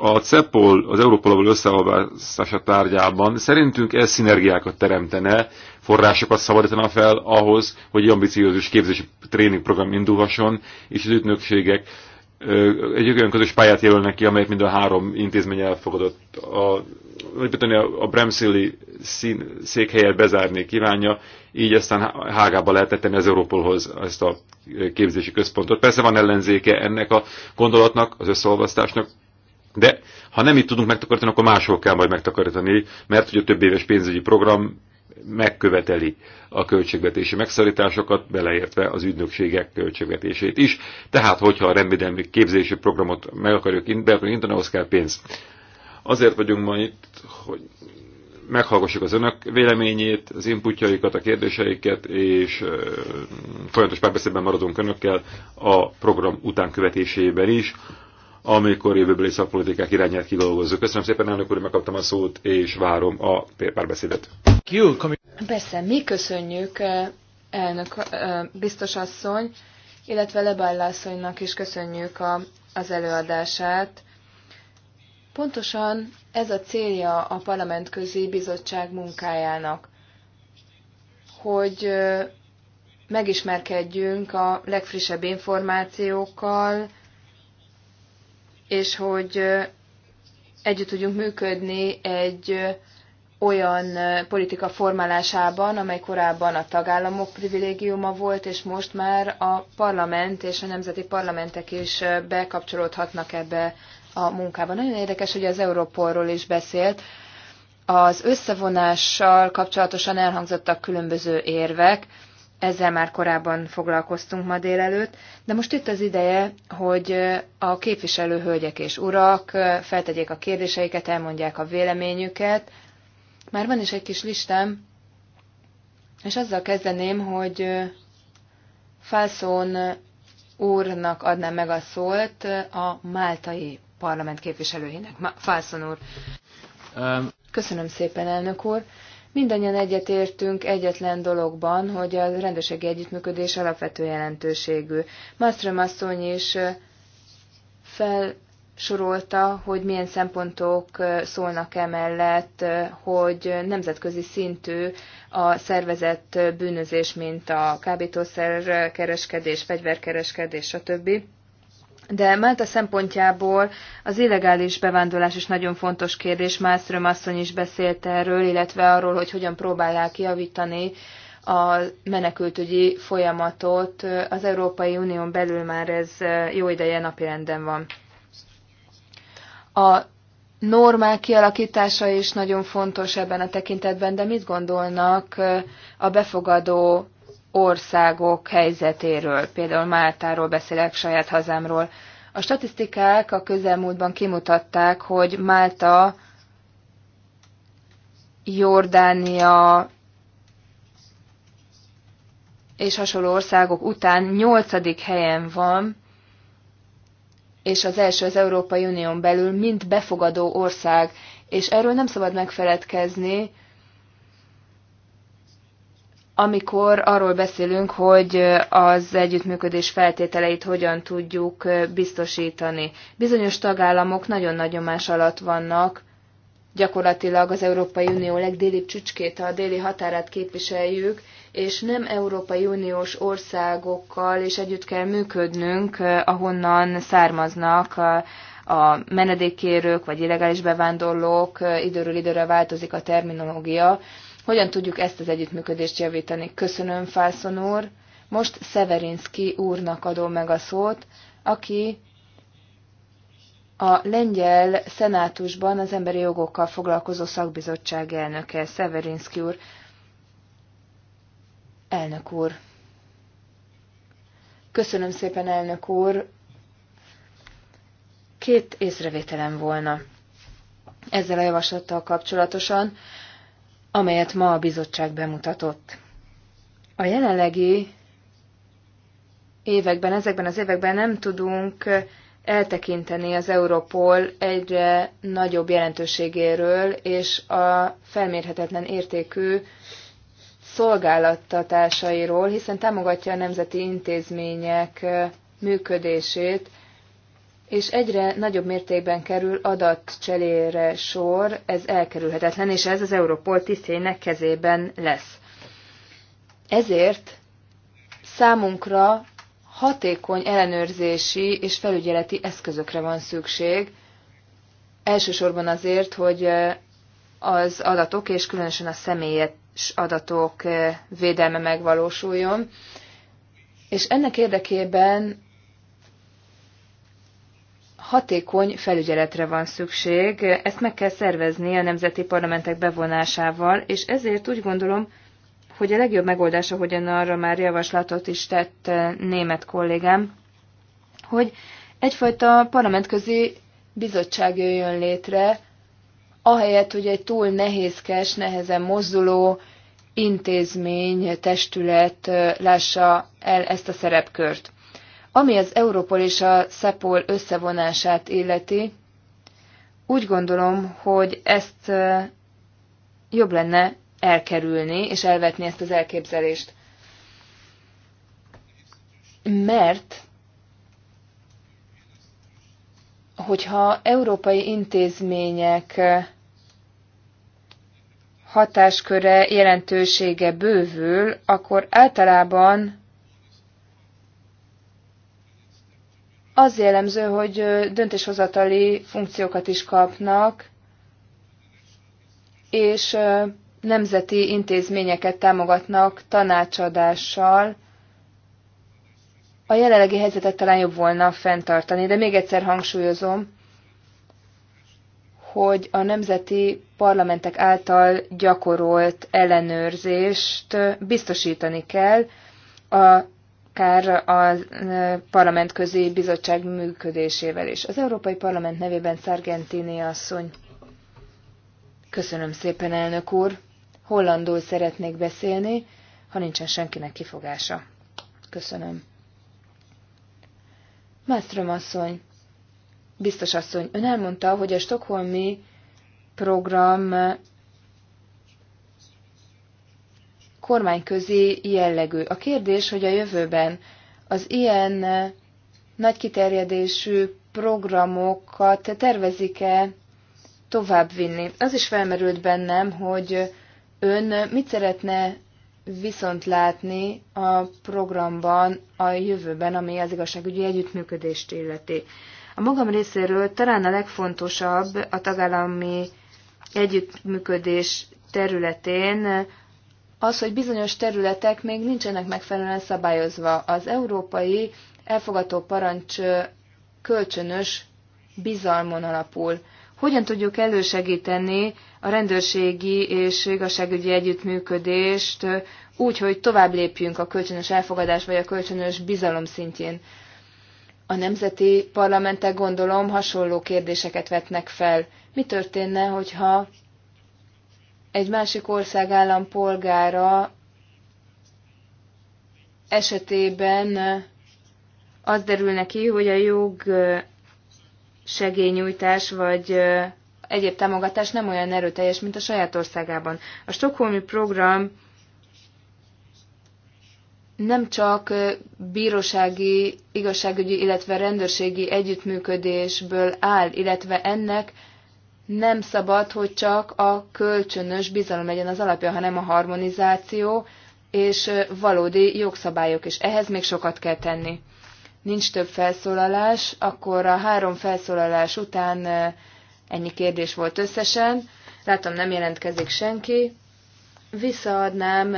A CEPOL az Európolval összeolvasztása tárgyában szerintünk ez szinergiákat teremtene, forrásokat szabadítana fel ahhoz, hogy ambiciózus képzési tréningprogram indulhasson, és az ütnökségek egy olyan közös pályát jelölnek ki, amelyet mind a három intézmény elfogadott. A, a, a bremszili székhelyet bezárni kívánja, így aztán Hágába lehetett tenni az Európolhoz ezt a képzési központot. Persze van ellenzéke ennek a gondolatnak, az összeolvasztásnak, de ha nem itt tudunk megtakarítani, akkor máshol kell majd megtakarítani, mert hogy a több éves pénzügyi program megköveteli a költségvetési megszorításokat, beleértve az ügynökségek költségvetését is. Tehát, hogyha a rendvédelmi képzési programot meg akarjuk intani, ahhoz kell pénz. Azért vagyunk ma itt, hogy meghallgassuk az önök véleményét, az inputjaikat, a kérdéseiket, és folyamatos párbeszédben maradunk önökkel a program utánkövetésében is, amikor jövőbeli szakpolitikák irányát kidolgozzuk. Köszönöm szépen, elnök úr, megkaptam a szót, és várom a párbeszédet. Persze, mi köszönjük, elnök biztos asszony, illetve Lebár is köszönjük a, az előadását Pontosan ez a célja a parlamentközi bizottság munkájának, hogy megismerkedjünk a legfrissebb információkkal, és hogy együtt tudjunk működni egy olyan politika formálásában, amely korábban a tagállamok privilégiuma volt, és most már a parlament és a nemzeti parlamentek is bekapcsolódhatnak ebbe a munkában. Nagyon érdekes, hogy az Európolról is beszélt. Az összevonással kapcsolatosan elhangzottak különböző érvek, ezzel már korábban foglalkoztunk ma délelőtt, de most itt az ideje, hogy a képviselő hölgyek és urak feltegyék a kérdéseiket, elmondják a véleményüket. Már van is egy kis listám, és azzal kezdeném, hogy Falszón úrnak adnám meg a szólt a máltai parlament képviselőjének, Fászon úr. Um. Köszönöm szépen, elnök úr. Mindannyian egyetértünk egyetlen dologban, hogy a rendőrségi együttműködés alapvető jelentőségű. Mastrom asszony is felsorolta, hogy milyen szempontok szólnak emellett, hogy nemzetközi szintű a szervezett bűnözés, mint a kábítószer kereskedés, fegyverkereskedés, stb. De Málta szempontjából az illegális bevándorlás is nagyon fontos kérdés. Mászröm asszony is beszélt erről, illetve arról, hogy hogyan próbálják javítani a menekültügyi folyamatot. Az Európai Unión belül már ez jó ideje napirenden van. A normák kialakítása is nagyon fontos ebben a tekintetben, de mit gondolnak a befogadó országok helyzetéről, például Máltáról beszélek, saját hazámról. A statisztikák a közelmúltban kimutatták, hogy Málta, Jordánia és hasonló országok után nyolcadik helyen van, és az első az Európai Unión belül, mint befogadó ország. És erről nem szabad megfeledkezni, amikor arról beszélünk, hogy az együttműködés feltételeit hogyan tudjuk biztosítani. Bizonyos tagállamok nagyon-nagyon nyomás alatt vannak, gyakorlatilag az Európai Unió legdélibb csücskét, a déli határát képviseljük, és nem Európai Uniós országokkal és együtt kell működnünk, ahonnan származnak a menedékkérők vagy illegális bevándorlók, időről időre változik a terminológia, hogyan tudjuk ezt az együttműködést javítani? Köszönöm, Fászon úr. Most Szeverinszki úrnak adom meg a szót, aki a lengyel szenátusban az emberi jogokkal foglalkozó szakbizottság elnöke, Szeverinszki úr. Elnök úr. Köszönöm szépen, elnök úr. Két észrevételem volna ezzel a javaslattal kapcsolatosan amelyet ma a bizottság bemutatott. A jelenlegi években, ezekben az években nem tudunk eltekinteni az Europol egyre nagyobb jelentőségéről és a felmérhetetlen értékű szolgáltatásairól, hiszen támogatja a nemzeti intézmények működését, és egyre nagyobb mértékben kerül adatcselére sor, ez elkerülhetetlen, és ez az Europol tisztjének kezében lesz. Ezért számunkra hatékony ellenőrzési és felügyeleti eszközökre van szükség, elsősorban azért, hogy az adatok, és különösen a személyes adatok védelme megvalósuljon, és ennek érdekében hatékony felügyeletre van szükség, ezt meg kell szervezni a nemzeti parlamentek bevonásával, és ezért úgy gondolom, hogy a legjobb megoldás, ahogyan arra már javaslatot is tett német kollégám, hogy egyfajta parlamentközi bizottság jöjjön létre, ahelyett, hogy egy túl nehézkes, nehezen mozduló intézmény, testület lássa el ezt a szerepkört. Ami az Európol és a Szepol összevonását illeti, úgy gondolom, hogy ezt jobb lenne elkerülni és elvetni ezt az elképzelést. Mert hogyha európai intézmények hatásköre jelentősége bővül, akkor általában az jellemző, hogy döntéshozatali funkciókat is kapnak, és nemzeti intézményeket támogatnak tanácsadással. A jelenlegi helyzetet talán jobb volna fenntartani, de még egyszer hangsúlyozom, hogy a nemzeti parlamentek által gyakorolt ellenőrzést biztosítani kell, a akár a e, parlamentközi bizottság működésével is. Az Európai Parlament nevében Szargentini asszony. Köszönöm szépen, elnök úr. Hollandul szeretnék beszélni, ha nincsen senkinek kifogása. Köszönöm. Mászröm asszony, biztos asszony, ön elmondta, hogy a stokholmi program kormányközi jellegű. A kérdés, hogy a jövőben az ilyen nagy kiterjedésű programokat tervezik-e továbbvinni. Az is felmerült bennem, hogy ön mit szeretne viszont látni a programban a jövőben, ami az igazságügyi együttműködést illeti. A magam részéről talán a legfontosabb a tagállami együttműködés területén az, hogy bizonyos területek még nincsenek megfelelően szabályozva. Az európai elfogató parancs kölcsönös bizalmon alapul. Hogyan tudjuk elősegíteni a rendőrségi és igazságügyi együttműködést úgy, hogy tovább lépjünk a kölcsönös elfogadás vagy a kölcsönös bizalom szintjén? A nemzeti parlamentek gondolom hasonló kérdéseket vetnek fel. Mi történne, hogyha egy másik ország állampolgára esetében az derül neki, hogy a jog segélynyújtás vagy egyéb támogatás nem olyan erőteljes, mint a saját országában. A Stockholmi program nem csak bírósági, igazságügyi, illetve rendőrségi együttműködésből áll, illetve ennek nem szabad, hogy csak a kölcsönös bizalom legyen az alapja, hanem a harmonizáció és valódi jogszabályok, és ehhez még sokat kell tenni. Nincs több felszólalás, akkor a három felszólalás után ennyi kérdés volt összesen. Látom, nem jelentkezik senki. Visszaadnám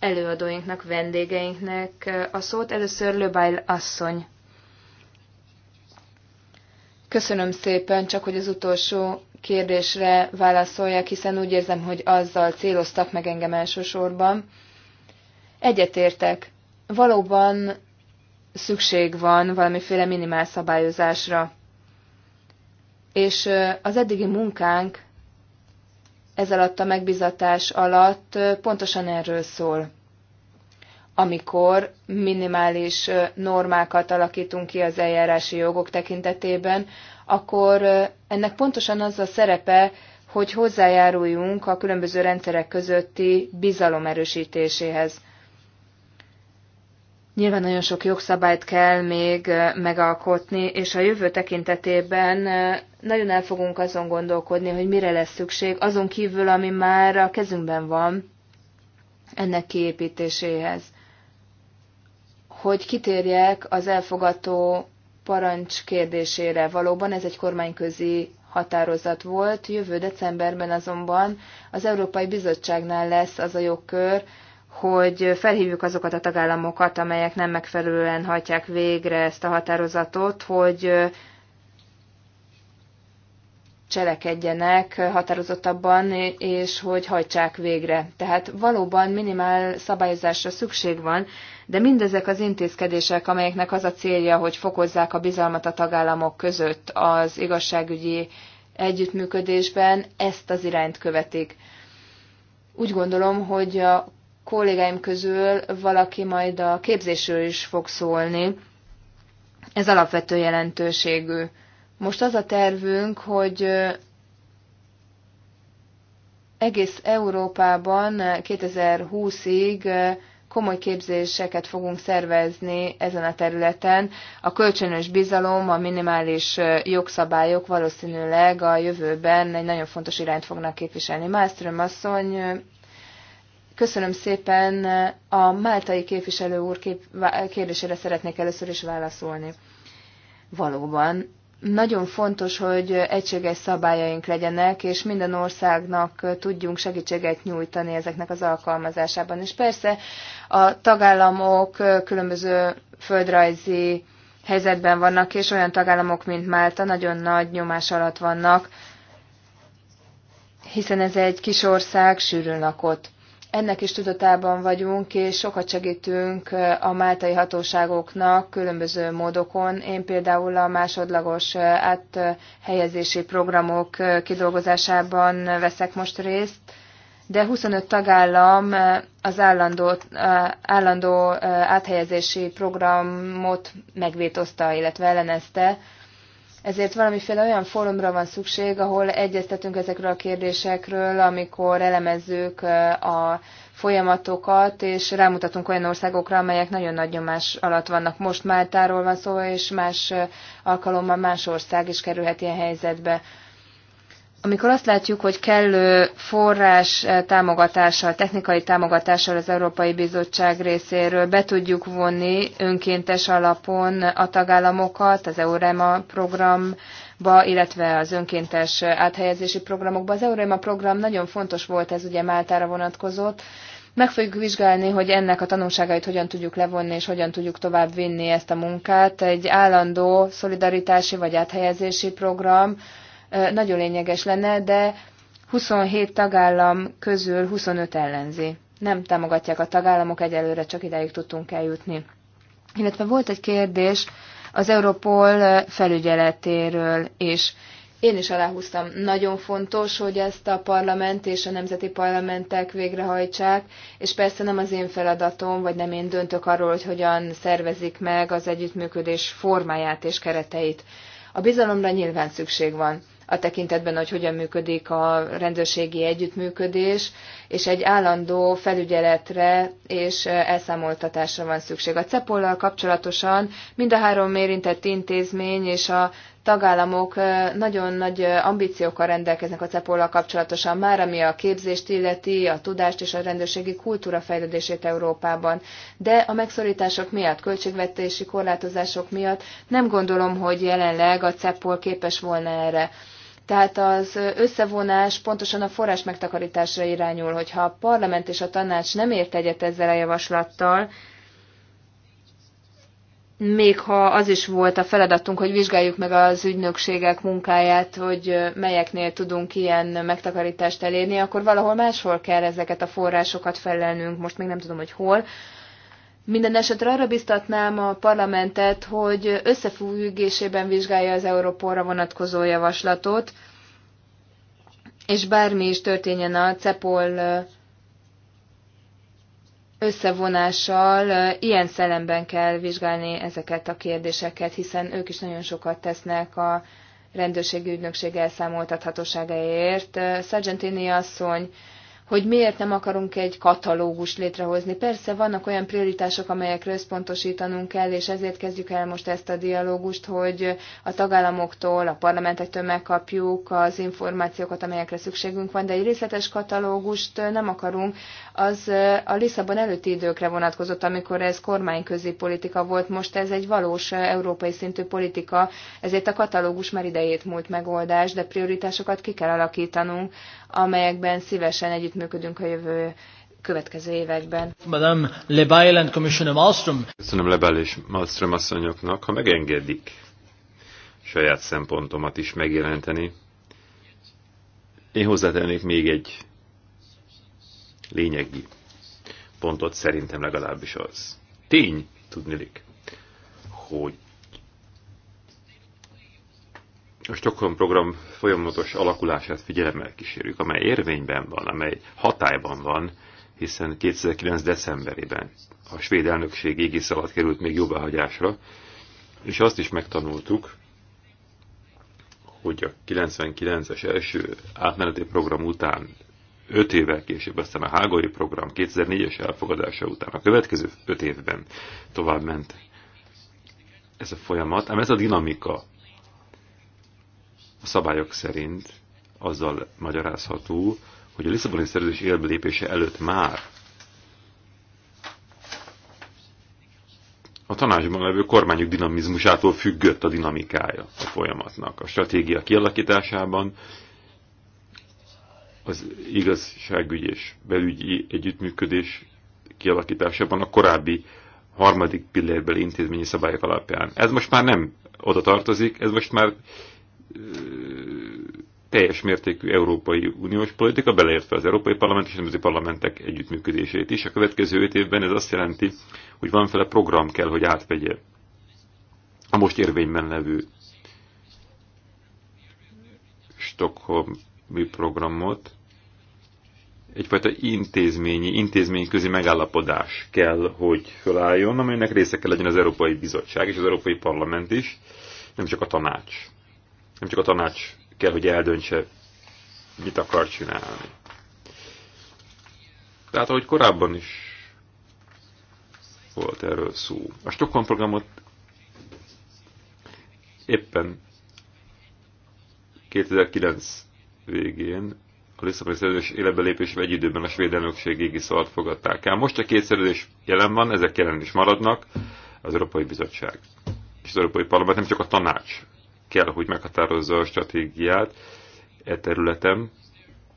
előadóinknak, vendégeinknek a szót. Először Löbájl asszony. Köszönöm szépen, csak hogy az utolsó kérdésre válaszolják, hiszen úgy érzem, hogy azzal céloztak meg engem elsősorban. Egyetértek. Valóban szükség van valamiféle minimál szabályozásra. És az eddigi munkánk ez alatt a megbizatás alatt pontosan erről szól amikor minimális normákat alakítunk ki az eljárási jogok tekintetében, akkor ennek pontosan az a szerepe, hogy hozzájáruljunk a különböző rendszerek közötti bizalom erősítéséhez. Nyilván nagyon sok jogszabályt kell még megalkotni, és a jövő tekintetében nagyon el fogunk azon gondolkodni, hogy mire lesz szükség, azon kívül, ami már a kezünkben van ennek kiépítéséhez hogy kitérjek az elfogató parancs kérdésére. Valóban ez egy kormányközi határozat volt, jövő decemberben azonban az Európai Bizottságnál lesz az a jogkör, hogy felhívjuk azokat a tagállamokat, amelyek nem megfelelően hajtják végre ezt a határozatot, hogy cselekedjenek határozottabban, és hogy hajtsák végre. Tehát valóban minimál szabályozásra szükség van, de mindezek az intézkedések, amelyeknek az a célja, hogy fokozzák a bizalmat a tagállamok között az igazságügyi együttműködésben, ezt az irányt követik. Úgy gondolom, hogy a kollégáim közül valaki majd a képzésről is fog szólni. Ez alapvető jelentőségű. Most az a tervünk, hogy egész Európában 2020-ig komoly képzéseket fogunk szervezni ezen a területen. A kölcsönös bizalom, a minimális jogszabályok valószínűleg a jövőben egy nagyon fontos irányt fognak képviselni. Mászlöm asszony, köszönöm szépen. A máltai képviselő úr kép- kérdésére szeretnék először is válaszolni. Valóban nagyon fontos, hogy egységes szabályaink legyenek, és minden országnak tudjunk segítséget nyújtani ezeknek az alkalmazásában. És persze a tagállamok különböző földrajzi helyzetben vannak, és olyan tagállamok, mint Málta nagyon nagy nyomás alatt vannak, hiszen ez egy kis ország, sűrűn lakott ennek is tudatában vagyunk, és sokat segítünk a máltai hatóságoknak különböző módokon. Én például a másodlagos áthelyezési programok kidolgozásában veszek most részt, de 25 tagállam az állandó, állandó áthelyezési programot megvétozta, illetve ellenezte, ezért valamiféle olyan fórumra van szükség, ahol egyeztetünk ezekről a kérdésekről, amikor elemezzük a folyamatokat, és rámutatunk olyan országokra, amelyek nagyon nagy nyomás alatt vannak. Most Máltáról van szó, és más alkalommal más ország is kerülhet ilyen helyzetbe amikor azt látjuk, hogy kellő forrás eh, támogatással, technikai támogatással az Európai Bizottság részéről be tudjuk vonni önkéntes alapon a tagállamokat az EUREMA programba, illetve az önkéntes áthelyezési programokba. Az EUREMA program nagyon fontos volt, ez ugye Máltára vonatkozott. Meg fogjuk vizsgálni, hogy ennek a tanulságait hogyan tudjuk levonni, és hogyan tudjuk tovább vinni ezt a munkát. Egy állandó szolidaritási vagy áthelyezési program, nagyon lényeges lenne, de 27 tagállam közül 25 ellenzi. Nem támogatják a tagállamok, egyelőre csak ideig tudtunk eljutni. Illetve volt egy kérdés az Europol felügyeletéről is. Én is aláhúztam. Nagyon fontos, hogy ezt a parlament és a nemzeti parlamentek végrehajtsák, és persze nem az én feladatom, vagy nem én döntök arról, hogy hogyan szervezik meg az együttműködés formáját és kereteit. A bizalomra nyilván szükség van a tekintetben, hogy hogyan működik a rendőrségi együttműködés, és egy állandó felügyeletre és elszámoltatásra van szükség. A CEPOL-lal kapcsolatosan mind a három érintett intézmény és a tagállamok nagyon nagy ambíciókkal rendelkeznek a cepol kapcsolatosan, már ami a képzést illeti, a tudást és a rendőrségi kultúra fejlődését Európában. De a megszorítások miatt, költségvetési korlátozások miatt nem gondolom, hogy jelenleg a CEPOL képes volna erre. Tehát az összevonás pontosan a forrás megtakarításra irányul, hogyha a parlament és a tanács nem ért egyet ezzel a javaslattal, még ha az is volt a feladatunk, hogy vizsgáljuk meg az ügynökségek munkáját, hogy melyeknél tudunk ilyen megtakarítást elérni, akkor valahol máshol kell ezeket a forrásokat felelnünk, most még nem tudom, hogy hol, minden esetre arra biztatnám a parlamentet, hogy összefüggésében vizsgálja az Európóra vonatkozó javaslatot, és bármi is történjen a CEPOL összevonással, ilyen szellemben kell vizsgálni ezeket a kérdéseket, hiszen ők is nagyon sokat tesznek a rendőrségi ügynökség elszámoltathatóságáért. Sargentini asszony hogy miért nem akarunk egy katalógus létrehozni. Persze vannak olyan prioritások, amelyekre összpontosítanunk kell, és ezért kezdjük el most ezt a dialógust, hogy a tagállamoktól, a parlamentektől megkapjuk az információkat, amelyekre szükségünk van, de egy részletes katalógust nem akarunk, az a Lisszabon előtti időkre vonatkozott, amikor ez kormányközi politika volt, most ez egy valós európai szintű politika, ezért a katalógus már idejét múlt megoldás, de prioritásokat ki kell alakítanunk, amelyekben szívesen együttműködünk a jövő következő években. Madame Lebail and Commissioner Malmström. Köszönöm Lebel és Malmström asszonyoknak, ha megengedik saját szempontomat is megjelenteni. Én hozzátennék még egy lényegi pontot szerintem legalábbis az. Tény, tudnilik, hogy a Stockholm program folyamatos alakulását figyelemmel kísérjük, amely érvényben van, amely hatályban van, hiszen 2009. decemberében a svéd elnökség égisz alatt került még jóváhagyásra, és azt is megtanultuk, hogy a 99-es első átmeneti program után 5 évvel később, aztán a hágói program 2004-es elfogadása után a következő 5 évben tovább ment ez a folyamat, ám ez a dinamika a szabályok szerint azzal magyarázható, hogy a Lisszaboni szerződés lépése előtt már a tanácsban levő kormányok dinamizmusától függött a dinamikája a folyamatnak. A stratégia kialakításában az igazságügy és belügyi együttműködés kialakításában a korábbi harmadik pillérbeli intézményi szabályok alapján. Ez most már nem oda tartozik, ez most már teljes mértékű Európai Uniós politika, beleértve az Európai Parlament és a Nemzeti Parlamentek együttműködését is. A következő öt évben ez azt jelenti, hogy van fele program kell, hogy átvegye a most érvényben levő Stockholm mi programot, egyfajta intézményi, intézményközi megállapodás kell, hogy fölálljon, amelynek része kell legyen az Európai Bizottság és az Európai Parlament is, nem csak a tanács. Nem csak a tanács kell, hogy eldöntse, mit akar csinálni. Tehát, ahogy korábban is volt erről szó. A Stockholm programot éppen 2009 végén a Lisszaboni szerződés lépésével egy időben a svéd elnökség égi alatt fogadták el. Most a két szerződés jelen van, ezek jelen is maradnak, az Európai Bizottság és az Európai Parlament, nem csak a tanács kell, hogy meghatározza a stratégiát e területen,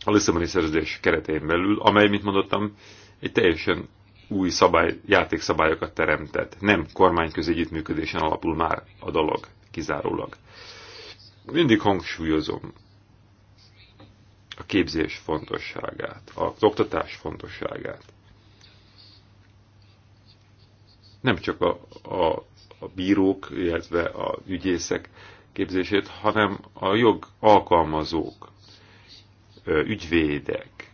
a Lisszaboni szerződés keretein belül, amely, mint mondottam, egy teljesen új szabály, játékszabályokat teremtett. Nem kormányközi együttműködésen alapul már a dolog, kizárólag. Mindig hangsúlyozom, a képzés fontosságát, az oktatás fontosságát. Nem csak a, a, a bírók, illetve a ügyészek képzését, hanem a jog alkalmazók, ügyvédek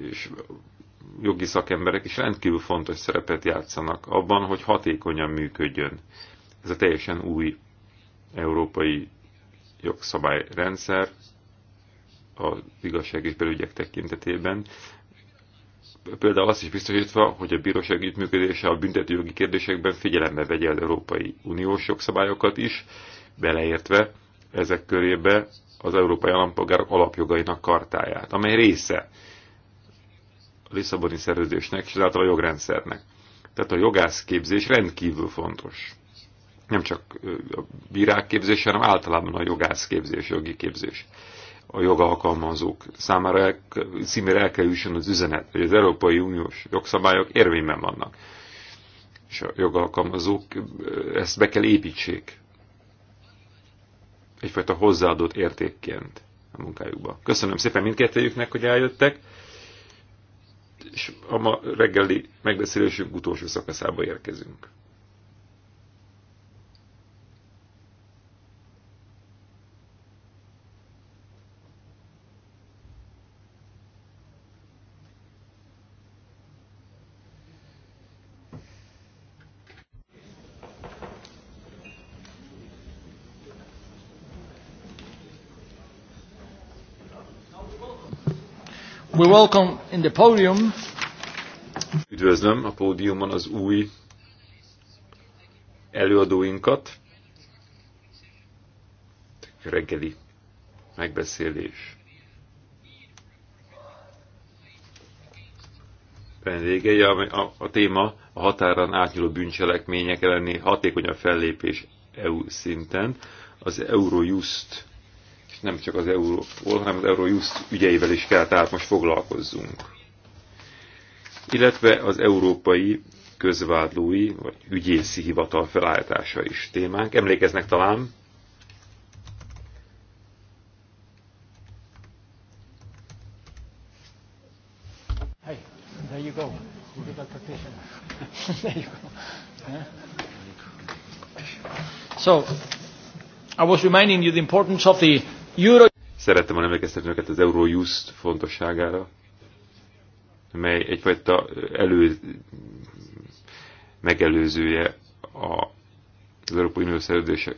és jogi szakemberek is rendkívül fontos szerepet játszanak abban, hogy hatékonyan működjön ez a teljesen új európai jogszabályrendszer, az igazság és belügyek tekintetében. Például azt is biztosítva, hogy a bíróság működése a büntetőjogi kérdésekben figyelembe vegye az Európai Uniós jogszabályokat is, beleértve ezek körébe az európai állampolgárok alapjogainak kartáját, amely része a Lisszaboni szerződésnek és ezáltal a jogrendszernek. Tehát a jogászképzés rendkívül fontos. Nem csak a bírák képzése, hanem általában a jogászképzés, jogi képzés a jogalkalmazók számára el, címére el kell jusson az üzenet, hogy az Európai Uniós jogszabályok érvényben vannak. És a jogalkalmazók ezt be kell építsék egyfajta hozzáadott értékként a munkájukba. Köszönöm szépen mindkettőjüknek, hogy eljöttek, és a ma reggeli megbeszélésünk utolsó szakaszába érkezünk. welcome in the podium. Üdvözlöm a pódiumon az új előadóinkat. Reggeli megbeszélés. Vendégei a, a, a téma a határon átnyúló bűncselekmények elleni hatékonyabb fellépés EU szinten. Az Eurojust nem csak az Euróval, hanem az Eurojust ügyeivel is kell, tehát most foglalkozzunk. Illetve az európai közvádlói, vagy ügyészi hivatal felállítása is témánk. Emlékeznek talán, Hey, there you go. there you go. So, I was reminding you the importance of the Euro... Szerettem volna emlékeztetni őket az Eurojust fontosságára, mely egyfajta elő, megelőzője a az Európai Unió Szerződés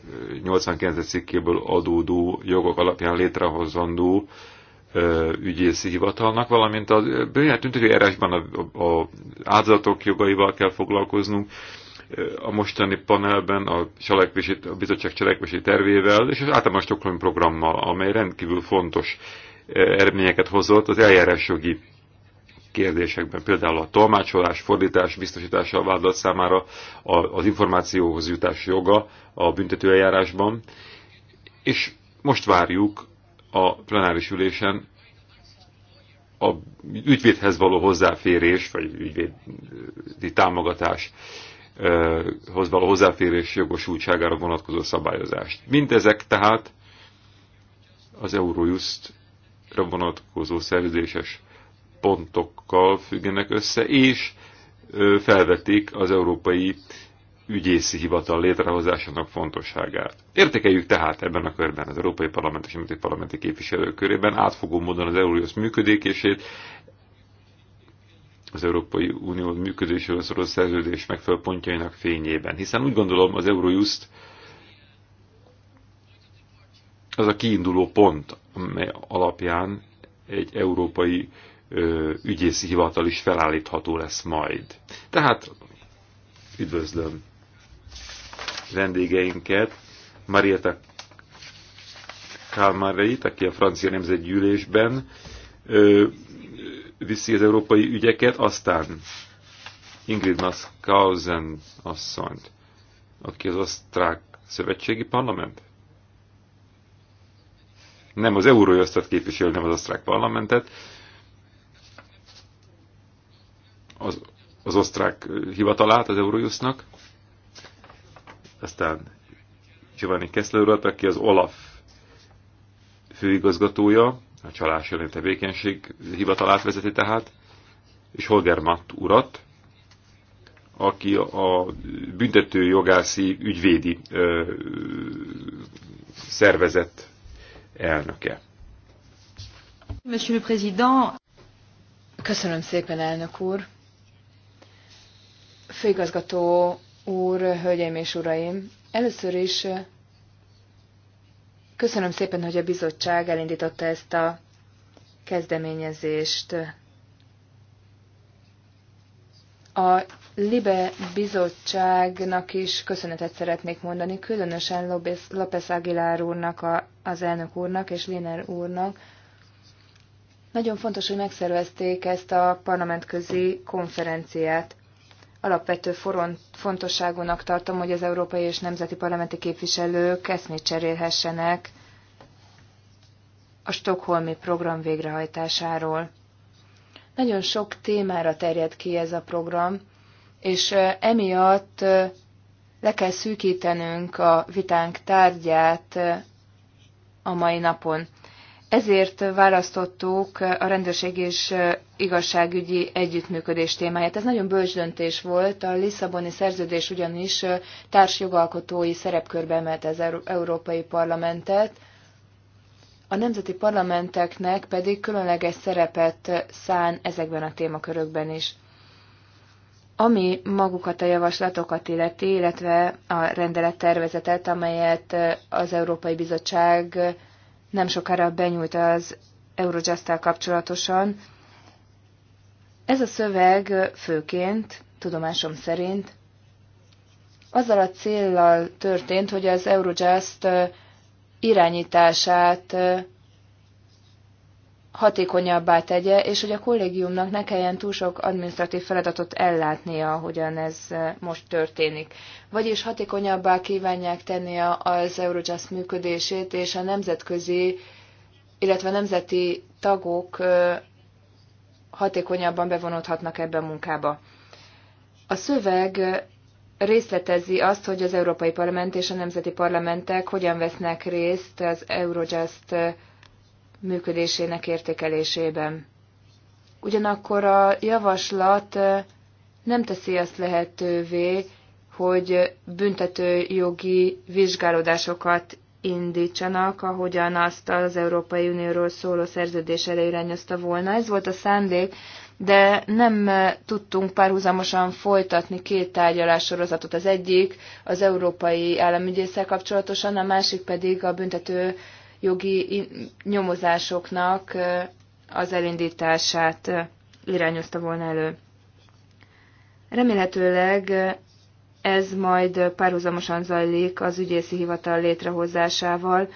89. cikkéből adódó jogok alapján létrehozandó ügyészi hivatalnak, valamint a bőját tüntető eresben az áldozatok jogaival kell foglalkoznunk, a mostani panelben a, cselekvési, a bizottság cselekvési tervével és az általános Stockholm programmal, amely rendkívül fontos eh, eredményeket hozott az eljárásjogi kérdésekben, például a tolmácsolás, fordítás, biztosítása a vádlat számára, az információhoz jutás joga a büntetőeljárásban, és most várjuk a plenáris ülésen a ügyvédhez való hozzáférés, vagy ügyvédi támogatás hoz hozzáférés jogosultságára vonatkozó szabályozást. Mindezek tehát az eurojust vonatkozó szerződéses pontokkal függenek össze, és felvetik az Európai Ügyészi Hivatal létrehozásának fontosságát. Értékeljük tehát ebben a körben az Európai Parlament és Nemzeti Parlamenti képviselők körében átfogó módon az Eurojust működékését, az Európai Unió működéséről szóló szerződés megfelelő pontjainak fényében. Hiszen úgy gondolom az Eurojust az a kiinduló pont, amely alapján egy európai ö, ügyészi hivatal is felállítható lesz majd. Tehát üdvözlöm vendégeinket, Marietta Calmareit, aki a francia nemzetgyűlésben ö, viszi az európai ügyeket, aztán Ingrid Maskausen asszonyt, aki az osztrák szövetségi parlament? Nem az Eurójöztet képviselő, nem az osztrák parlamentet. Az, az osztrák hivatalát az Eurójusznak. Aztán Giovanni Kessler urat, aki az Olaf főigazgatója, a csalás elleni tevékenység hivatalát vezeti tehát, és Holger Matt urat, aki a büntető jogászi ügyvédi ö, szervezet elnöke. Monsieur le Président, köszönöm szépen, elnök úr. Főigazgató úr, hölgyeim és uraim, először is Köszönöm szépen, hogy a bizottság elindította ezt a kezdeményezést. A Libe bizottságnak is köszönetet szeretnék mondani, különösen López Aguilar úrnak, a, az elnök úrnak és Liner úrnak. Nagyon fontos, hogy megszervezték ezt a parlamentközi konferenciát. Alapvető foron, fontosságúnak tartom, hogy az európai és nemzeti parlamenti képviselők eszmét cserélhessenek a Stockholmi program végrehajtásáról. Nagyon sok témára terjed ki ez a program, és emiatt le kell szűkítenünk a vitánk tárgyát a mai napon. Ezért választottuk a rendőrség és igazságügyi együttműködés témáját. Ez nagyon bölcs döntés volt. A Lisszaboni szerződés ugyanis társjogalkotói szerepkörbe emelt az Európai Parlamentet, a nemzeti parlamenteknek pedig különleges szerepet szán ezekben a témakörökben is. Ami magukat a javaslatokat illeti, illetve a rendelettervezetet, amelyet az Európai Bizottság nem sokára benyújt az eurojust kapcsolatosan. Ez a szöveg főként, tudomásom szerint, azzal a céllal történt, hogy az Eurojust irányítását hatékonyabbá tegye, és hogy a kollégiumnak ne kelljen túl sok administratív feladatot ellátnia, ahogyan ez eh, most történik. Vagyis hatékonyabbá kívánják tenni az Eurojust működését, és a nemzetközi, illetve nemzeti tagok eh, hatékonyabban bevonódhatnak ebbe a munkába. A szöveg eh, részletezi azt, hogy az Európai Parlament és a nemzeti parlamentek hogyan vesznek részt az Eurojust működésének értékelésében. Ugyanakkor a javaslat nem teszi azt lehetővé, hogy büntetőjogi vizsgálódásokat indítsanak, ahogyan azt az Európai Unióról szóló szerződés előirányozta volna. Ez volt a szándék, de nem tudtunk párhuzamosan folytatni két sorozatot Az egyik az európai államügyészsel kapcsolatosan, a másik pedig a büntető jogi nyomozásoknak az elindítását irányozta volna elő. Remélhetőleg ez majd párhuzamosan zajlik az ügyészi hivatal létrehozásával,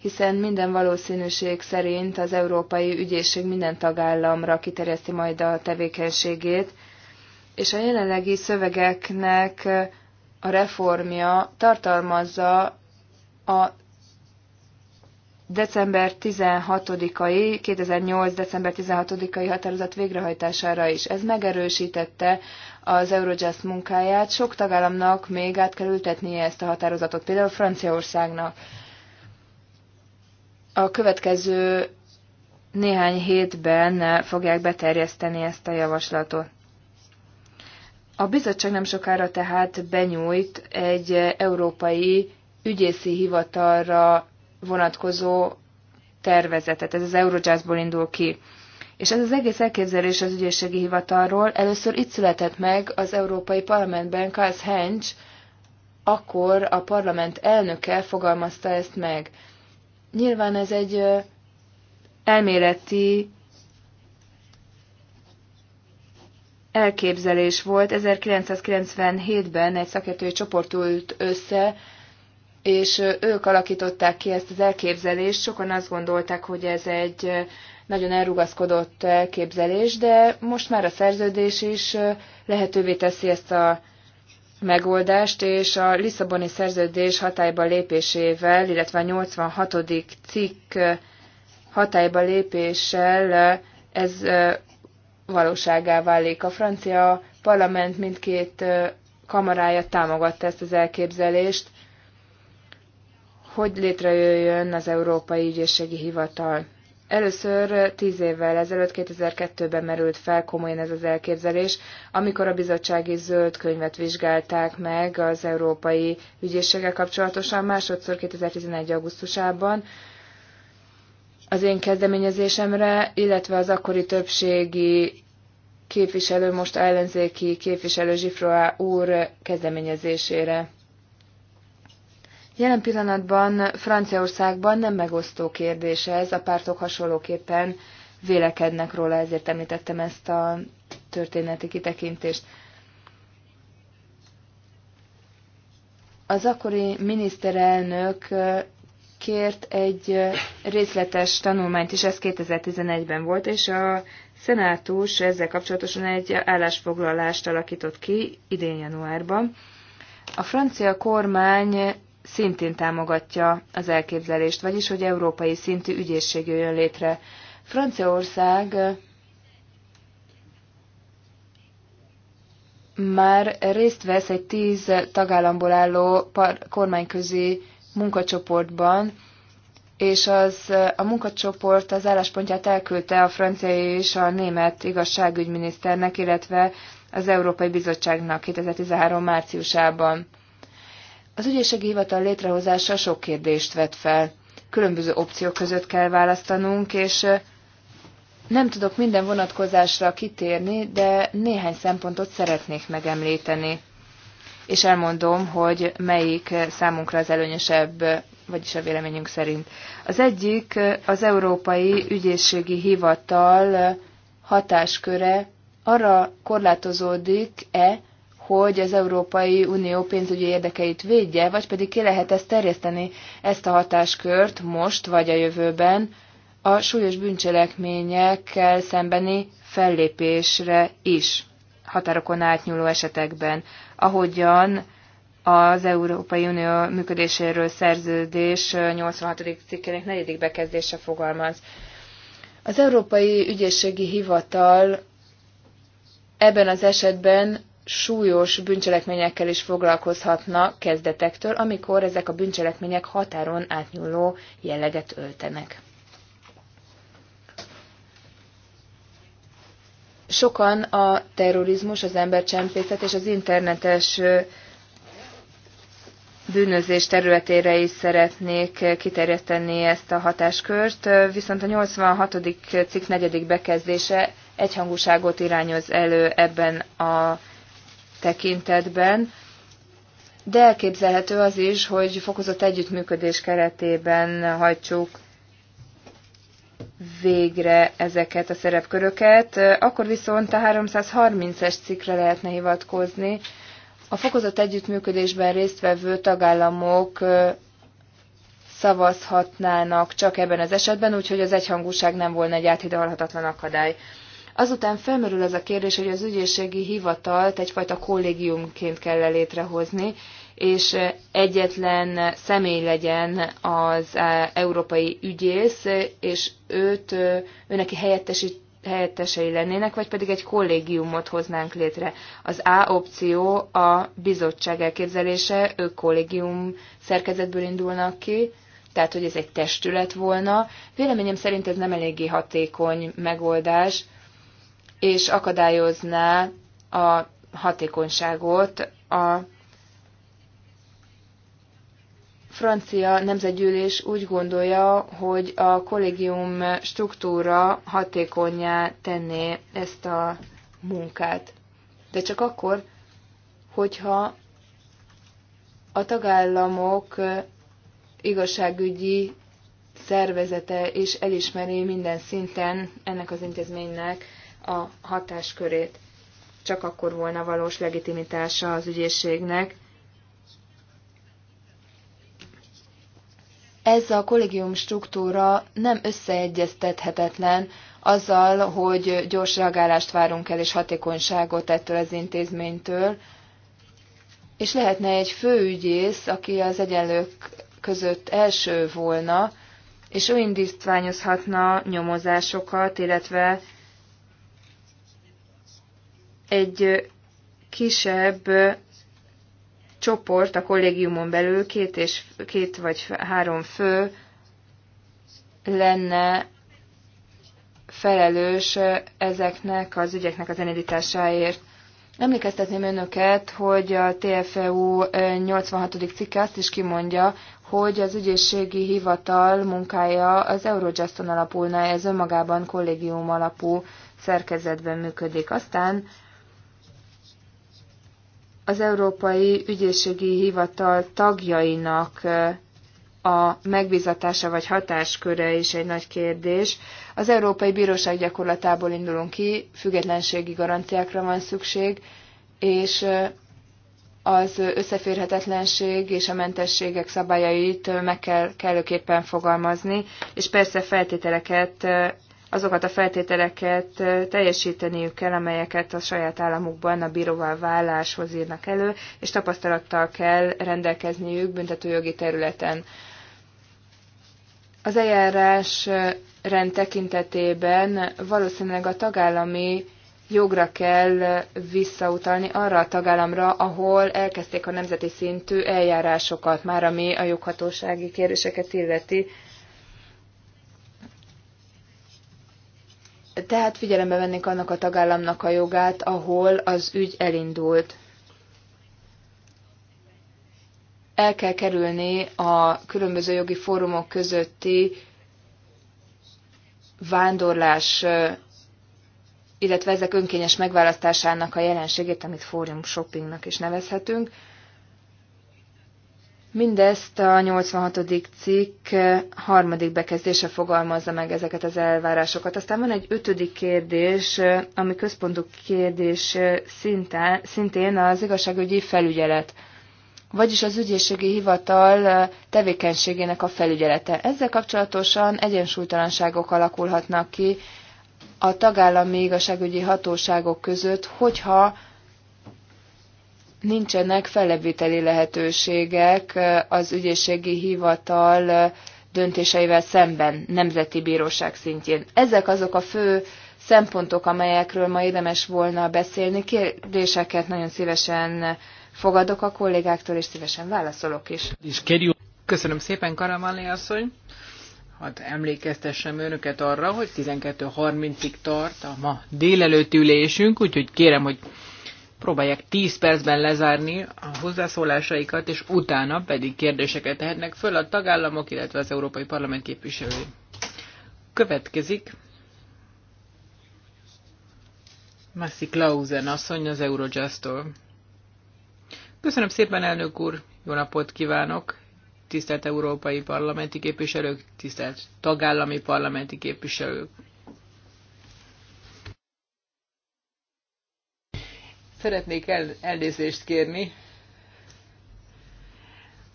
hiszen minden valószínűség szerint az Európai Ügyészség minden tagállamra kiterjeszti majd a tevékenységét, és a jelenlegi szövegeknek a reformja tartalmazza a december 16-ai, 2008. december 16-ai határozat végrehajtására is. Ez megerősítette az Eurojust munkáját. Sok tagállamnak még át kell ültetnie ezt a határozatot, például Franciaországnak. A következő néhány hétben fogják beterjeszteni ezt a javaslatot. A bizottság nem sokára tehát benyújt egy európai ügyészi hivatalra vonatkozó tervezetet. Ez az Eurojazzból indul ki. És ez az egész elképzelés az ügyészségi hivatalról először itt született meg az Európai Parlamentben Karls Hensch, akkor a parlament elnöke fogalmazta ezt meg. Nyilván ez egy elméleti elképzelés volt. 1997-ben egy szakértői csoport ült össze, és ők alakították ki ezt az elképzelést, sokan azt gondolták, hogy ez egy nagyon elrugaszkodott elképzelés, de most már a szerződés is lehetővé teszi ezt a megoldást, és a Lisszaboni szerződés hatályba lépésével, illetve a 86. cikk hatályba lépéssel ez valóságá válik. A francia parlament mindkét kamarája támogatta ezt az elképzelést, hogy létrejöjjön az Európai Ügyészségi Hivatal. Először tíz évvel ezelőtt, 2002-ben merült fel komolyan ez az elképzelés, amikor a bizottsági zöld könyvet vizsgálták meg az európai ügyészséggel kapcsolatosan, másodszor 2011. augusztusában, az én kezdeményezésemre, illetve az akkori többségi képviselő, most ellenzéki képviselő Zsifroá úr kezdeményezésére. Jelen pillanatban Franciaországban nem megosztó kérdés ez, a pártok hasonlóképpen vélekednek róla, ezért említettem ezt a történeti kitekintést. Az akkori miniszterelnök kért egy részletes tanulmányt is, ez 2011-ben volt, és a szenátus ezzel kapcsolatosan egy állásfoglalást alakított ki idén januárban. A francia kormány szintén támogatja az elképzelést, vagyis hogy európai szintű ügyészség jön létre. Franciaország már részt vesz egy tíz tagállamból álló kormányközi munkacsoportban, és az, a munkacsoport az álláspontját elküldte a francia és a német igazságügyminiszternek, illetve az Európai Bizottságnak 2013 márciusában. Az ügyészségi hivatal létrehozása sok kérdést vet fel. Különböző opciók között kell választanunk, és nem tudok minden vonatkozásra kitérni, de néhány szempontot szeretnék megemlíteni. És elmondom, hogy melyik számunkra az előnyösebb, vagyis a véleményünk szerint. Az egyik az Európai Ügyészségi Hivatal hatásköre arra korlátozódik-e, hogy az Európai Unió pénzügyi érdekeit védje, vagy pedig ki lehet ezt terjeszteni, ezt a hatáskört most vagy a jövőben a súlyos bűncselekményekkel szembeni fellépésre is, határokon átnyúló esetekben, ahogyan az Európai Unió működéséről szerződés 86. cikkének 4. bekezdése fogalmaz. Az Európai Ügyészségi Hivatal ebben az esetben súlyos bűncselekményekkel is foglalkozhatna kezdetektől, amikor ezek a bűncselekmények határon átnyúló jelleget öltenek. Sokan a terrorizmus, az embercsempészet és az internetes bűnözés területére is szeretnék kiterjeszteni ezt a hatáskört, viszont a 86. cikk negyedik bekezdése egyhangúságot irányoz elő ebben a tekintetben, de elképzelhető az is, hogy fokozott együttműködés keretében hajtsuk végre ezeket a szerepköröket, akkor viszont a 330-es cikkre lehetne hivatkozni. A fokozott együttműködésben résztvevő tagállamok szavazhatnának csak ebben az esetben, úgyhogy az egyhangúság nem volna egy áthidalhatatlan akadály. Azután felmerül az a kérdés, hogy az ügyészségi hivatalt egyfajta kollégiumként kell létrehozni, és egyetlen személy legyen az e, európai ügyész, és őt, e, őneki helyettesi, helyettesei lennének, vagy pedig egy kollégiumot hoznánk létre. Az A opció a bizottság elképzelése, ők kollégium szerkezetből indulnak ki, tehát hogy ez egy testület volna. Véleményem szerint ez nem eléggé hatékony megoldás, és akadályozná a hatékonyságot a francia nemzetgyűlés úgy gondolja, hogy a kollégium struktúra hatékonyá tenné ezt a munkát. De csak akkor, hogyha a tagállamok igazságügyi szervezete is elismeri minden szinten ennek az intézménynek a hatáskörét. Csak akkor volna valós legitimitása az ügyészségnek. Ez a kollégium struktúra nem összeegyeztethetetlen azzal, hogy gyors reagálást várunk el és hatékonyságot ettől az intézménytől, és lehetne egy főügyész, aki az egyenlők között első volna, és ő indítványozhatna nyomozásokat, illetve egy kisebb csoport a kollégiumon belül, két, és, két vagy három fő lenne felelős ezeknek az ügyeknek az elindításáért. Emlékeztetném önöket, hogy a TFEU 86. cikke azt is kimondja, hogy az ügyészségi hivatal munkája az Eurojuston alapulna, ez önmagában kollégium alapú szerkezetben működik. Aztán az Európai Ügyészségi Hivatal tagjainak eh, a megbizatása vagy hatásköre is egy nagy kérdés. Az Európai Bíróság gyakorlatából indulunk ki, függetlenségi garanciákra van szükség, és eh, az összeférhetetlenség és a mentességek szabályait eh, meg kell kellőképpen fogalmazni, és persze feltételeket azokat a feltételeket teljesíteniük kell, amelyeket a saját államukban a bíróval válláshoz írnak elő, és tapasztalattal kell rendelkezniük büntetőjogi területen. Az eljárás rend tekintetében valószínűleg a tagállami jogra kell visszautalni arra a tagállamra, ahol elkezdték a nemzeti szintű eljárásokat, már ami a joghatósági kérdéseket illeti. Tehát figyelembe vennék annak a tagállamnak a jogát, ahol az ügy elindult. El kell kerülni a különböző jogi fórumok közötti vándorlás, illetve ezek önkényes megválasztásának a jelenségét, amit fórum shoppingnak is nevezhetünk. Mindezt a 86. cikk eh, harmadik bekezdése fogalmazza meg ezeket az elvárásokat. Aztán van egy ötödik kérdés, eh, ami központú kérdés eh, szinten, szintén az igazságügyi felügyelet, vagyis az ügyészségi hivatal tevékenységének a felügyelete. Ezzel kapcsolatosan egyensúlytalanságok alakulhatnak ki a tagállami igazságügyi hatóságok között, hogyha nincsenek felevételi lehetőségek az ügyészségi hivatal döntéseivel szemben nemzeti bíróság szintjén. Ezek azok a fő szempontok, amelyekről ma érdemes volna beszélni. Kérdéseket nagyon szívesen fogadok a kollégáktól, és szívesen válaszolok is. Köszönöm szépen, Karamalli asszony. Hát emlékeztessem önöket arra, hogy 12.30-ig tart a ma délelőtt ülésünk, úgyhogy kérem, hogy próbálják 10 percben lezárni a hozzászólásaikat, és utána pedig kérdéseket tehetnek föl a tagállamok, illetve az Európai Parlament képviselői. Következik Massi Klausen asszony az Eurojust-tól. Köszönöm szépen, elnök úr! Jó napot kívánok! Tisztelt Európai Parlamenti képviselők, tisztelt tagállami parlamenti képviselők! Szeretnék el, elnézést kérni,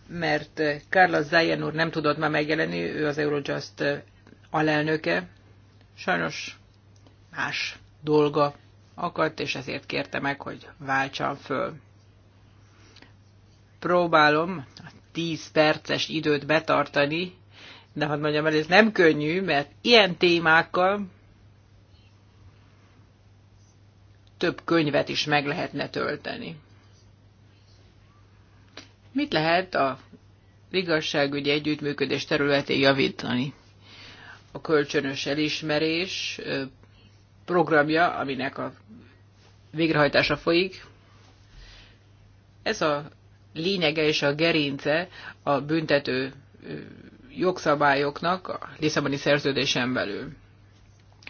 mert Carlos Zayen úr nem tudott már megjelenni, ő az Eurojust alelnöke. Sajnos más dolga akadt, és ezért kérte meg, hogy váltsam föl. Próbálom a 10 perces időt betartani, de hadd mondjam el, ez nem könnyű, mert ilyen témákkal több könyvet is meg lehetne tölteni. Mit lehet a igazságügyi együttműködés területén javítani? A kölcsönös elismerés programja, aminek a végrehajtása folyik. Ez a lényege és a gerince a büntető jogszabályoknak a Lisszaboni szerződésen belül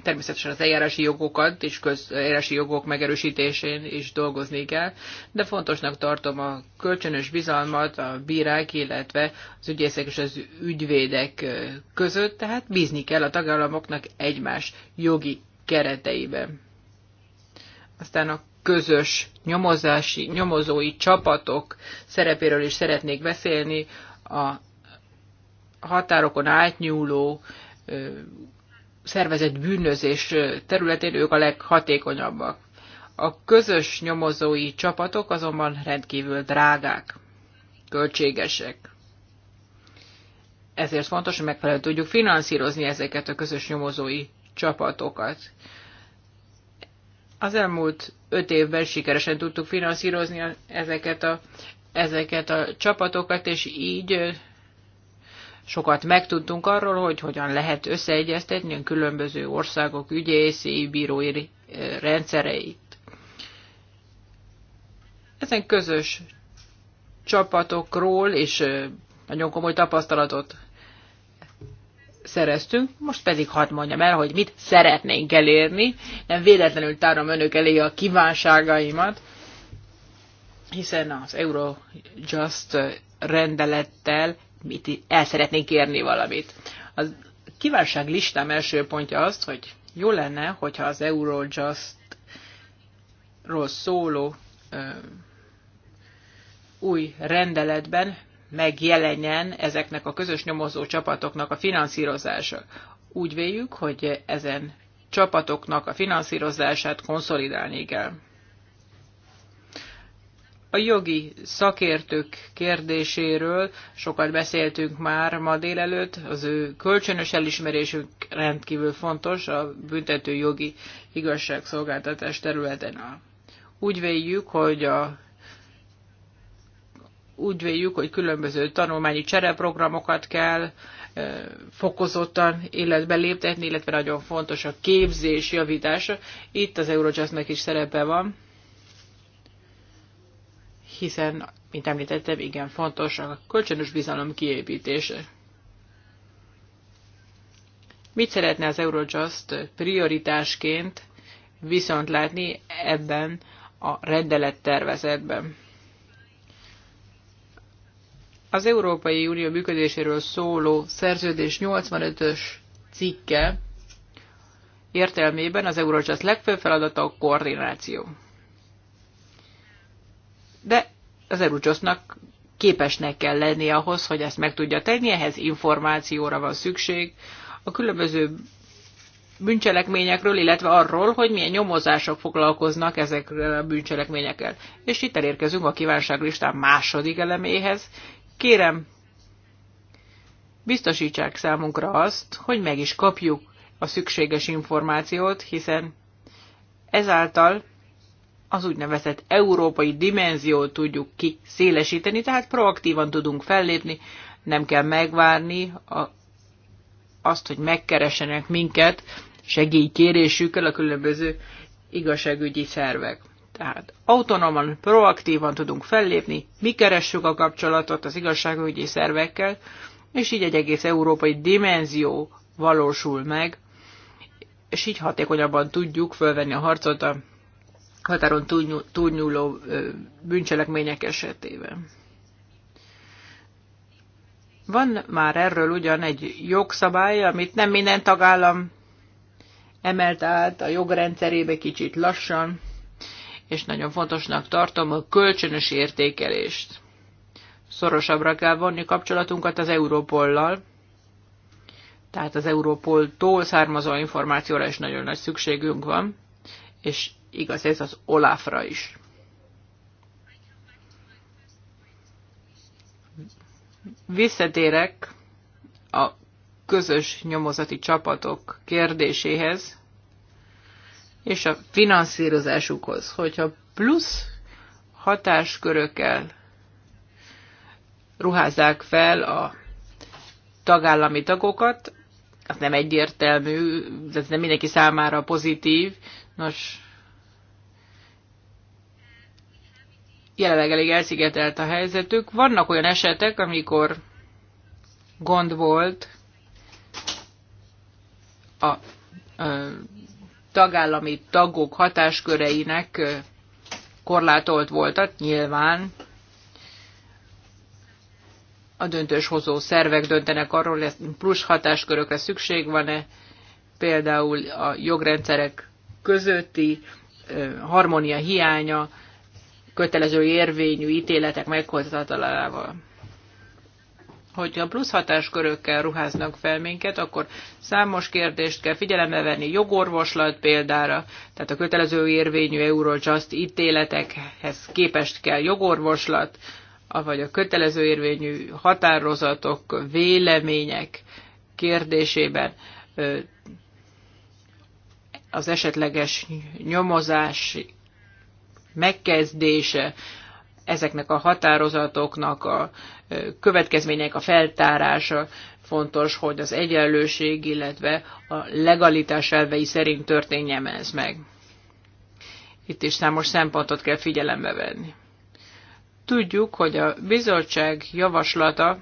természetesen az eljárási jogokat és közeljárási jogok megerősítésén is dolgozni kell, de fontosnak tartom a kölcsönös bizalmat a bírák, illetve az ügyészek és az ügyvédek között, tehát bízni kell a tagállamoknak egymás jogi kereteiben. Aztán a közös nyomozási, nyomozói csapatok szerepéről is szeretnék beszélni, a határokon átnyúló szervezett bűnözés területén ők a leghatékonyabbak. A közös nyomozói csapatok azonban rendkívül drágák, költségesek. Ezért fontos, hogy megfelelően tudjuk finanszírozni ezeket a közös nyomozói csapatokat. Az elmúlt öt évben sikeresen tudtuk finanszírozni ezeket a, ezeket a csapatokat, és így sokat megtudtunk arról, hogy hogyan lehet összeegyeztetni a különböző országok ügyészi, bírói eh, rendszereit. Ezen közös csapatokról és eh, nagyon komoly tapasztalatot szereztünk, most pedig hadd mondjam el, hogy mit szeretnénk elérni. Nem véletlenül tárom önök elé a kívánságaimat, hiszen az Eurojust rendelettel mit el szeretnénk kérni valamit. A kívánság listám első pontja az, hogy jó lenne, hogyha az Eurojust-ról szóló ö, új rendeletben megjelenjen ezeknek a közös nyomozó csapatoknak a finanszírozása. Úgy véljük, hogy ezen csapatoknak a finanszírozását konszolidálni kell. A jogi szakértők kérdéséről sokat beszéltünk már ma délelőtt, az ő kölcsönös elismerésünk rendkívül fontos a büntető jogi igazságszolgáltatás területen. Úgy véljük, hogy a úgy véljük, hogy különböző tanulmányi csereprogramokat kell e, fokozottan életbe léptetni, illetve nagyon fontos a képzés javítása. Itt az Eurojustnak is szerepe van hiszen, mint említettem, igen fontos a kölcsönös bizalom kiépítése. Mit szeretne az Eurojust prioritásként viszont látni ebben a rendelettervezetben? Az Európai Unió működéséről szóló szerződés 85-ös cikke értelmében az Eurojust legfőbb feladata a koordináció de az Erucsosznak képesnek kell lenni ahhoz, hogy ezt meg tudja tenni, ehhez információra van szükség a különböző bűncselekményekről, illetve arról, hogy milyen nyomozások foglalkoznak ezekről a bűncselekményekkel. És itt elérkezünk a kívánságlistán második eleméhez. Kérem, biztosítsák számunkra azt, hogy meg is kapjuk a szükséges információt, hiszen ezáltal az úgynevezett európai dimenziót tudjuk kiszélesíteni, tehát proaktívan tudunk fellépni, nem kell megvárni a, azt, hogy megkeresenek minket segélykérésükkel a különböző igazságügyi szervek. Tehát autonóman, proaktívan tudunk fellépni, mi keressük a kapcsolatot az igazságügyi szervekkel, és így egy egész európai dimenzió valósul meg, és így hatékonyabban tudjuk fölvenni a harcot a határon túlnyúló bűncselekmények esetében. Van már erről ugyan egy jogszabály, amit nem minden tagállam emelt át a jogrendszerébe kicsit lassan, és nagyon fontosnak tartom a kölcsönös értékelést. Szorosabbra kell vonni kapcsolatunkat az Európollal, tehát az Európoltól származó információra is nagyon nagy szükségünk van, és igaz ez az Olafra is. Visszatérek a közös nyomozati csapatok kérdéséhez és a finanszírozásukhoz, hogyha plusz hatáskörökkel ruházzák fel a tagállami tagokat, az nem egyértelmű, ez nem mindenki számára pozitív. Nos, jelenleg elég elszigetelt a helyzetük. Vannak olyan esetek, amikor gond volt a, a tagállami tagok hatásköreinek korlátolt voltat nyilván a döntőshozó szervek döntenek arról, hogy plusz hatáskörökre szükség van-e, például a jogrendszerek közötti harmónia hiánya, kötelező érvényű ítéletek meghozatalával. Hogyha plusz hatáskörökkel ruháznak fel minket, akkor számos kérdést kell figyelembe venni, jogorvoslat példára, tehát a kötelező érvényű Eurojust ítéletekhez képest kell jogorvoslat, vagy a kötelező érvényű határozatok, vélemények kérdésében az esetleges nyomozási megkezdése, ezeknek a határozatoknak a következmények, a feltárása, fontos, hogy az egyenlőség, illetve a legalitás elvei szerint történjen ez meg. Itt is számos szempontot kell figyelembe venni. Tudjuk, hogy a bizottság javaslata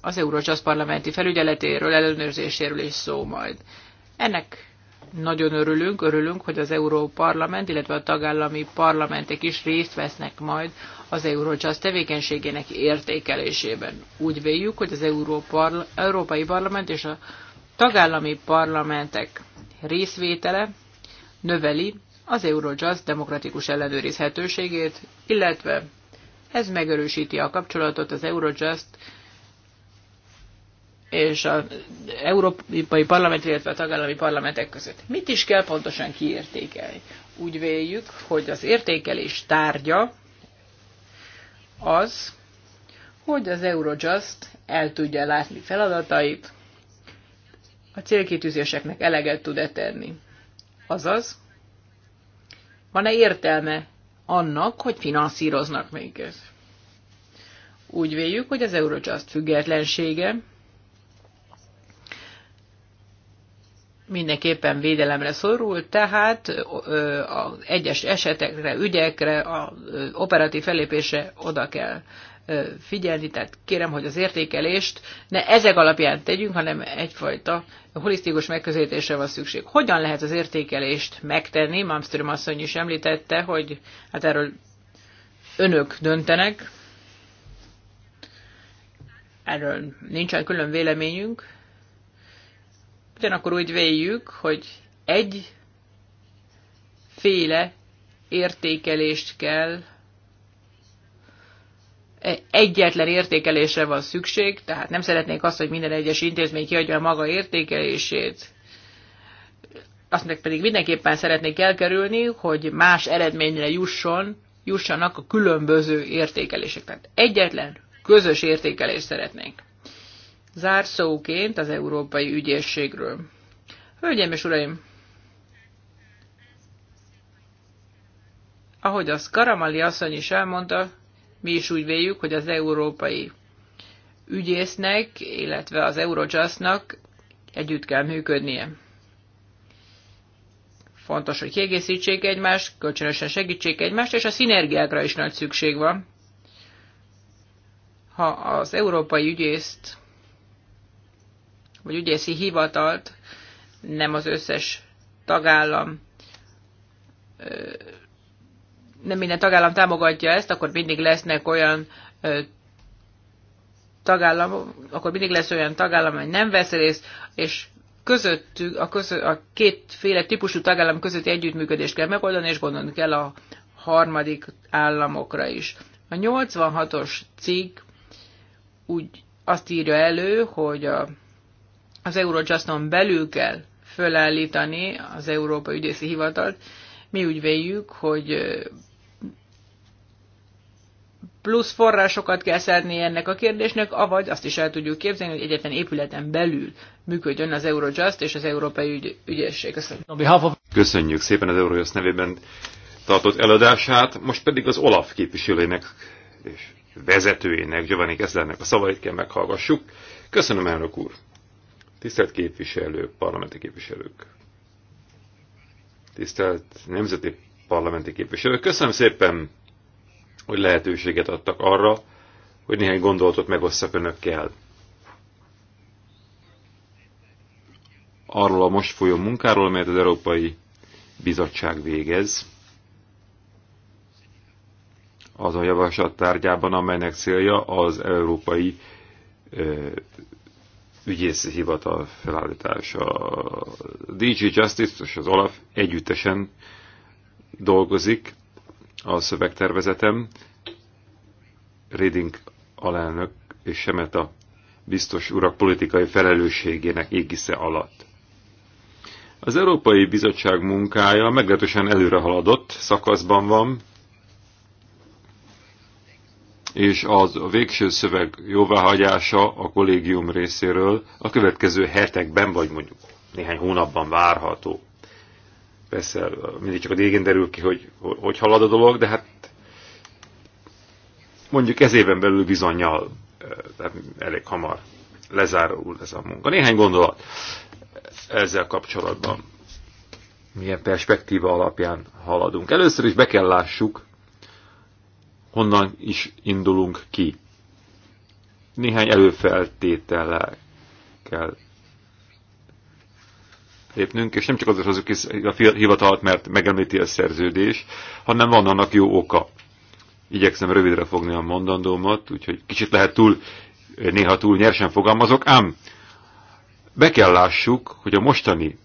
az Eurojust parlamenti felügyeletéről, ellenőrzéséről is szó majd. Ennek nagyon örülünk, örülünk, hogy az Parlament illetve a tagállami parlamentek is részt vesznek majd az Eurojust tevékenységének értékelésében. Úgy véljük, hogy az Európai Parlament és a tagállami parlamentek részvétele növeli az Eurojust demokratikus ellenőrizhetőségét, illetve ez megerősíti a kapcsolatot az Eurojust és az Európai Parlament, illetve a tagállami parlamentek között. Mit is kell pontosan kiértékelni? Úgy véljük, hogy az értékelés tárgya az, hogy az Eurojust el tudja látni feladatait, a célkitűzéseknek eleget tud-e tenni. Azaz, van-e értelme annak, hogy finanszíroznak minket? Úgy véljük, hogy az Eurojust függetlensége mindenképpen védelemre szorul, tehát az egyes esetekre, ügyekre, a operatív felépése oda kell figyelni, tehát kérem, hogy az értékelést ne ezek alapján tegyünk, hanem egyfajta holisztikus megközelítésre van szükség. Hogyan lehet az értékelést megtenni? Malmström asszony is említette, hogy hát erről önök döntenek, erről nincsen külön véleményünk, Ugyanakkor úgy véljük, hogy egy féle értékelést kell, egyetlen értékelésre van szükség, tehát nem szeretnék azt, hogy minden egyes intézmény kiadja a maga értékelését. Azt meg pedig mindenképpen szeretnék elkerülni, hogy más eredményre jusson, jussanak a különböző értékelések. Tehát egyetlen közös értékelést szeretnénk zárszóként az Európai Ügyészségről. Hölgyeim és Uraim! Ahogy az Karamali asszony is elmondta, mi is úgy véljük, hogy az európai ügyésznek, illetve az Eurojustnak együtt kell működnie. Fontos, hogy kiegészítsék egymást, kölcsönösen segítsék egymást, és a szinergiákra is nagy szükség van. Ha az európai ügyészt vagy ügyészi hivatalt nem az összes tagállam nem minden tagállam támogatja ezt, akkor mindig lesznek olyan tagállam, akkor mindig lesz olyan tagállam, hogy nem vesz részt, és közöttük, a, közö, a kétféle típusú tagállam közötti együttműködést kell megoldani, és gondolni kell a harmadik államokra is. A 86-os cikk úgy azt írja elő, hogy a az Eurojuston belül kell fölállítani az európai Ügyészi Hivatalt. Mi úgy véljük, hogy plusz forrásokat kell szedni ennek a kérdésnek, avagy azt is el tudjuk képzelni, hogy egyetlen épületen belül működjön az Eurojust és az Európai Ügy Ügyészség. Köszönjük. Köszönjük szépen az Eurojust nevében tartott eladását, most pedig az Olaf képviselőjének és vezetőjének, Giovanni Kesslernek a szavait kell meghallgassuk. Köszönöm, elnök úr! Tisztelt képviselők, parlamenti képviselők, tisztelt nemzeti parlamenti képviselők, köszönöm szépen, hogy lehetőséget adtak arra, hogy néhány gondolatot megosszak önökkel. Arról a most folyó munkáról, amelyet az Európai Bizottság végez, az a javaslat tárgyában, amelynek célja az európai ügyészi hivatal felállítása. A DG Justice és az Olaf együttesen dolgozik a szövegtervezetem. Reading alelnök és a biztos urak politikai felelősségének égisze alatt. Az Európai Bizottság munkája meglehetősen előre haladott szakaszban van, és az végső szöveg jóváhagyása a kollégium részéről a következő hetekben, vagy mondjuk néhány hónapban várható. Persze mindig csak a végén derül ki, hogy hogy halad a dolog, de hát mondjuk ez éven belül bizonyal e, elég hamar lezárul ez a munka. Néhány gondolat ezzel kapcsolatban milyen perspektíva alapján haladunk. Először is be kell lássuk, honnan is indulunk ki. Néhány előfeltétellel kell lépnünk, és nem csak azért hozzuk a hivatalt, mert megemlíti a szerződés, hanem van annak jó oka. Igyekszem rövidre fogni a mondandómat, úgyhogy kicsit lehet túl, néha túl nyersen fogalmazok, ám be kell lássuk, hogy a mostani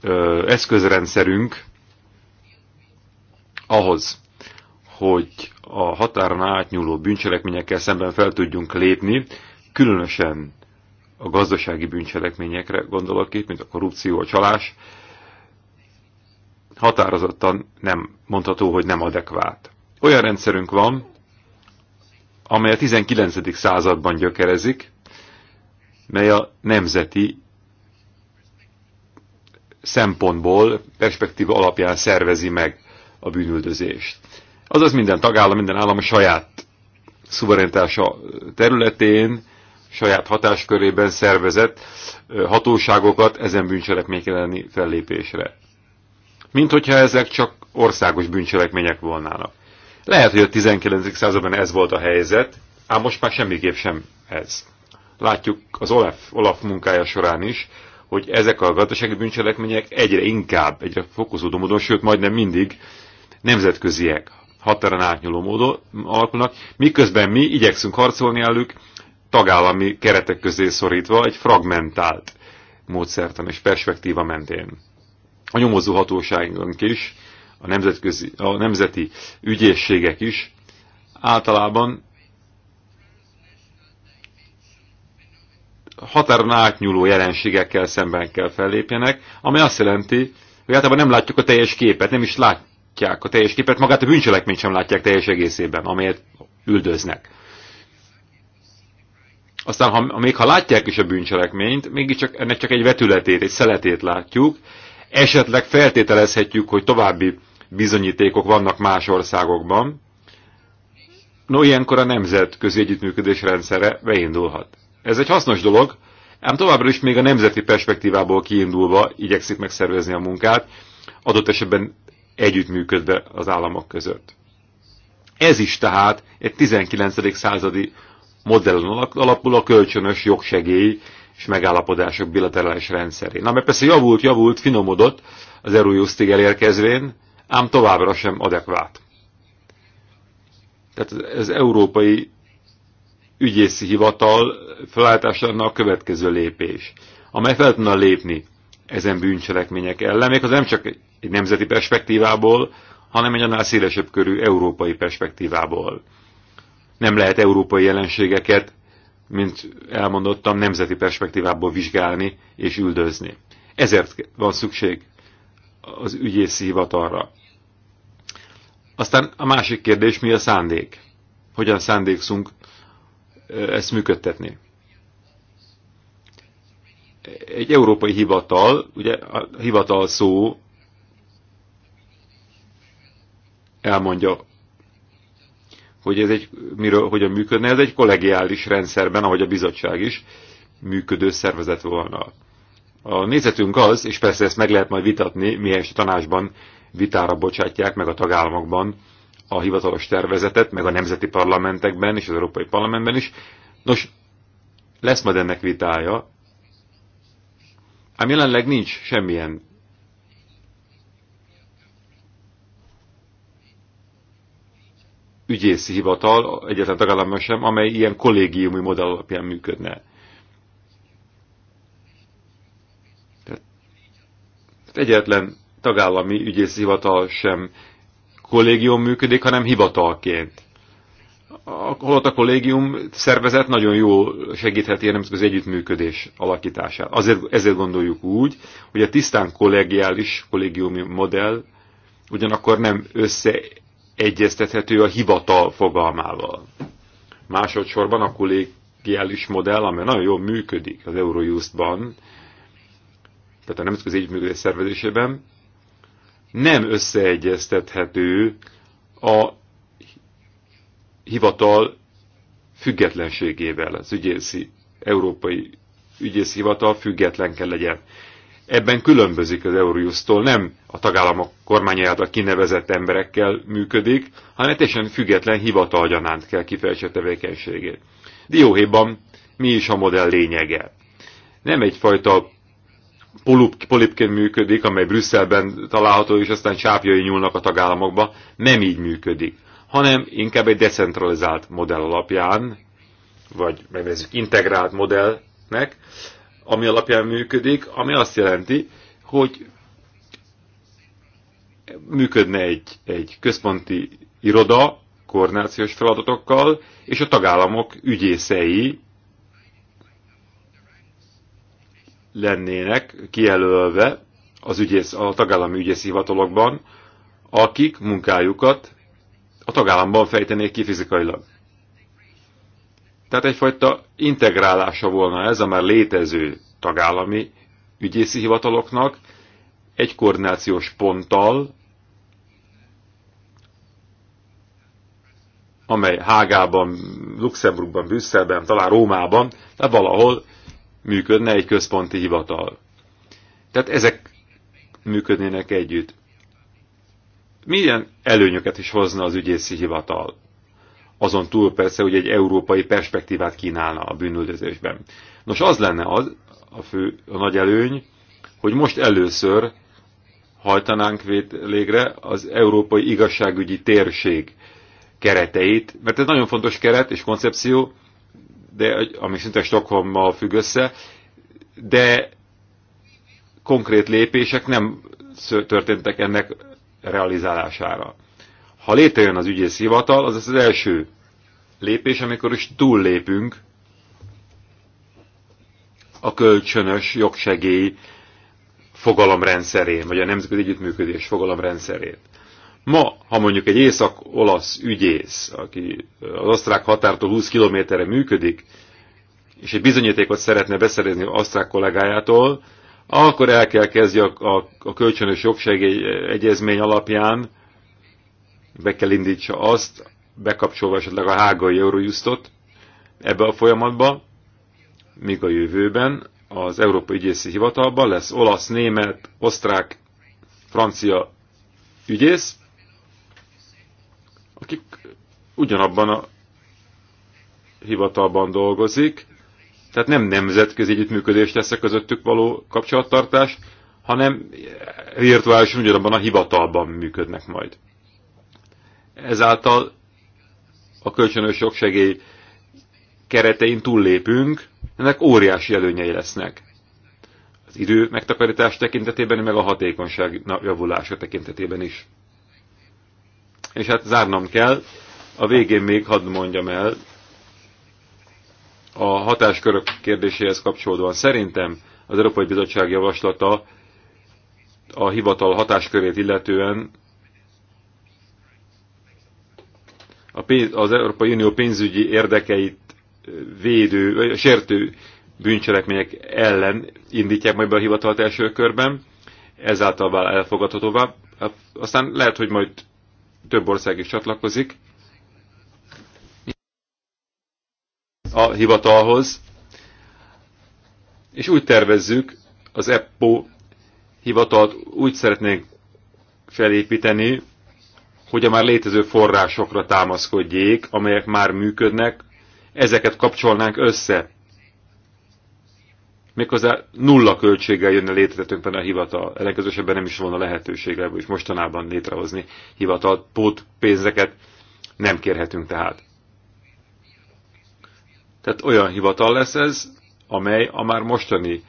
ö, eszközrendszerünk ahhoz, hogy a határon átnyúló bűncselekményekkel szemben fel tudjunk lépni, különösen a gazdasági bűncselekményekre gondolok itt, mint a korrupció, a csalás, határozottan nem mondható, hogy nem adekvát. Olyan rendszerünk van, amely a 19. században gyökerezik, mely a nemzeti szempontból, perspektíva alapján szervezi meg a bűnüldözést. Azaz minden tagállam, minden állam a saját szuverenitása területén, saját hatáskörében szervezett hatóságokat ezen bűncselekmények elleni fellépésre. Mint hogyha ezek csak országos bűncselekmények volnának. Lehet, hogy a 19. században ez volt a helyzet, ám most már semmiképp sem ez. Látjuk az Olaf, Olaf munkája során is, hogy ezek a gazdasági bűncselekmények egyre inkább, egyre fokozódó módon, sőt majdnem mindig nemzetköziek, határon átnyúló módon alakulnak, miközben mi igyekszünk harcolni elük tagállami keretek közé szorítva egy fragmentált módszertan és perspektíva mentén. A nyomozó hatóságunk is, a, nemzetközi, a nemzeti ügyészségek is általában határon átnyúló jelenségekkel szemben kell fellépjenek, ami azt jelenti, hogy általában nem látjuk a teljes képet, nem is lát, látják a teljes képet, magát a bűncselekményt sem látják teljes egészében, amelyet üldöznek. Aztán, ha, még ha látják is a bűncselekményt, mégiscsak ennek csak egy vetületét, egy szeletét látjuk, esetleg feltételezhetjük, hogy további bizonyítékok vannak más országokban, no ilyenkor a nemzetközi együttműködés rendszere beindulhat. Ez egy hasznos dolog, ám továbbra is még a nemzeti perspektívából kiindulva igyekszik megszervezni a munkát, adott esetben együttműködve az államok között. Ez is tehát egy 19. századi modellen alapul a kölcsönös jogsegély és megállapodások bilaterális rendszerén. Na, mert persze javult, javult, finomodott az Eurojustig elérkezvén, ám továbbra sem adekvát. Tehát az Európai Ügyészi Hivatal felállítása a következő lépés, amely fel tudna lépni ezen bűncselekmények ellen, még az nem csak egy nemzeti perspektívából, hanem egy annál szélesebb körű európai perspektívából. Nem lehet európai jelenségeket, mint elmondottam, nemzeti perspektívából vizsgálni és üldözni. Ezért van szükség az ügyészi hivatalra. Aztán a másik kérdés, mi a szándék? Hogyan szándékszunk ezt működtetni? Egy európai hivatal, ugye a hivatal szó elmondja, hogy ez egy, miről, hogyan működne. Ez egy kollegiális rendszerben, ahogy a bizottság is, működő szervezet volna. A nézetünk az, és persze ezt meg lehet majd vitatni, milyen a tanácsban vitára bocsátják, meg a tagállamokban a hivatalos tervezetet, meg a nemzeti parlamentekben és az Európai Parlamentben is. Nos, lesz majd ennek vitája, ám jelenleg nincs semmilyen ügyészi hivatal, egyetlen tagállamban sem, amely ilyen kollégiumi modell alapján működne. Tehát, egyetlen tagállami ügyészi hivatal sem kollégium működik, hanem hivatalként. Holott a kollégium szervezet nagyon jó segítheti a nemzetközi együttműködés alakítását. Azért, ezért gondoljuk úgy, hogy a tisztán kollegiális kollégiumi modell ugyanakkor nem össze egyeztethető a hivatal fogalmával. Másodszorban a kollégiális modell, amely nagyon jól működik az Eurojustban, tehát a Nemzetközi Együttműködés Szervezésében, nem összeegyeztethető a hivatal függetlenségével, az ügyészi, európai ügyészi hivatal független kell legyen ebben különbözik az Eurojust-tól, nem a tagállamok kormányai által kinevezett emberekkel működik, hanem teljesen független hivatalgyanánt kell kifejtse tevékenységét. Dióhéjban mi is a modell lényege? Nem egyfajta polipként működik, amely Brüsszelben található, és aztán csápjai nyúlnak a tagállamokba, nem így működik, hanem inkább egy decentralizált modell alapján, vagy megnézzük integrált modellnek, ami alapján működik, ami azt jelenti, hogy működne egy, egy központi iroda koordinációs feladatokkal, és a tagállamok ügyészei lennének kijelölve az ügyész, a tagállami ügyészi hivatalokban, akik munkájukat a tagállamban fejtenék ki fizikailag. Tehát egyfajta integrálása volna ez a már létező tagállami ügyészi hivataloknak egy koordinációs ponttal, amely Hágában, Luxemburgban, Brüsszelben, talán Rómában, de valahol működne egy központi hivatal. Tehát ezek működnének együtt. Milyen előnyöket is hozna az ügyészi hivatal? azon túl persze, hogy egy európai perspektívát kínálna a bűnöldözésben. Nos, az lenne az a, fő, a nagy előny, hogy most először hajtanánk végre az európai igazságügyi térség kereteit, mert ez nagyon fontos keret és koncepció, de, ami szinte Stockholmmal függ össze, de konkrét lépések nem történtek ennek realizálására. Ha létrejön az ügyész hivatal, az az első lépés, amikor is túllépünk a kölcsönös jogsegély fogalomrendszerén, vagy a nemzetközi együttműködés fogalomrendszerét. Ma, ha mondjuk egy észak-olasz ügyész, aki az osztrák határtól 20 kilométerre működik, és egy bizonyítékot szeretne beszerezni osztrák kollégájától, akkor el kell kezdje a, a, a kölcsönös jogsegély egyezmény alapján be kell indítsa azt, bekapcsolva esetleg a hágai Eurojustot ebbe a folyamatba, míg a jövőben az Európai Ügyészi Hivatalban lesz olasz, német, osztrák, francia ügyész, akik ugyanabban a hivatalban dolgozik, tehát nem nemzetközi együttműködést lesz a közöttük való kapcsolattartás, hanem virtuálisan ugyanabban a hivatalban működnek majd ezáltal a kölcsönös jogsegély keretein túllépünk, ennek óriási előnyei lesznek. Az idő megtakarítás tekintetében, meg a hatékonyság javulása tekintetében is. És hát zárnom kell, a végén még hadd mondjam el, a hatáskörök kérdéséhez kapcsolódóan szerintem az Európai Bizottság javaslata a hivatal hatáskörét illetően a az Európai Unió pénzügyi érdekeit védő, vagy sértő bűncselekmények ellen indítják majd be a hivatalt első körben, ezáltal vál elfogadhatóvá. Hát aztán lehet, hogy majd több ország is csatlakozik a hivatalhoz, és úgy tervezzük, az EPPO hivatalt úgy szeretnénk felépíteni, hogy a már létező forrásokra támaszkodjék, amelyek már működnek, ezeket kapcsolnánk össze. Méghozzá nulla költséggel jönne létrezetünkben a hivatal, ellenkezősebben nem is volna lehetőség ebből is mostanában létrehozni hivatalt, pót pénzeket nem kérhetünk tehát. Tehát olyan hivatal lesz ez, amely a már mostani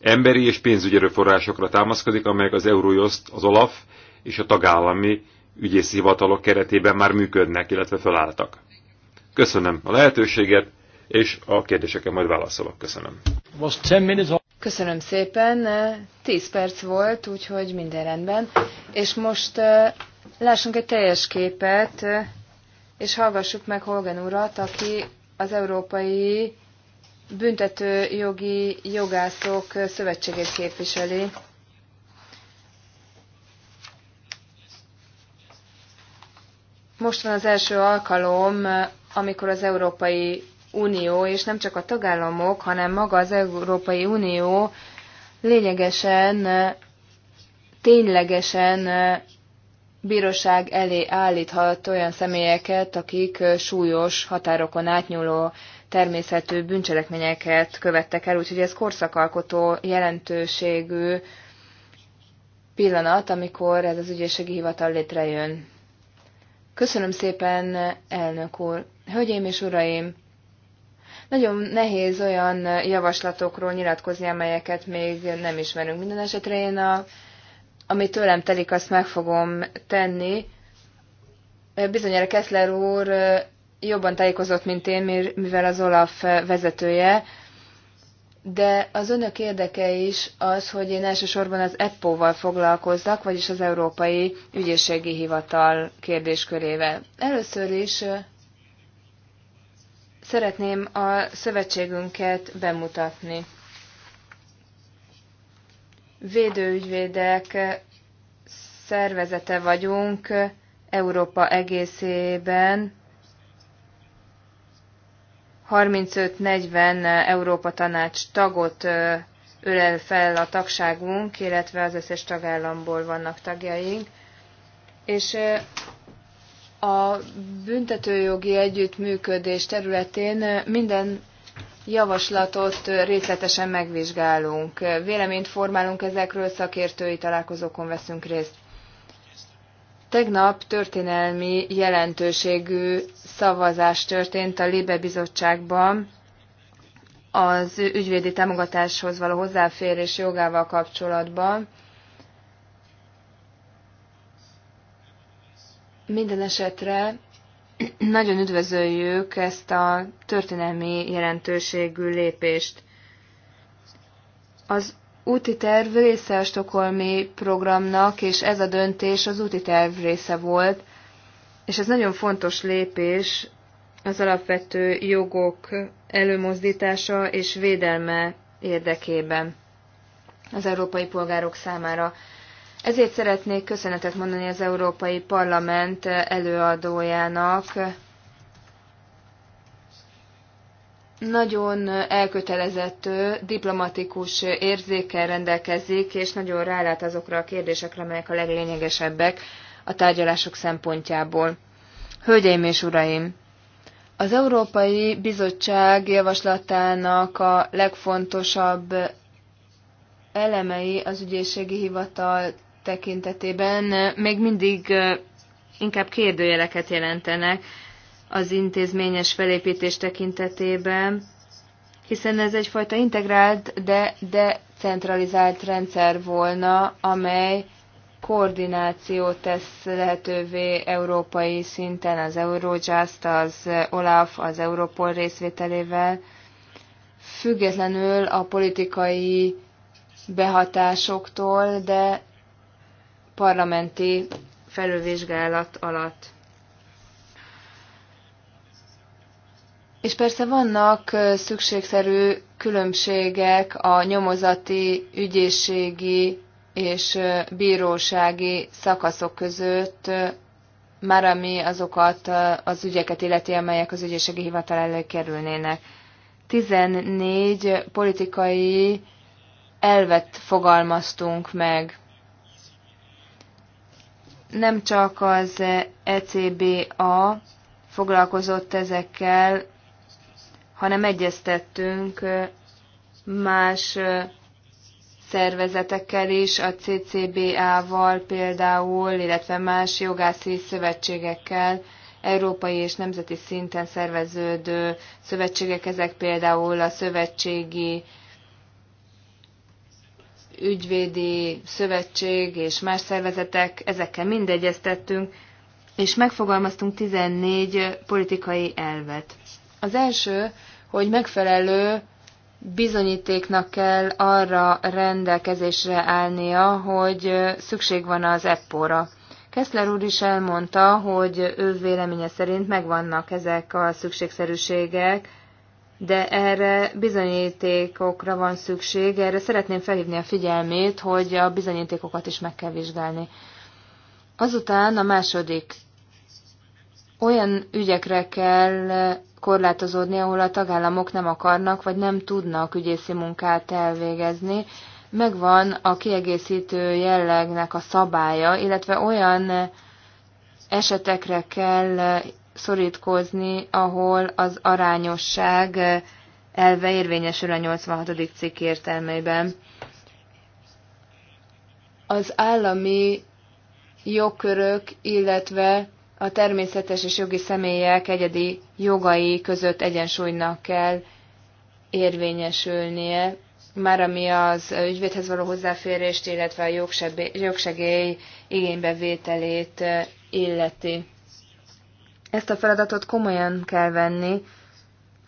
emberi és pénzügyi erőforrásokra támaszkodik, amelyek az Eurójoszt, az OLAF és a tagállami ügyészi hivatalok keretében már működnek, illetve felálltak. Köszönöm a lehetőséget, és a kérdéseket majd válaszolok. Köszönöm. Köszönöm szépen, 10 perc volt, úgyhogy minden rendben. És most lássunk egy teljes képet, és hallgassuk meg Holgen urat, aki az Európai Büntetőjogi Jogászok Szövetségét képviseli. Most van az első alkalom, amikor az Európai Unió, és nem csak a tagállamok, hanem maga az Európai Unió lényegesen, ténylegesen bíróság elé állíthat olyan személyeket, akik súlyos határokon átnyúló természetű bűncselekményeket követtek el, úgyhogy ez korszakalkotó jelentőségű pillanat, amikor ez az ügyészségi hivatal létrejön. Köszönöm szépen, elnök úr. Hölgyeim és uraim, nagyon nehéz olyan javaslatokról nyilatkozni, amelyeket még nem ismerünk. Minden esetre én, a, ami tőlem telik, azt meg fogom tenni. Bizonyára Kessler úr jobban tájékozott, mint én, mivel az Olaf vezetője, de az önök érdeke is az, hogy én elsősorban az EPPO-val foglalkozzak, vagyis az Európai Ügyészségi Hivatal kérdéskörével. Először is szeretném a szövetségünket bemutatni. Védőügyvédek szervezete vagyunk Európa egészében, 35-40 Európa Tanács tagot ölel fel a tagságunk, illetve az összes tagállamból vannak tagjaink. És a büntetőjogi együttműködés területén minden javaslatot részletesen megvizsgálunk. Véleményt formálunk ezekről, szakértői találkozókon veszünk részt. Tegnap történelmi jelentőségű szavazás történt a Libe Bizottságban az ügyvédi támogatáshoz való hozzáférés jogával kapcsolatban. Minden esetre nagyon üdvözöljük ezt a történelmi jelentőségű lépést. Az úti terv része a stokholmi programnak, és ez a döntés az úti terv része volt, és ez nagyon fontos lépés az alapvető jogok előmozdítása és védelme érdekében az európai polgárok számára. Ezért szeretnék köszönetet mondani az Európai Parlament előadójának, nagyon elkötelezett, diplomatikus érzékkel rendelkezik, és nagyon rálát azokra a kérdésekre, amelyek a leglényegesebbek a tárgyalások szempontjából. Hölgyeim és uraim! Az Európai Bizottság javaslatának a legfontosabb elemei az ügyészségi hivatal tekintetében még mindig inkább kérdőjeleket jelentenek az intézményes felépítés tekintetében, hiszen ez egyfajta integrált, de decentralizált rendszer volna, amely koordinációt tesz lehetővé európai szinten az Eurojust, az OLAF, az Europol részvételével, függetlenül a politikai behatásoktól, de parlamenti felülvizsgálat alatt. És persze vannak szükségszerű különbségek a nyomozati, ügyészségi és bírósági szakaszok között, már ami azokat az ügyeket illeti, amelyek az ügyészségi hivatal elé kerülnének. 14 politikai elvet fogalmaztunk meg. Nem csak az ECBA foglalkozott ezekkel, hanem egyeztettünk más szervezetekkel is, a CCBA-val például, illetve más jogászi szövetségekkel, európai és nemzeti szinten szerveződő szövetségek, ezek például a szövetségi ügyvédi szövetség és más szervezetek, ezekkel mindegyeztettünk, és megfogalmaztunk 14 politikai elvet. Az első hogy megfelelő bizonyítéknak kell arra rendelkezésre állnia, hogy szükség van az EPPO-ra. úr is elmondta, hogy ő véleménye szerint megvannak ezek a szükségszerűségek, de erre bizonyítékokra van szükség, erre szeretném felhívni a figyelmét, hogy a bizonyítékokat is meg kell vizsgálni. Azután a második. Olyan ügyekre kell korlátozódni, ahol a tagállamok nem akarnak vagy nem tudnak ügyészi munkát elvégezni. Megvan a kiegészítő jellegnek a szabálya, illetve olyan esetekre kell szorítkozni, ahol az arányosság elve érvényesül a 86. cikk értelmében. Az állami jogkörök, illetve a természetes és jogi személyek egyedi jogai között egyensúlynak kell érvényesülnie, már ami az ügyvédhez való hozzáférést, illetve a jogsegély igénybevételét eh, illeti. Ezt a feladatot komolyan kell venni,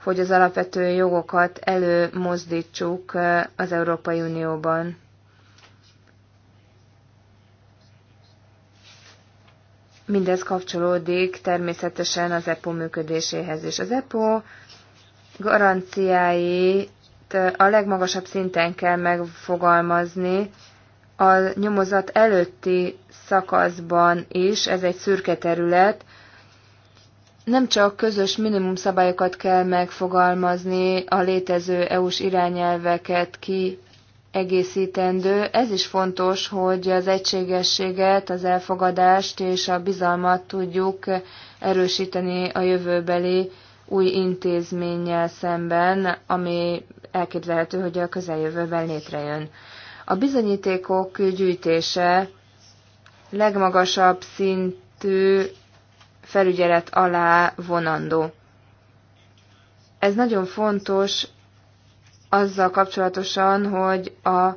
hogy az alapvető jogokat előmozdítsuk eh, az Európai Unióban. Mindez kapcsolódik természetesen az EPO működéséhez is. Az EPO garanciáit a legmagasabb szinten kell megfogalmazni, a nyomozat előtti szakaszban is, ez egy szürke terület, nem csak közös minimum szabályokat kell megfogalmazni, a létező EU-s irányelveket ki egészítendő. Ez is fontos, hogy az egységességet, az elfogadást és a bizalmat tudjuk erősíteni a jövőbeli új intézménnyel szemben, ami elképzelhető, hogy a közeljövőben létrejön. A bizonyítékok gyűjtése legmagasabb szintű felügyelet alá vonandó. Ez nagyon fontos azzal kapcsolatosan, hogy a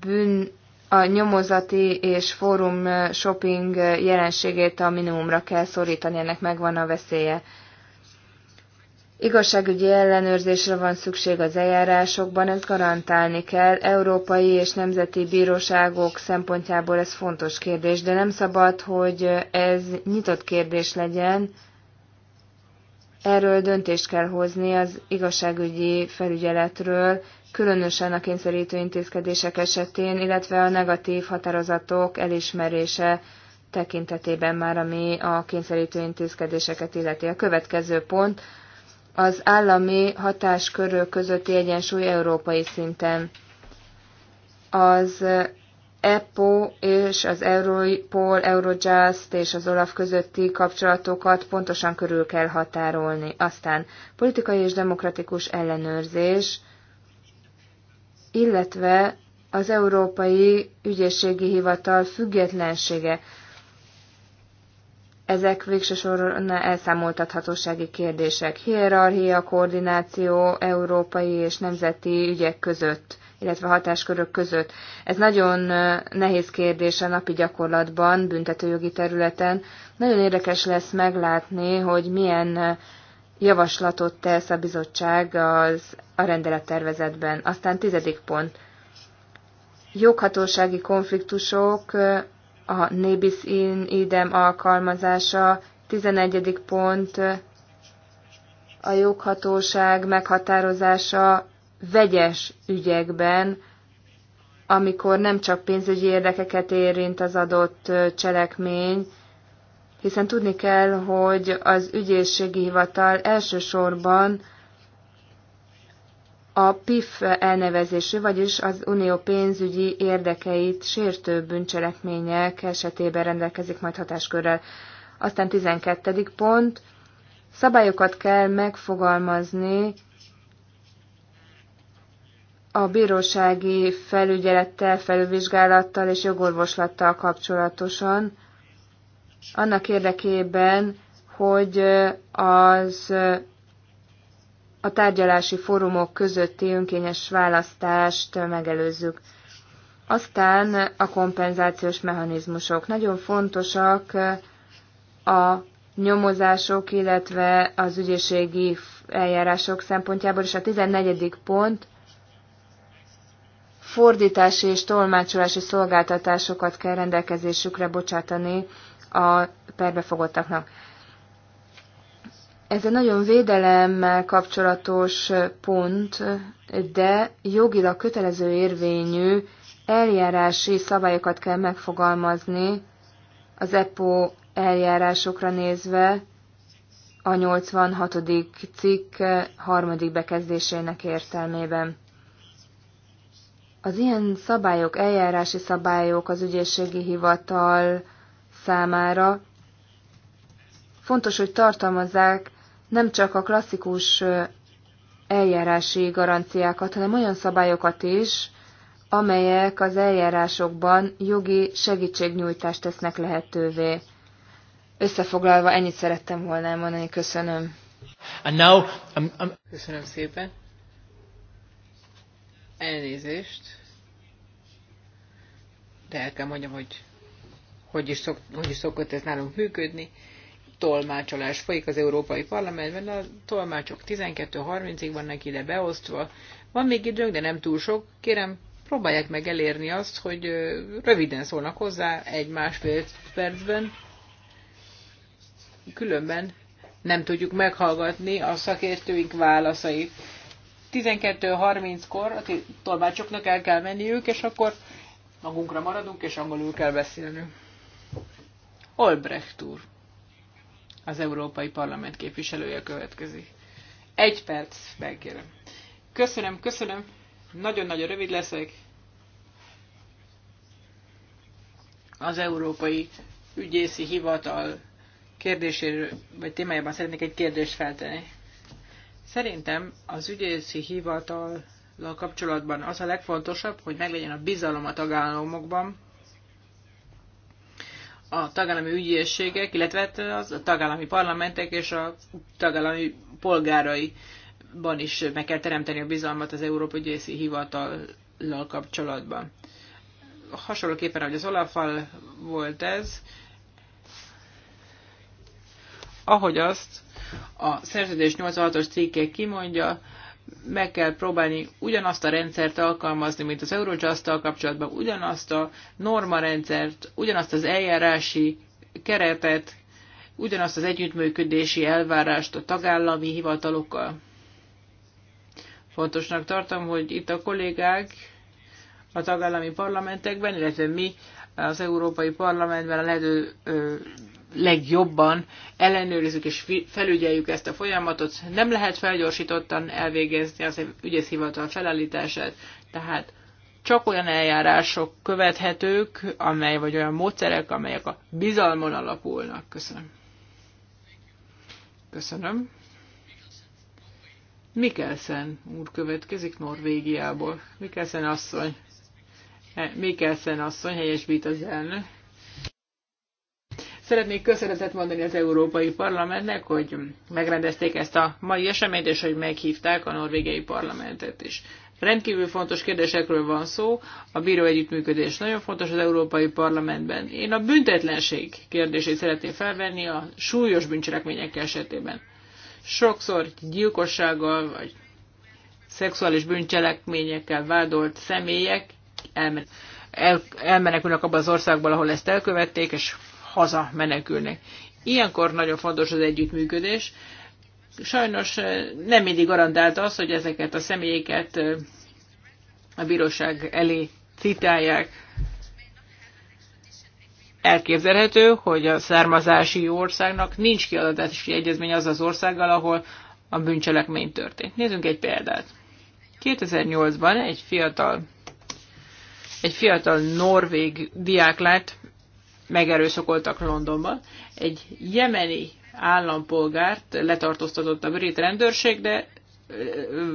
bűn a nyomozati és fórum shopping jelenségét a minimumra kell szorítani, ennek megvan a veszélye. Igazságügyi ellenőrzésre van szükség az eljárásokban, ezt garantálni kell. Európai és nemzeti bíróságok szempontjából ez fontos kérdés, de nem szabad, hogy ez nyitott kérdés legyen, Erről döntést kell hozni az igazságügyi felügyeletről, különösen a kényszerítő intézkedések esetén, illetve a negatív határozatok elismerése tekintetében már, ami a kényszerítő intézkedéseket illeti. A következő pont az állami hatáskörök közötti egyensúly európai szinten. Az EPO és az Europol, Eurojust és az OLAF közötti kapcsolatokat pontosan körül kell határolni. Aztán politikai és demokratikus ellenőrzés, illetve az Európai Ügyészségi Hivatal függetlensége. Ezek végső soron elszámoltathatósági kérdések. Hierarchia, koordináció európai és nemzeti ügyek között illetve hatáskörök között. Ez nagyon nehéz kérdés a napi gyakorlatban, büntetőjogi területen. Nagyon érdekes lesz meglátni, hogy milyen javaslatot tesz a bizottság az, a rendelettervezetben. Aztán tizedik pont. Joghatósági konfliktusok, a nébis in idem alkalmazása, 11. pont, a joghatóság meghatározása vegyes ügyekben, amikor nem csak pénzügyi érdekeket érint az adott cselekmény, hiszen tudni kell, hogy az ügyészségi hivatal elsősorban a PIF elnevezésű, vagyis az unió pénzügyi érdekeit sértő bűncselekmények esetében rendelkezik majd hatáskörrel. Aztán 12. pont. Szabályokat kell megfogalmazni a bírósági felügyelettel, felülvizsgálattal és jogorvoslattal kapcsolatosan, annak érdekében, hogy az a tárgyalási fórumok közötti önkényes választást megelőzzük. Aztán a kompenzációs mechanizmusok. Nagyon fontosak a nyomozások, illetve az ügyészségi eljárások szempontjából, és a 14. pont fordítási és tolmácsolási szolgáltatásokat kell rendelkezésükre bocsátani a perbefogottaknak. Ez egy nagyon védelemmel kapcsolatos pont, de jogilag kötelező érvényű eljárási szabályokat kell megfogalmazni az EPO eljárásokra nézve a 86. cikk harmadik bekezdésének értelmében. Az ilyen szabályok, eljárási szabályok az ügyészségi hivatal számára fontos, hogy tartalmazzák nem csak a klasszikus eljárási garanciákat, hanem olyan szabályokat is, amelyek az eljárásokban jogi segítségnyújtást tesznek lehetővé. Összefoglalva ennyit szerettem volna elmondani, köszönöm. And now, I'm, um, I'm... Um, köszönöm szépen. Elnézést. De el kell mondjam, hogy hogy is, szok, hogy is szokott ez nálunk működni. Tolmácsolás folyik az Európai Parlamentben, a tolmácsok 12-30-ig vannak ide beosztva. Van még időnk, de nem túl sok. Kérem, próbálják meg elérni azt, hogy röviden szólnak hozzá, egy-másfél percben. Különben nem tudjuk meghallgatni a szakértőink válaszait. 12.30-kor a tolmácsoknak el kell menniük, és akkor magunkra maradunk, és angolul kell beszélnünk. Olbrecht úr, az Európai Parlament képviselője következik. Egy perc, megkérem. Köszönöm, köszönöm. Nagyon-nagyon rövid leszek. Az Európai Ügyészi Hivatal kérdéséről, vagy témájában szeretnék egy kérdést feltenni. Szerintem az ügyészi hivatal kapcsolatban az a legfontosabb, hogy meglegyen a bizalom a tagállamokban, a tagállami ügyészségek, illetve hát az a tagállami parlamentek és a tagállami polgáraiban is meg kell teremteni a bizalmat az Európa Ügyészi Hivatallal kapcsolatban. Hasonlóképpen, ahogy az olaf volt ez, ahogy azt a szerződés 86-os cikke kimondja, meg kell próbálni ugyanazt a rendszert alkalmazni, mint az eurojust kapcsolatban, ugyanazt a normarendszert, ugyanazt az eljárási keretet, ugyanazt az együttműködési elvárást a tagállami hivatalokkal. Fontosnak tartom, hogy itt a kollégák a tagállami parlamentekben, illetve mi az Európai Parlamentben a lehető legjobban ellenőrizzük és felügyeljük ezt a folyamatot. Nem lehet felgyorsítottan elvégezni az ügyész hivatal felállítását, tehát csak olyan eljárások követhetők, amely, vagy olyan módszerek, amelyek a bizalmon alapulnak. Köszönöm. Köszönöm. Mikkelsen úr következik Norvégiából. Mikkelsen asszony. Eh, Mikkelsen asszony helyesbít az elnök. Szeretnék köszönetet mondani az Európai Parlamentnek, hogy megrendezték ezt a mai eseményt, és hogy meghívták a norvégiai parlamentet is. Rendkívül fontos kérdésekről van szó, a bíró együttműködés nagyon fontos az Európai Parlamentben. Én a büntetlenség kérdését szeretném felvenni a súlyos bűncselekmények esetében. Sokszor gyilkossággal vagy szexuális bűncselekményekkel vádolt személyek elmenekülnek abban az országban, ahol ezt elkövették, és haza menekülnek. Ilyenkor nagyon fontos az együttműködés. Sajnos eh, nem mindig garantált az, hogy ezeket a személyeket eh, a bíróság elé citálják. Elképzelhető, hogy a származási országnak nincs kiadatási egyezmény az az országgal, ahol a bűncselekmény történt. Nézzünk egy példát. 2008-ban egy fiatal, egy fiatal norvég diák lett megerőszakoltak Londonban. Egy jemeni állampolgárt letartóztatott a brit rendőrség, de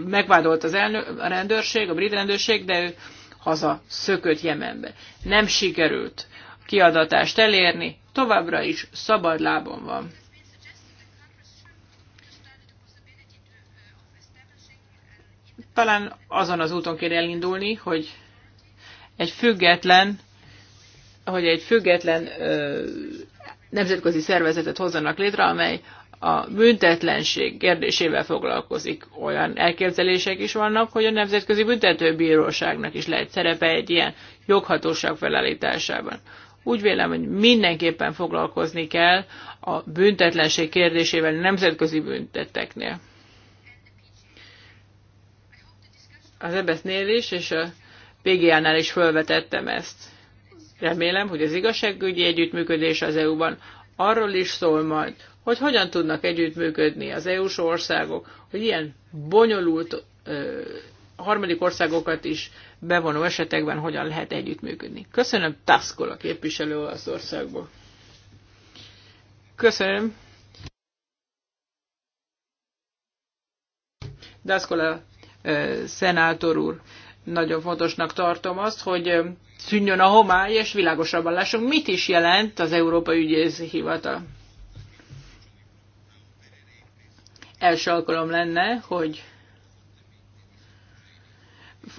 megvádolt az elnö, a rendőrség, a brit rendőrség, de ő haza szökött Jemenbe. Nem sikerült kiadatást elérni, továbbra is szabad lábon van. Talán azon az úton kéne elindulni, hogy egy független hogy egy független nemzetközi szervezetet hozzanak létre, amely a büntetlenség kérdésével foglalkozik. Olyan elképzelések is vannak, hogy a Nemzetközi Büntetőbíróságnak is lehet szerepe egy ilyen joghatóság felállításában. Úgy vélem, hogy mindenképpen foglalkozni kell a büntetlenség kérdésével a nemzetközi büntetteknél. Az ebsz is, és a PGA-nál is felvetettem ezt. Remélem, hogy az igazságügyi együttműködés az EU-ban arról is szól majd, hogy hogyan tudnak együttműködni az EU-s országok, hogy ilyen bonyolult ö, harmadik országokat is bevonó esetekben hogyan lehet együttműködni. Köszönöm Taszkol a képviselő Olaszországból. Köszönöm. Daszkola szenátor úr. Nagyon fontosnak tartom azt, hogy szűnjön a homály, és világosabban lássunk, mit is jelent az Európai Ügyész Hivatal. Első alkalom lenne, hogy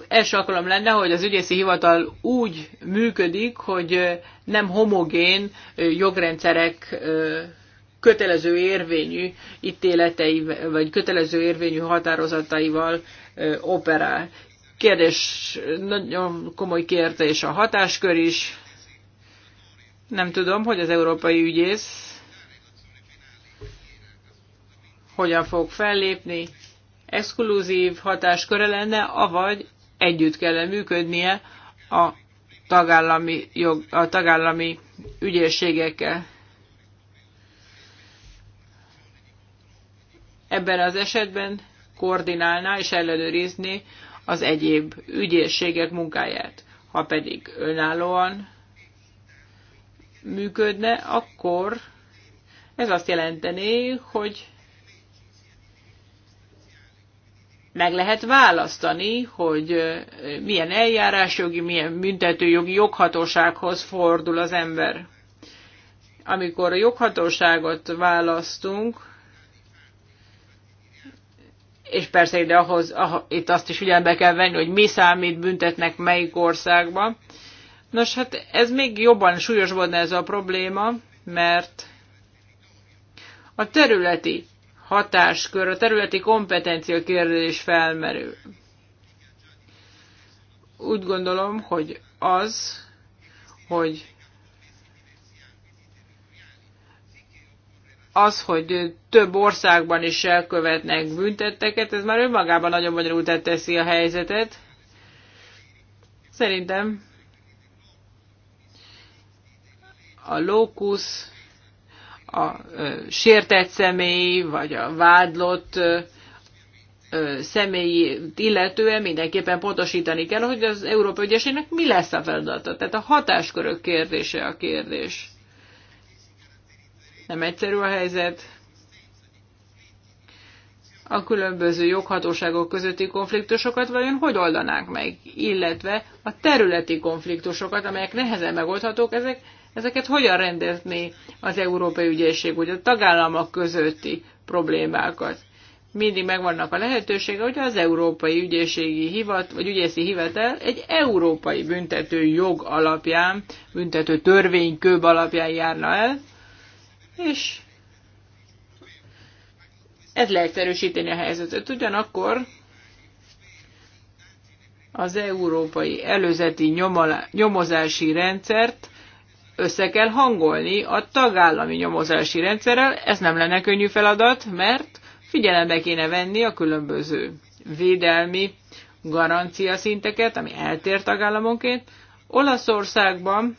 első alkalom lenne, hogy az ügyészi hivatal úgy működik, hogy nem homogén jogrendszerek kötelező érvényű ítéletei, vagy kötelező érvényű határozataival operál. Kérdés, nagyon komoly kérdés a hatáskör is. Nem tudom, hogy az európai ügyész hogyan fog fellépni. Exkluzív hatásköre lenne, avagy együtt kellene működnie a tagállami, jog, a tagállami ügyészségekkel. Ebben az esetben koordinálná és ellenőrizni az egyéb ügyészségek munkáját. Ha pedig önállóan működne, akkor ez azt jelenteni, hogy meg lehet választani, hogy milyen eljárásjogi, milyen büntetőjogi joghatósághoz fordul az ember. Amikor a joghatóságot választunk, és persze ide ahhoz, ah, itt azt is figyelembe kell venni, hogy mi számít büntetnek melyik országban. Nos, hát ez még jobban súlyos volna ez a probléma, mert a területi hatáskör, a területi kompetencia kérdés felmerül. Úgy gondolom, hogy az, hogy az, hogy több országban is elkövetnek büntetteket, ez már önmagában nagyon bonyolultá teszi a helyzetet. Szerintem a lókusz, a ö, sértett személy, vagy a vádlott ö, személy illetően mindenképpen pontosítani kell, hogy az Európa Ügyészségnek mi lesz a feladata. Tehát a hatáskörök kérdése a kérdés nem egyszerű a helyzet. A különböző joghatóságok közötti konfliktusokat vajon hogy oldanák meg, illetve a területi konfliktusokat, amelyek nehezen megoldhatók, ezek, ezeket hogyan rendezni az Európai Ügyészség, ugye a tagállamok közötti problémákat mindig megvannak a lehetősége, hogy az Európai Ügyészségi Hivat, vagy Ügyészi Hivatal egy európai büntető jog alapján, büntető törvénykőb alapján járna el, és ez leegyszerűsíteni a helyzetet. Ugyanakkor az európai előzeti nyomala, nyomozási rendszert össze kell hangolni a tagállami nyomozási rendszerrel. Ez nem lenne könnyű feladat, mert figyelembe kéne venni a különböző védelmi garancia szinteket, ami eltér tagállamonként. Olaszországban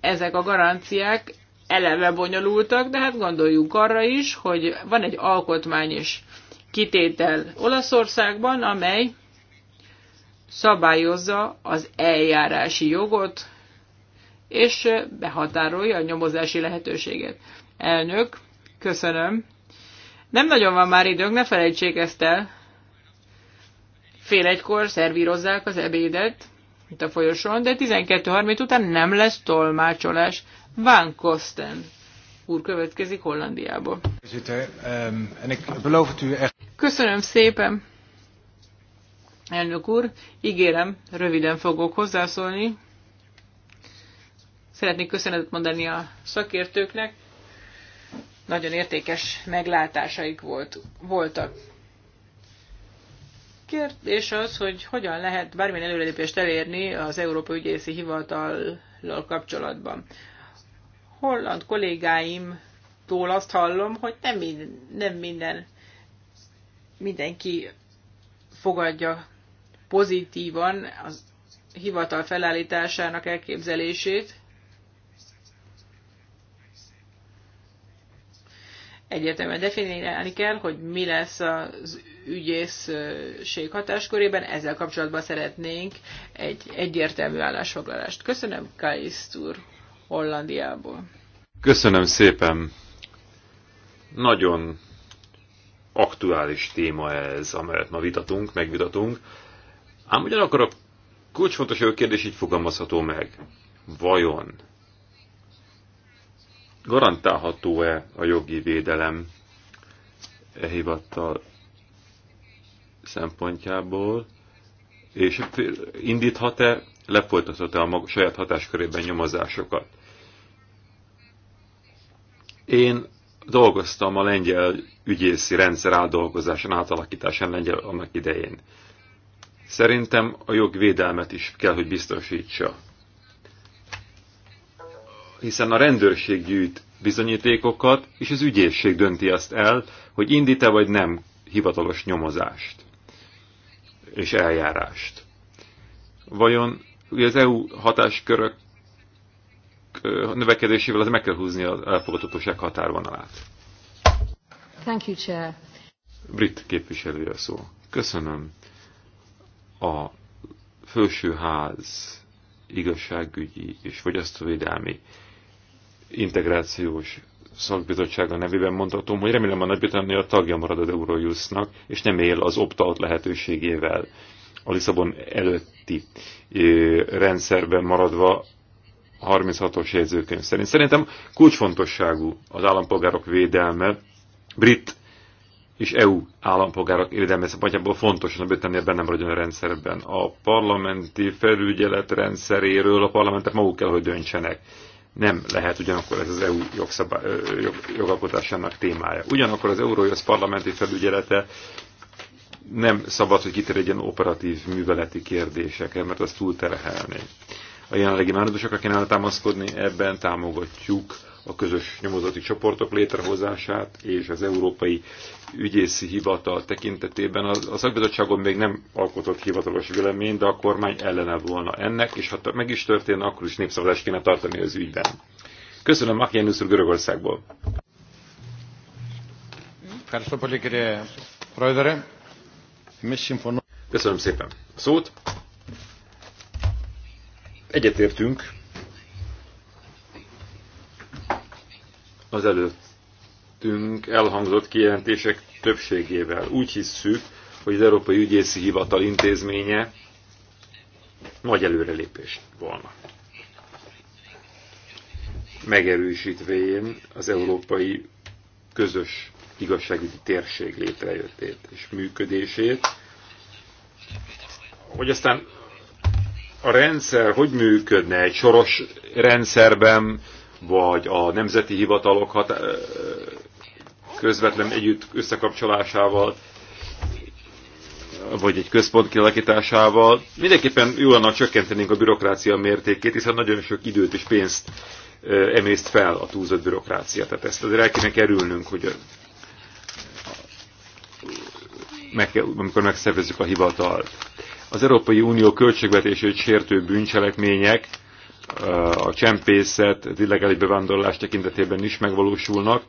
ezek a garanciák eleve bonyolultak, de hát gondoljunk arra is, hogy van egy alkotmányos kitétel Olaszországban, amely szabályozza az eljárási jogot, és behatárolja a nyomozási lehetőséget. Elnök, köszönöm. Nem nagyon van már időnk, ne felejtsék ezt el. Fél egykor szervírozzák az ebédet itt a folyosón, de 12.30 után nem lesz tolmácsolás. Van Kosten úr következik Hollandiába. Ehm, Köszönöm szépen, elnök úr. Ígérem, röviden fogok hozzászólni. Szeretnék köszönetet mondani a szakértőknek. Nagyon értékes meglátásaik volt, voltak. Kérdés az, hogy hogyan lehet bármilyen előrelépést elérni az Európai Ügyészi Hivatallal kapcsolatban holland kollégáimtól azt hallom, hogy nem, minden, nem minden mindenki fogadja pozitívan az hivatal felállításának elképzelését. Egyértelműen definiálni kell, hogy mi lesz az ügyészség hatáskörében. Ezzel kapcsolatban szeretnénk egy egyértelmű állásfoglalást. Köszönöm, Kajisztúr! úr! Hollandiából. Köszönöm szépen. Nagyon aktuális téma ez, amelyet ma vitatunk, megvitatunk. Ám ugyanakkor a kulcsfontosságú kérdés így fogalmazható meg. Vajon garantálható-e a jogi védelem e hivattal szempontjából, és indíthat-e lefolytatott-e a maga, saját hatáskörében nyomozásokat. Én dolgoztam a lengyel ügyészi rendszer átdolgozásán, átalakításán lengyel annak idején. Szerintem a jogvédelmet is kell, hogy biztosítsa. Hiszen a rendőrség gyűjt bizonyítékokat, és az ügyészség dönti azt el, hogy indít-e vagy nem hivatalos nyomozást és eljárást. Vajon ugye az EU hatáskörök növekedésével az meg kell húzni az elfogadhatóság határvonalát. Thank you, Chair. Brit képviselője szó. Köszönöm. A Fősőház igazságügyi és fogyasztóvédelmi integrációs szakbizottsága nevében mondhatom, hogy remélem a nagy a tagja marad az Eurojusznak, és nem él az opt-out lehetőségével a Lisszabon előtti rendszerben maradva 36-os jegyzőkönyv szerint. Szerintem kulcsfontosságú az állampolgárok védelme, brit és EU állampolgárok védelme szempontjából fontos, hogy a britannia benne maradjon a rendszerben. A parlamenti felügyelet rendszeréről a parlamentek maguk kell, hogy döntsenek. Nem lehet ugyanakkor ez az EU jog, jogalkotásának témája. Ugyanakkor az Eurójössz parlamenti felügyelete nem szabad, hogy kiterjedjen operatív műveleti kérdésekre, mert az túlterhelné. A jelenlegi mechanizmusokra kéne támaszkodni, ebben támogatjuk a közös nyomozati csoportok létrehozását és az Európai Ügyészi Hivatal tekintetében. A szakbizottságon még nem alkotott hivatalos vélemény, de a kormány ellene volna ennek, és ha meg is történne, akkor is népszavazást kéne tartani az ügyben. Köszönöm, Makianusz úr Görögországból. Köszönöm, Köszönöm szépen a szót. Egyetértünk az előttünk elhangzott kijelentések többségével. Úgy hisszük, hogy az Európai Ügyészi Hivatal intézménye nagy előrelépést volna. Megerősítvén az európai közös igazságügyi térség létrejöttét és működését. Hogy aztán a rendszer hogy működne egy soros rendszerben, vagy a nemzeti hivatalok hat, közvetlen együtt összekapcsolásával, vagy egy központ kialakításával. Mindenképpen jó lenne, csökkentenénk a bürokrácia mértékét, hiszen nagyon sok időt és pénzt emészt fel a túlzott bürokrácia. Tehát ezt azért el kéne kerülnünk, hogy meg amikor megszervezzük a hivatalt. Az Európai Unió költségvetését sértő bűncselekmények a csempészet, az illegális bevándorlás tekintetében is megvalósulnak.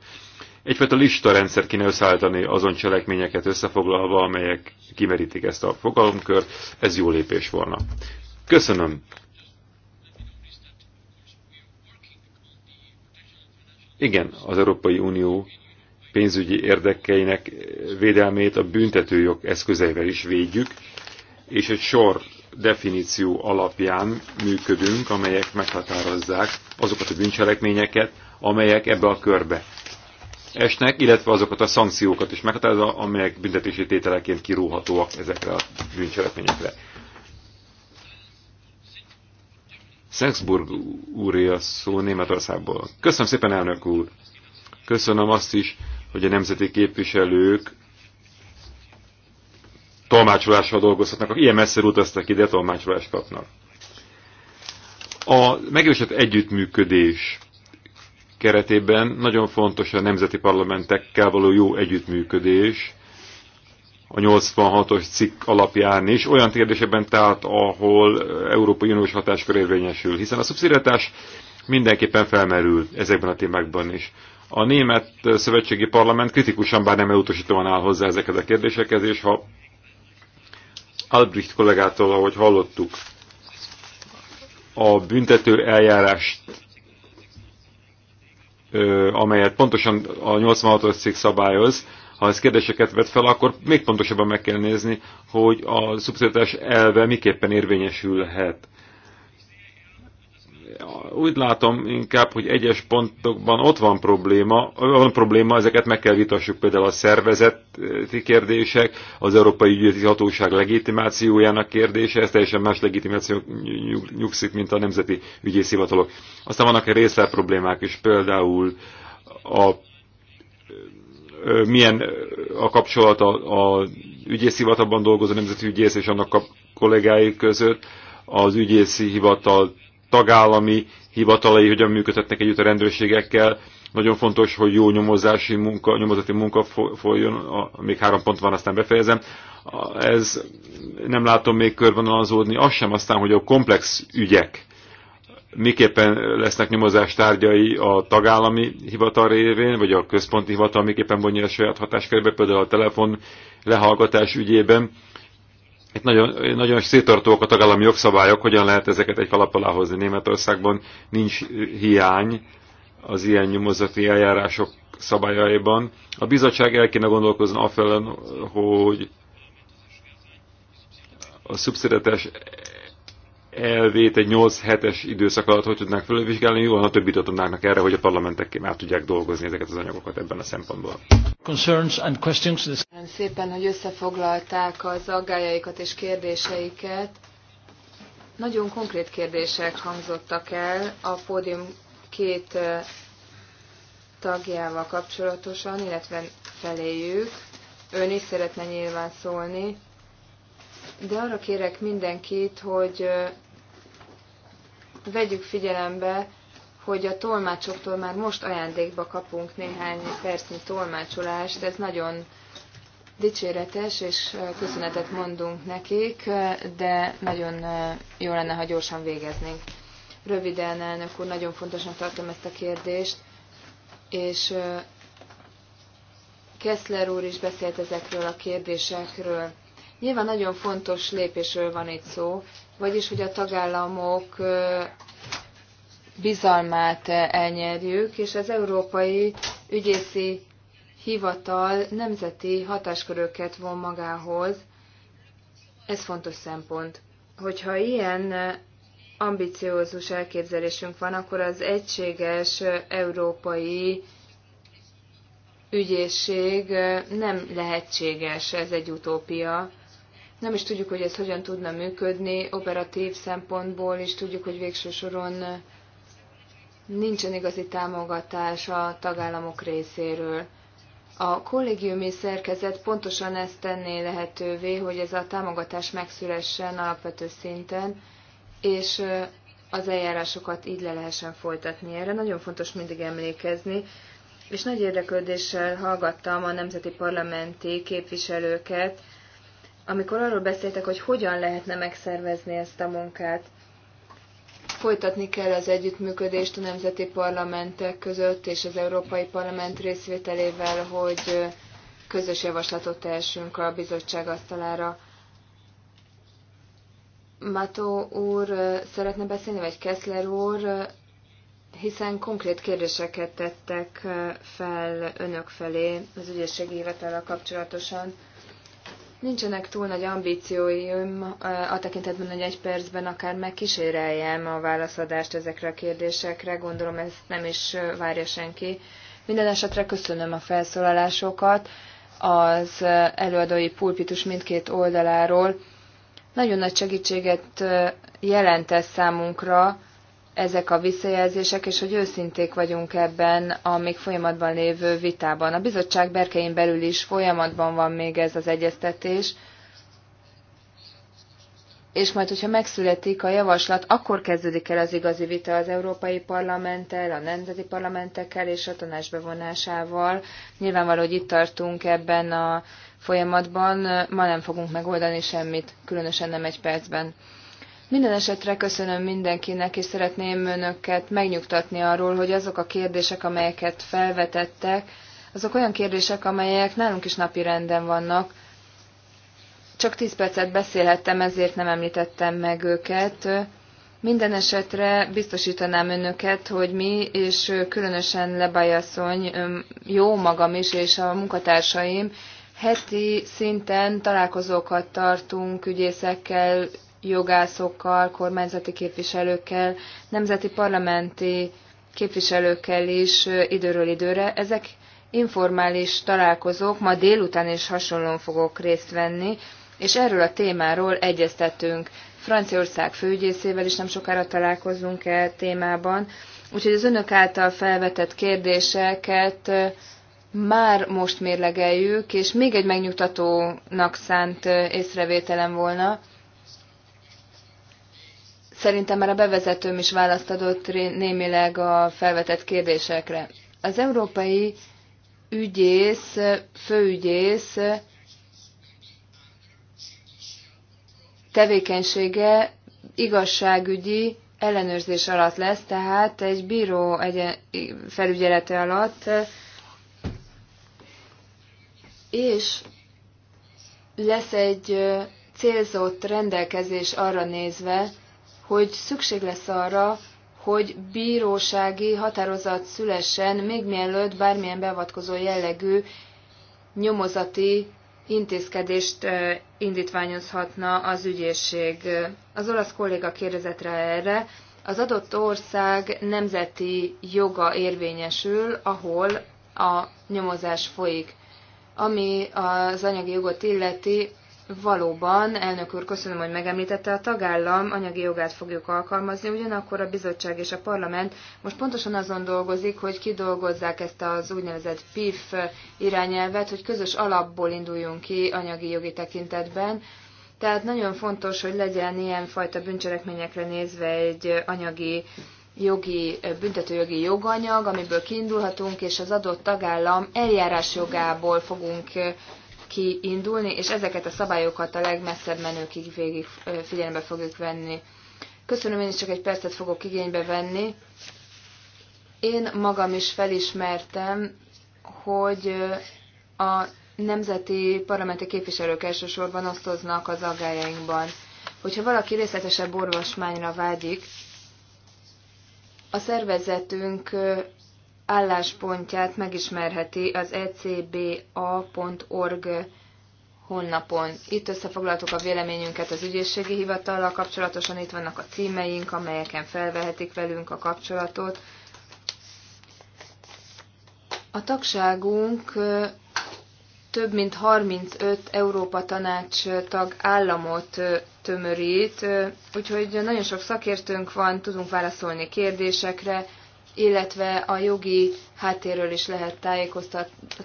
Egyfajta rendszer kéne összeállítani azon cselekményeket összefoglalva, amelyek kimerítik ezt a fogalomkört. Ez jó lépés volna. Köszönöm. Igen, az Európai Unió pénzügyi érdekeinek védelmét a büntetőjog eszközeivel is védjük, és egy sor definíció alapján működünk, amelyek meghatározzák azokat a bűncselekményeket, amelyek ebbe a körbe esnek, illetve azokat a szankciókat is meghatározza, amelyek büntetési tételeként kirúhatóak ezekre a bűncselekményekre. Szexburg úr a szó Németországból. Köszönöm szépen, elnök úr! Köszönöm azt is, hogy a nemzeti képviselők tolmácsolással dolgozhatnak, akik ilyen messze utaztak ide, tolmácsolást kapnak. A megerősített együttműködés keretében nagyon fontos a nemzeti parlamentekkel való jó együttműködés, a 86-os cikk alapján is, olyan kérdésekben tehát, ahol Európai Uniós hatáskör érvényesül, hiszen a szubszidiatás mindenképpen felmerül ezekben a témákban is. A német szövetségi parlament kritikusan, bár nem elutasítóan áll hozzá ezekhez a kérdésekhez, és ha Albrecht kollégától, ahogy hallottuk, a büntető eljárást, amelyet pontosan a 86-os cég szabályoz, ha ez kérdéseket vet fel, akkor még pontosabban meg kell nézni, hogy a szubszidatás elve miképpen érvényesülhet úgy látom inkább, hogy egyes pontokban ott van probléma, van probléma, ezeket meg kell vitassuk, például a szervezeti kérdések, az Európai Ügyvédi Hatóság legitimációjának kérdése, ez teljesen más legitimáció nyugszik, mint a nemzeti ügyész hivatalok. Aztán vannak részlet problémák is, például a milyen a kapcsolat a, a ügyészi hivatalban dolgozó nemzeti ügyész és annak a kollégái között, az ügyészi hivatal tagállami hivatalai hogyan működhetnek együtt a rendőrségekkel. Nagyon fontos, hogy jó nyomozási munka, nyomozati munka folyjon, a, még három pont van, aztán befejezem. Ez nem látom még körvonalazódni, az sem aztán, hogy a komplex ügyek miképpen lesznek nyomozás tárgyai a tagállami hivatal révén, vagy a központi hivatal miképpen vonja a saját hatáskörbe, például a telefon lehallgatás ügyében itt nagyon, nagyon szétartóak a tagállami jogszabályok, hogyan lehet ezeket egy kalap alá hozni. Németországban nincs hiány az ilyen nyomozati eljárások szabályaiban. A bizottság el kéne gondolkozni afelen, hogy a szubszidetes elvét egy 8-7-es időszak alatt hogy tudnák fölvizsgálni, jó, ha időt adnának erre, hogy a parlamentek már tudják dolgozni ezeket az anyagokat ebben a szempontból. Concerns and questions. Köszönöm szépen, hogy összefoglalták az aggájaikat és kérdéseiket. Nagyon konkrét kérdések hangzottak el a pódium két tagjával kapcsolatosan, illetve feléjük. Ön is szeretne nyilván szólni, de arra kérek mindenkit, hogy vegyük figyelembe, hogy a tolmácsoktól már most ajándékba kapunk néhány percnyi tolmácsolást, ez nagyon dicséretes, és köszönetet mondunk nekik, de nagyon jó lenne, ha gyorsan végeznénk. Röviden, elnök úr, nagyon fontosan tartom ezt a kérdést, és Kessler úr is beszélt ezekről a kérdésekről. Nyilván nagyon fontos lépésről van itt szó, vagyis hogy a tagállamok bizalmát elnyerjük, és az Európai Ügyészi Hivatal nemzeti hatásköröket von magához. Ez fontos szempont. Hogyha ilyen ambiciózus elképzelésünk van, akkor az egységes európai ügyészség nem lehetséges, ez egy utópia. Nem is tudjuk, hogy ez hogyan tudna működni, operatív szempontból és tudjuk, hogy végső soron nincsen igazi támogatás a tagállamok részéről. A kollégiumi szerkezet pontosan ezt tenné lehetővé, hogy ez a támogatás megszülessen alapvető szinten, és az eljárásokat így le lehessen folytatni. Erre nagyon fontos mindig emlékezni, és nagy érdeklődéssel hallgattam a nemzeti parlamenti képviselőket, amikor arról beszéltek, hogy hogyan lehetne megszervezni ezt a munkát. Folytatni kell az együttműködést a nemzeti parlamentek között és az Európai Parlament részvételével, hogy közös javaslatot tehessünk a bizottság asztalára. Mató úr szeretne beszélni, vagy Kessler úr, hiszen konkrét kérdéseket tettek fel önök felé az ügyészségi kapcsolatosan. Nincsenek túl nagy ambícióim eh, a tekintetben, hogy egy percben akár megkíséreljem a válaszadást ezekre a kérdésekre. Gondolom ezt nem is eh, várja senki. Minden esetre köszönöm a felszólalásokat az eh, előadói pulpitus mindkét oldaláról. Nagyon nagy segítséget jelent ez számunkra, ezek a visszajelzések, és hogy őszinték vagyunk ebben a még folyamatban lévő vitában. A bizottság berkein belül is folyamatban van még ez az egyeztetés, és majd, hogyha megszületik a javaslat, akkor kezdődik el az igazi vita az Európai Parlamenttel, a nemzeti parlamentekkel és a tanács bevonásával. Nyilvánvaló, hogy itt tartunk ebben a folyamatban, ma nem fogunk megoldani semmit, különösen nem egy percben. Minden esetre köszönöm mindenkinek, és szeretném önöket megnyugtatni arról, hogy azok a kérdések, amelyeket felvetettek, azok olyan kérdések, amelyek nálunk is napi renden vannak. Csak 10 percet beszélhettem, ezért nem említettem meg őket. Minden esetre biztosítanám önöket, hogy mi, és különösen Lebajasszony, jó magam is, és a munkatársaim, heti szinten találkozókat tartunk ügyészekkel, jogászokkal, kormányzati képviselőkkel, nemzeti parlamenti képviselőkkel is időről időre. Ezek informális találkozók, ma délután is hasonlóan fogok részt venni, és erről a témáról egyeztetünk. Franciaország főügyészével is nem sokára találkozunk e témában, úgyhogy az önök által felvetett kérdéseket már most mérlegeljük, és még egy megnyugtatónak szánt észrevételem volna, Szerintem már a bevezetőm is választ adott némileg a felvetett kérdésekre. Az európai ügyész, főügyész tevékenysége igazságügyi ellenőrzés alatt lesz, tehát egy bíró egy felügyelete alatt, és lesz egy célzott rendelkezés arra nézve, hogy szükség lesz arra, hogy bírósági határozat szülessen, még mielőtt bármilyen beavatkozó jellegű nyomozati intézkedést indítványozhatna az ügyészség. Az olasz kolléga kérdezett rá erre. Az adott ország nemzeti joga érvényesül, ahol a nyomozás folyik. Ami az anyagi jogot illeti, Valóban, elnök úr, köszönöm, hogy megemlítette, a tagállam anyagi jogát fogjuk alkalmazni, ugyanakkor a bizottság és a parlament most pontosan azon dolgozik, hogy kidolgozzák ezt az úgynevezett PIF irányelvet, hogy közös alapból induljunk ki anyagi jogi tekintetben. Tehát nagyon fontos, hogy legyen fajta bűncselekményekre nézve egy anyagi jogi, büntetőjogi joganyag, amiből kiindulhatunk, és az adott tagállam eljárás jogából fogunk kiindulni, és ezeket a szabályokat a legmesszebb menőkig végig figyelembe fogjuk venni. Köszönöm, én is csak egy percet fogok igénybe venni. Én magam is felismertem, hogy a nemzeti parlamenti képviselők elsősorban osztoznak az aggájainkban. Hogyha valaki részletesebb orvosmányra vágyik, a szervezetünk álláspontját megismerheti az ecba.org honlapon. Itt összefoglaltuk a véleményünket az ügyészségi hivatallal kapcsolatosan, itt vannak a címeink, amelyeken felvehetik velünk a kapcsolatot. A tagságunk több mint 35 Európa Tanács tag államot tömörít, úgyhogy nagyon sok szakértőnk van, tudunk válaszolni kérdésekre, illetve a jogi háttérről is lehet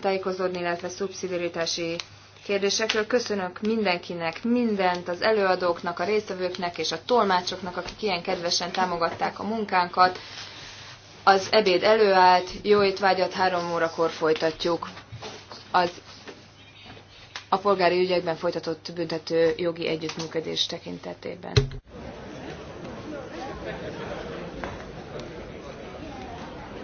tájékozódni, illetve szubszidiaritási kérdésekről. Köszönök mindenkinek, mindent, az előadóknak, a résztvevőknek és a tolmácsoknak, akik ilyen kedvesen támogatták a munkánkat. Az ebéd előállt, jó étvágyat három órakor folytatjuk. Az a polgári ügyekben folytatott büntető jogi együttműködés tekintetében.